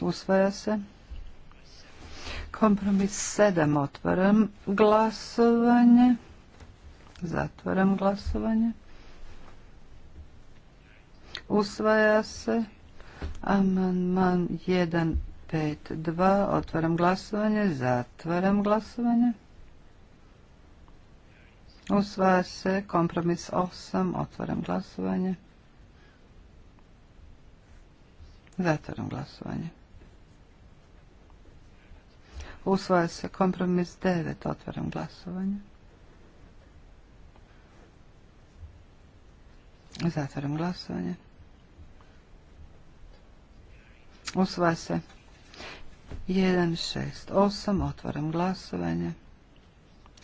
Usvaja se. Kompromis 7. Otvaram glasovanje. Zatvaram glasovanje. Usvaja se. Amandman 2. Otvaram glasovanje. Zatvaram glasovanje. Usvaja se. Kompromis 8. Otvaram glasovanje. Zatvaram glasovanje. Usvaja se kompromis 9. Otvaram glasovanje. Zatvaram glasovanje. Usva se. 168. Otvaram glasovanje.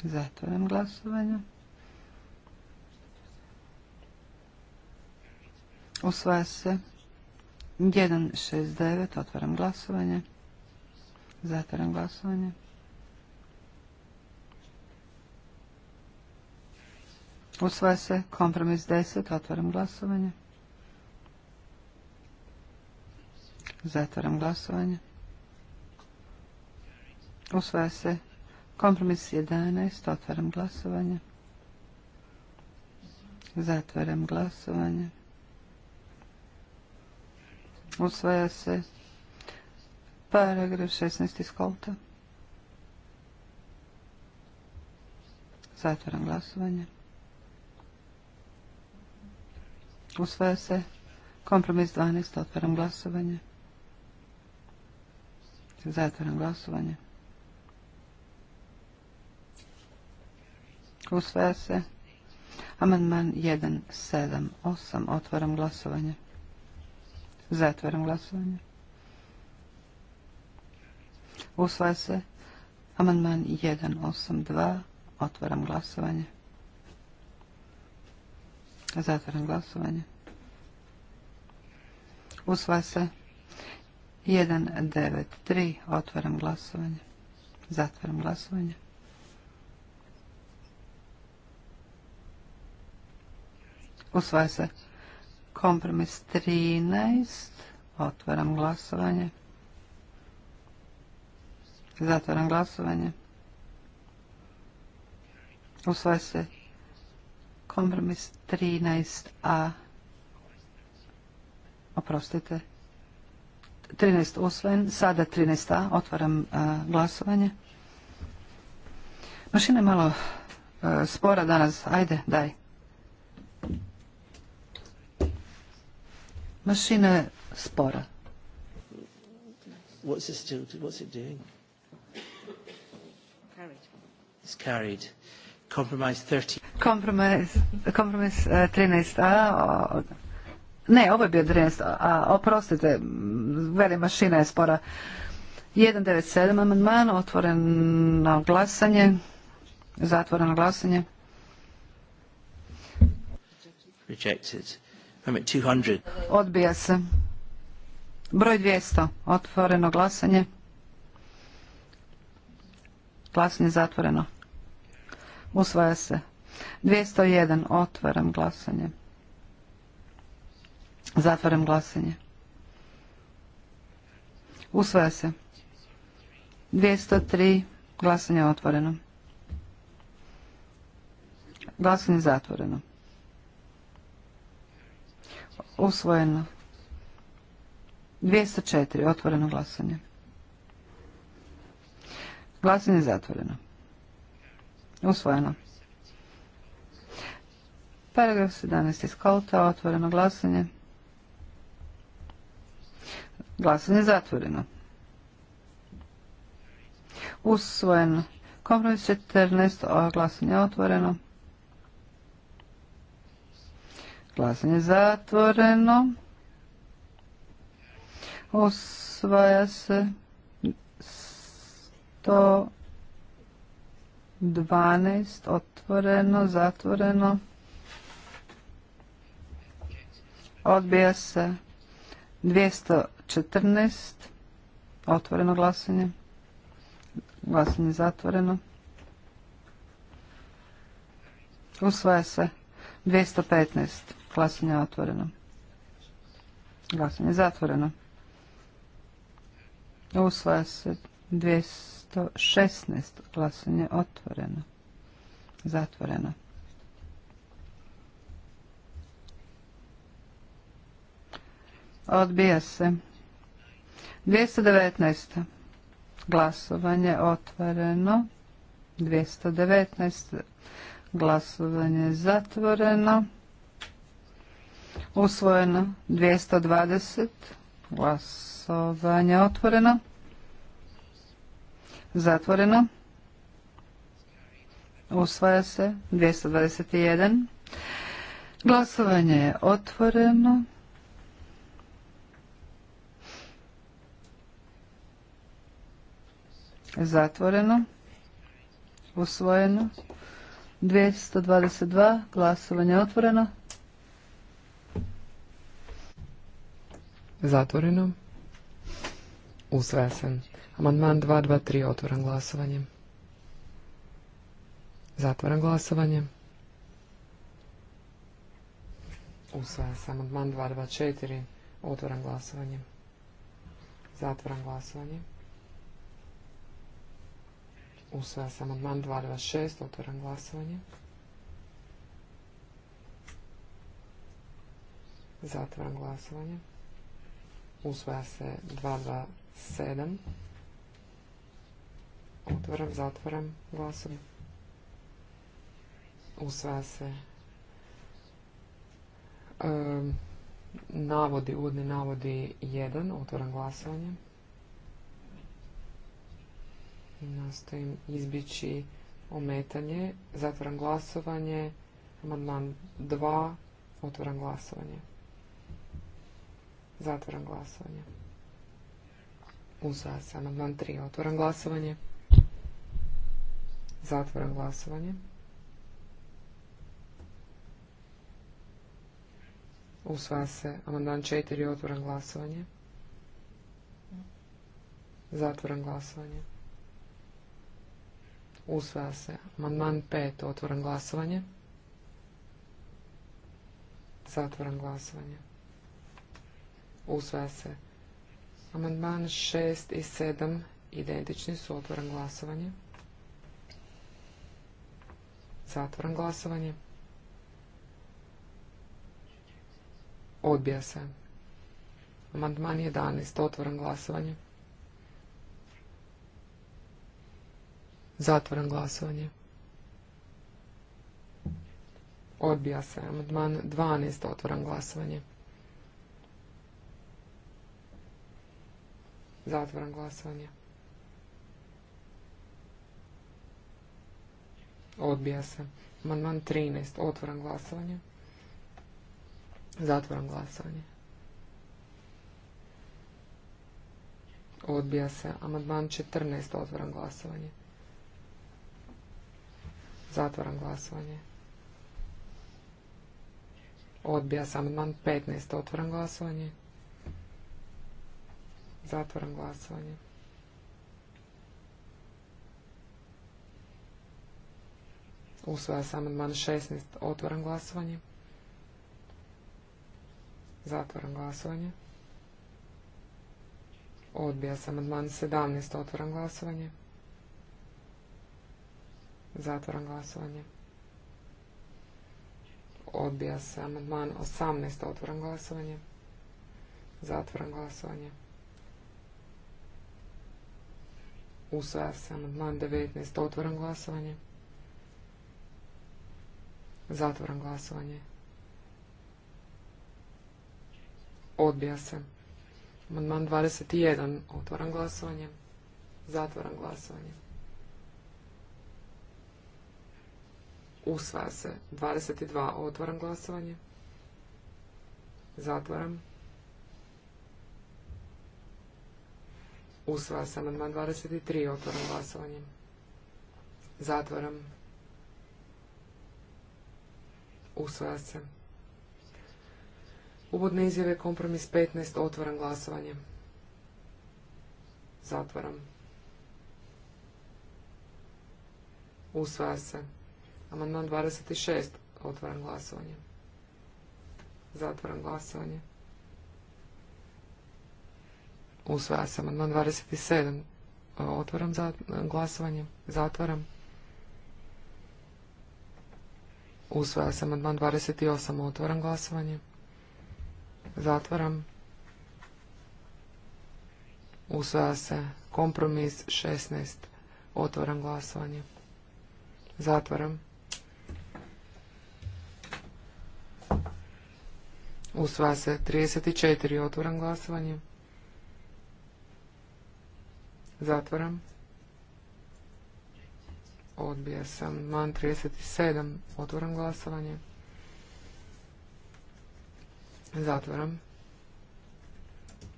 Zatvaram glasovanje. Usvaja se. 169. Otvaram glasovanje. Zatvaram glasovanje. Usvaja se. Kompromis 10. Otvaram glasovanje. Zatvaram glasovanje. Usvaja se kompromis 11. Otvaram glasovanje. Zatvaram glasovanje. Usvaja se paragraf 16 iz kolta. Zatvaram glasovanje. Usvaja se kompromis 12. Otvaram glasovanje. Zatvaram glasovanje. Usvaja se. Amandman 178. Otvaram glasovanje. Zatvaram glasovanje. Usvaja se. Amandman 182. Otvaram glasovanje. Zatvaram glasovanje. Usvaja se. 193. Otvaram glasovanje. Zatvaram glasovanje. Usvaja se kompromis 13. Otvaram glasovanje. Zatvaram glasovanje. Usvaja se kompromis 13a. Oprostite. 13 osvojen, sada 13a, otvaram e, glasovanje. Mašina je malo e, spora danas, ajde, daj. Mašina je spora. What's it, still, what's it doing? Carried. It's carried. Compromise 30. Compromise, compromise 13a. E, ne, ovo je bio 13, a oprostite, veli mašina je spora. 197 amandman, otvoreno glasanje, zatvoreno glasanje. Odbija se. Broj 200, otvoreno glasanje. Glasanje zatvoreno. Usvaja se. 201, otvaram glasanje. Zatvaram glasanje. Usvaja se. 203. Glasanje otvoreno. Glasanje je zatvoreno. Usvojeno. 204. Otvoreno glasanje. Glasanje je zatvoreno. Usvojeno. Paragraf 17. Iskolta. Otvoreno glasanje. Glasanje zatvoreno. Usvojen. Kompromis 14. Glasanje otvoreno. Glasanje zatvoreno. Osvaja se 112. Otvoreno, zatvoreno. Odbija se 200 14. Otvoreno glasanje. Glasanje zatvoreno. Usvaja se. 215. Glasanje otvoreno. Glasanje zatvoreno. Usvaja se. 216. Glasanje otvoreno. Zatvoreno. Odbija se. 219. Glasovanje otvoreno. 219. Glasovanje zatvoreno. Usvojeno 220. Glasovanje otvoreno. Zatvoreno. Usvaja se 221. Glasovanje je otvoreno. Zatvoreno. Usvojeno. 222. Glasovanje otvoreno. Zatvoreno. Usvesen. Amandman 223. Otvoren glasovanje. Zatvoren glasovanje. Usvaja Amandman 224. Otvoren glasovanje. Zatvoren glasovanje. Usvaja se amandman 226. Otvoram glasovanje. Zatvoram glasovanje. Usvaja se 227. Otvoram, zatvoram glasovanje. Usvaja se navodi, uvodni navodi 1. Otvoram glasovanje. Nastojim izbjeći ometanje. Zatvaram glasovanje. Amandman 2. Otvaram glasovanje. Zatvaram glasovanje. Usvaja se amandman 3. Otvaram glasovanje. Zatvaram glasovanje. Usvaja se amandman 4. Otvaram glasovanje. Zatvaram glasovanje. Usvaja se. Amandman 5. Otvoren glasovanje. Zatvoren glasovanje. Usvaja se. Amandman 6 i 7 identični su. Otvoren glasovanje. Zatvoren glasovanje. Odbija se. Amandman 11. Otvoren glasovanje. Zatvoram glasovanje. Odbija se amandman 12. Otvoram glasovanje. Zatvoram glasovanje. Odbija se. Amandman 13. Otvoram glasovanje. Zatvoram glasovanje. Odbija se. Amandman 14. Otvoram glasovanje. Zatvaram glasovanje. Odbija sam amandman 15. Otvaram glasovanje. Zatvaram glasovanje. Usvaja se amandman 16. otvoren glasovanje. Zatvaram glasovanje. Odbija sam amandman 17. Otvaram glasovanje. Zatvaram glasovanje. Odbija se amandman 18. otvoram glasovanje. Zatvaram glasovanje. Usvaja se amandman 19. Otvaram glasovanje. Zatvaram glasovanje. Odbija se. Amandman 21. Otvaram glasovanje. Zatvaram glasovanje. Usvaja se. 22. Otvaram glasovanje. Zatvaram. Usvaja se. Amandman 23. Otvaram glasovanje. Zatvaram. Usvaja se. Uvodne izjave kompromis 15. Otvaram glasovanje. Zatvaram. Usvaja se. Amandman 26. Otvaram glasovanje. Zatvaram glasovanje. Usvaja se amandman 27. Otvaram za, glasovanje. Zatvaram. Usvaja se amandman 28. Otvaram glasovanje. Zatvaram. Usvaja se kompromis 16. Otvaram glasovanje. Zatvaram. Usvaja se 34. Otvoram glasovanje. Zatvoram. Odbija se Man 37. Otvoram glasovanje. Zatvoram.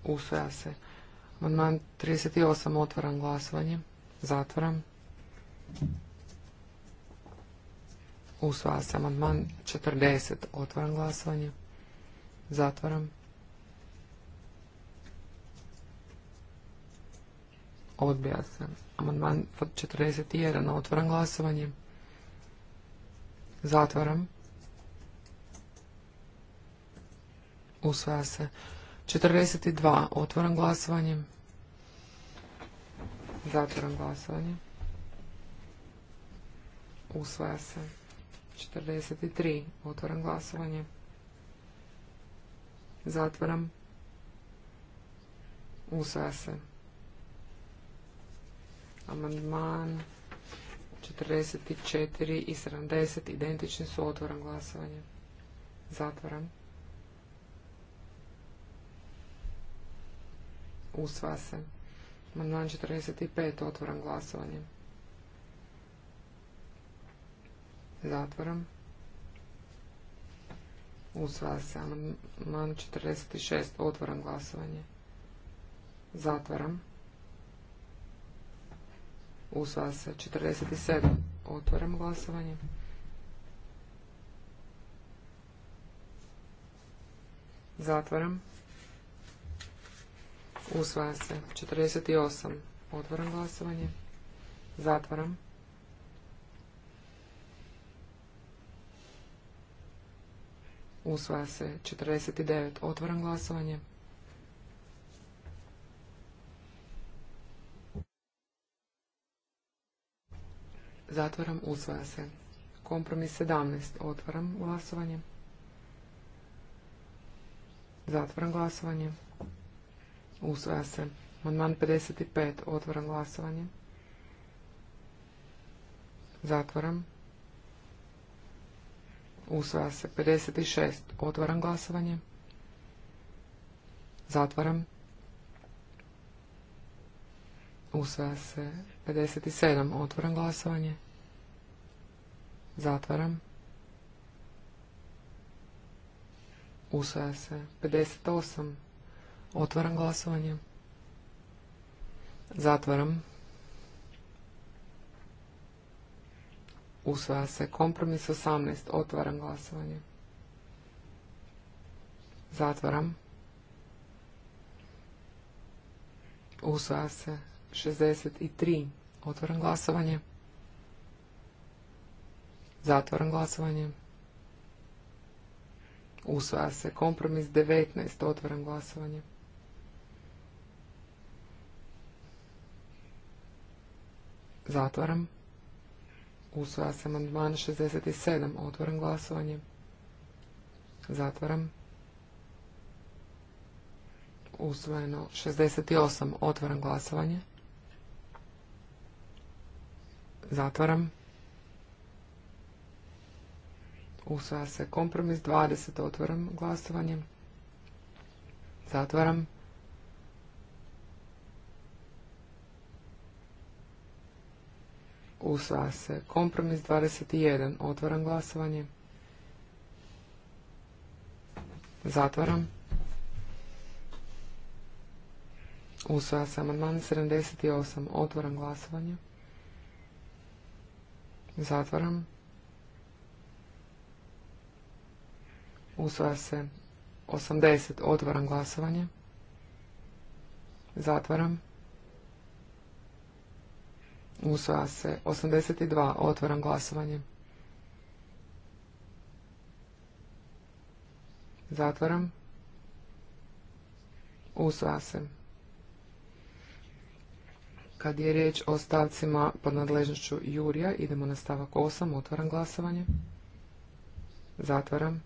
Usvaja se. Amandman 38. otvaram glasovanje. Zatvoram. Usvaja se amandman 40. otvaram glasovanje. Zatvaram. Odbija se. Amandman 41. Otvaram glasovanje. Zatvaram. Usvaja se. 42. Otvaram glasovanje. Zatvaram glasovanje. Usvaja se. 43. Otvaram glasovanje. Zatvaram. Usvaja se. Amandman 44 i 70 identični su. Otvoram glasovanje. Zatvaram. Usvaja se. Amandman 45. Otvoram glasovanje. Zatvaram. Usvaja se amandman 46. Otvoram glasovanje. Zatvaram. Usvaja se 47. Otvaram glasovanje. Zatvaram. Usvaja se 48. Otvaram glasovanje. Zatvaram. usvaja se 49. Otvoram glasovanje. Zatvaram, usvaja se. Kompromis 17. Otvaram glasovanje. Zatvaram glasovanje. Usvaja se. Amandman 55. Otvoram glasovanje. Zatvaram usvaja se. 56. Otvaram glasovanje. Zatvaram. Usvaja se. 57. Otvaram glasovanje. Zatvaram. Usvaja se. 58. Otvaram glasovanje. Zatvaram. usvaja se. Kompromis 18, otvaram glasovanje. Zatvaram. Usvaja se. 63, otvaram glasovanje. Zatvaram glasovanje. Usvaja se. Kompromis 19, otvaram glasovanje. Zatvaram. Usvaja se amandman 67. Otvoram glasovanje. Zatvaram. Usvojeno 68. Otvaram glasovanje. Zatvaram. Usvaja se kompromis 20. otvoram glasovanje. Zatvaram. usvaja se. Kompromis 21, otvaram glasovanje. Zatvaram. Usvaja se amandman 78, otvaram glasovanje. Zatvaram. Usvaja se 80, otvaram glasovanje. Zatvaram. Usvaja se. 82. Otvaram glasovanje. Zatvaram. Usvaja se. Kad je riječ o stavcima pod nadležnošću Jurija, idemo na stavak 8. Otvaram glasovanje. Zatvaram.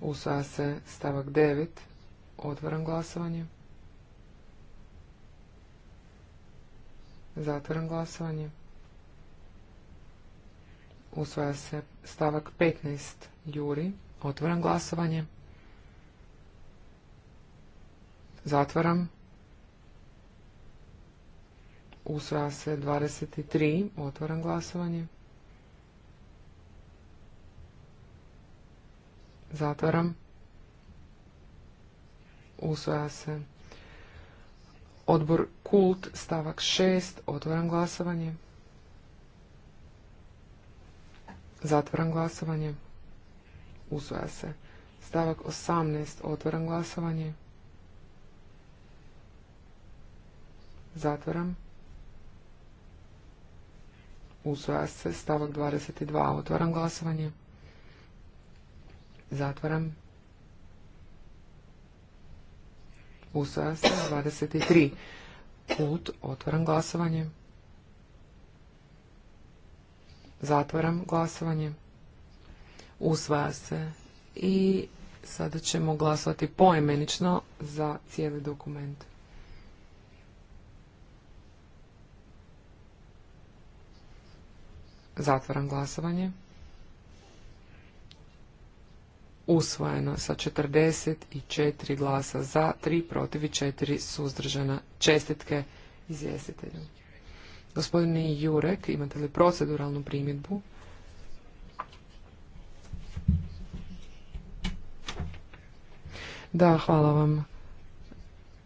Usvaja se stavak 9. Otvaram glasovanje. Zatvaram glasovanje. Usvaja se stavak 15. Juri. Otvaram glasovanje. Zatvaram. Usvaja se 23. Otvaram glasovanje. Zatvaram usvaja se. Odbor kult, stavak 6, otvoram glasovanje. Zatvoram glasovanje. Usvaja se. Stavak 18, otvoram glasovanje. Zatvoram. Usvaja se. Stavak 22, otvoram glasovanje. Zatvoram. Usvaja se 23. put. Otvaram glasovanje. Zatvaram glasovanje. Usvaja se. I sada ćemo glasovati poemenično za cijeli dokument. Zatvaram glasovanje usvojeno sa 44 glasa za, 3 protiv i 4 suzdržana. Čestitke izvjestitelju. Gospodine Jurek, imate li proceduralnu primjedbu? Da, hvala vam.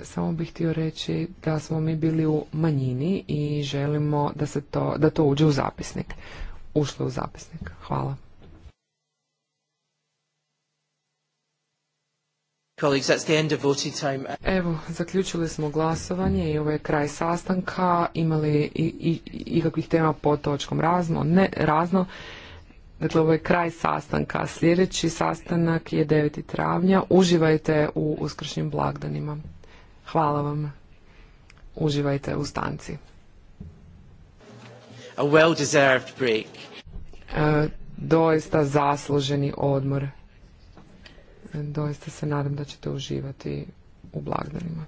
Samo bih htio reći da smo mi bili u manjini i želimo da, se to, da to uđe u zapisnik. Ušlo u zapisnik. Hvala. Evo, zaključili smo glasovanje i ovo ovaj je kraj sastanka. Imali i, i, ikakvih tema po točkom razno? Ne, razno. Dakle, ovo je kraj sastanka. Sljedeći sastanak je 9. travnja. Uživajte u uskršnjim blagdanima. Hvala vam. Uživajte u stanci. E, doista zasluženi odmor doista se nadam da ćete uživati u blagdanima.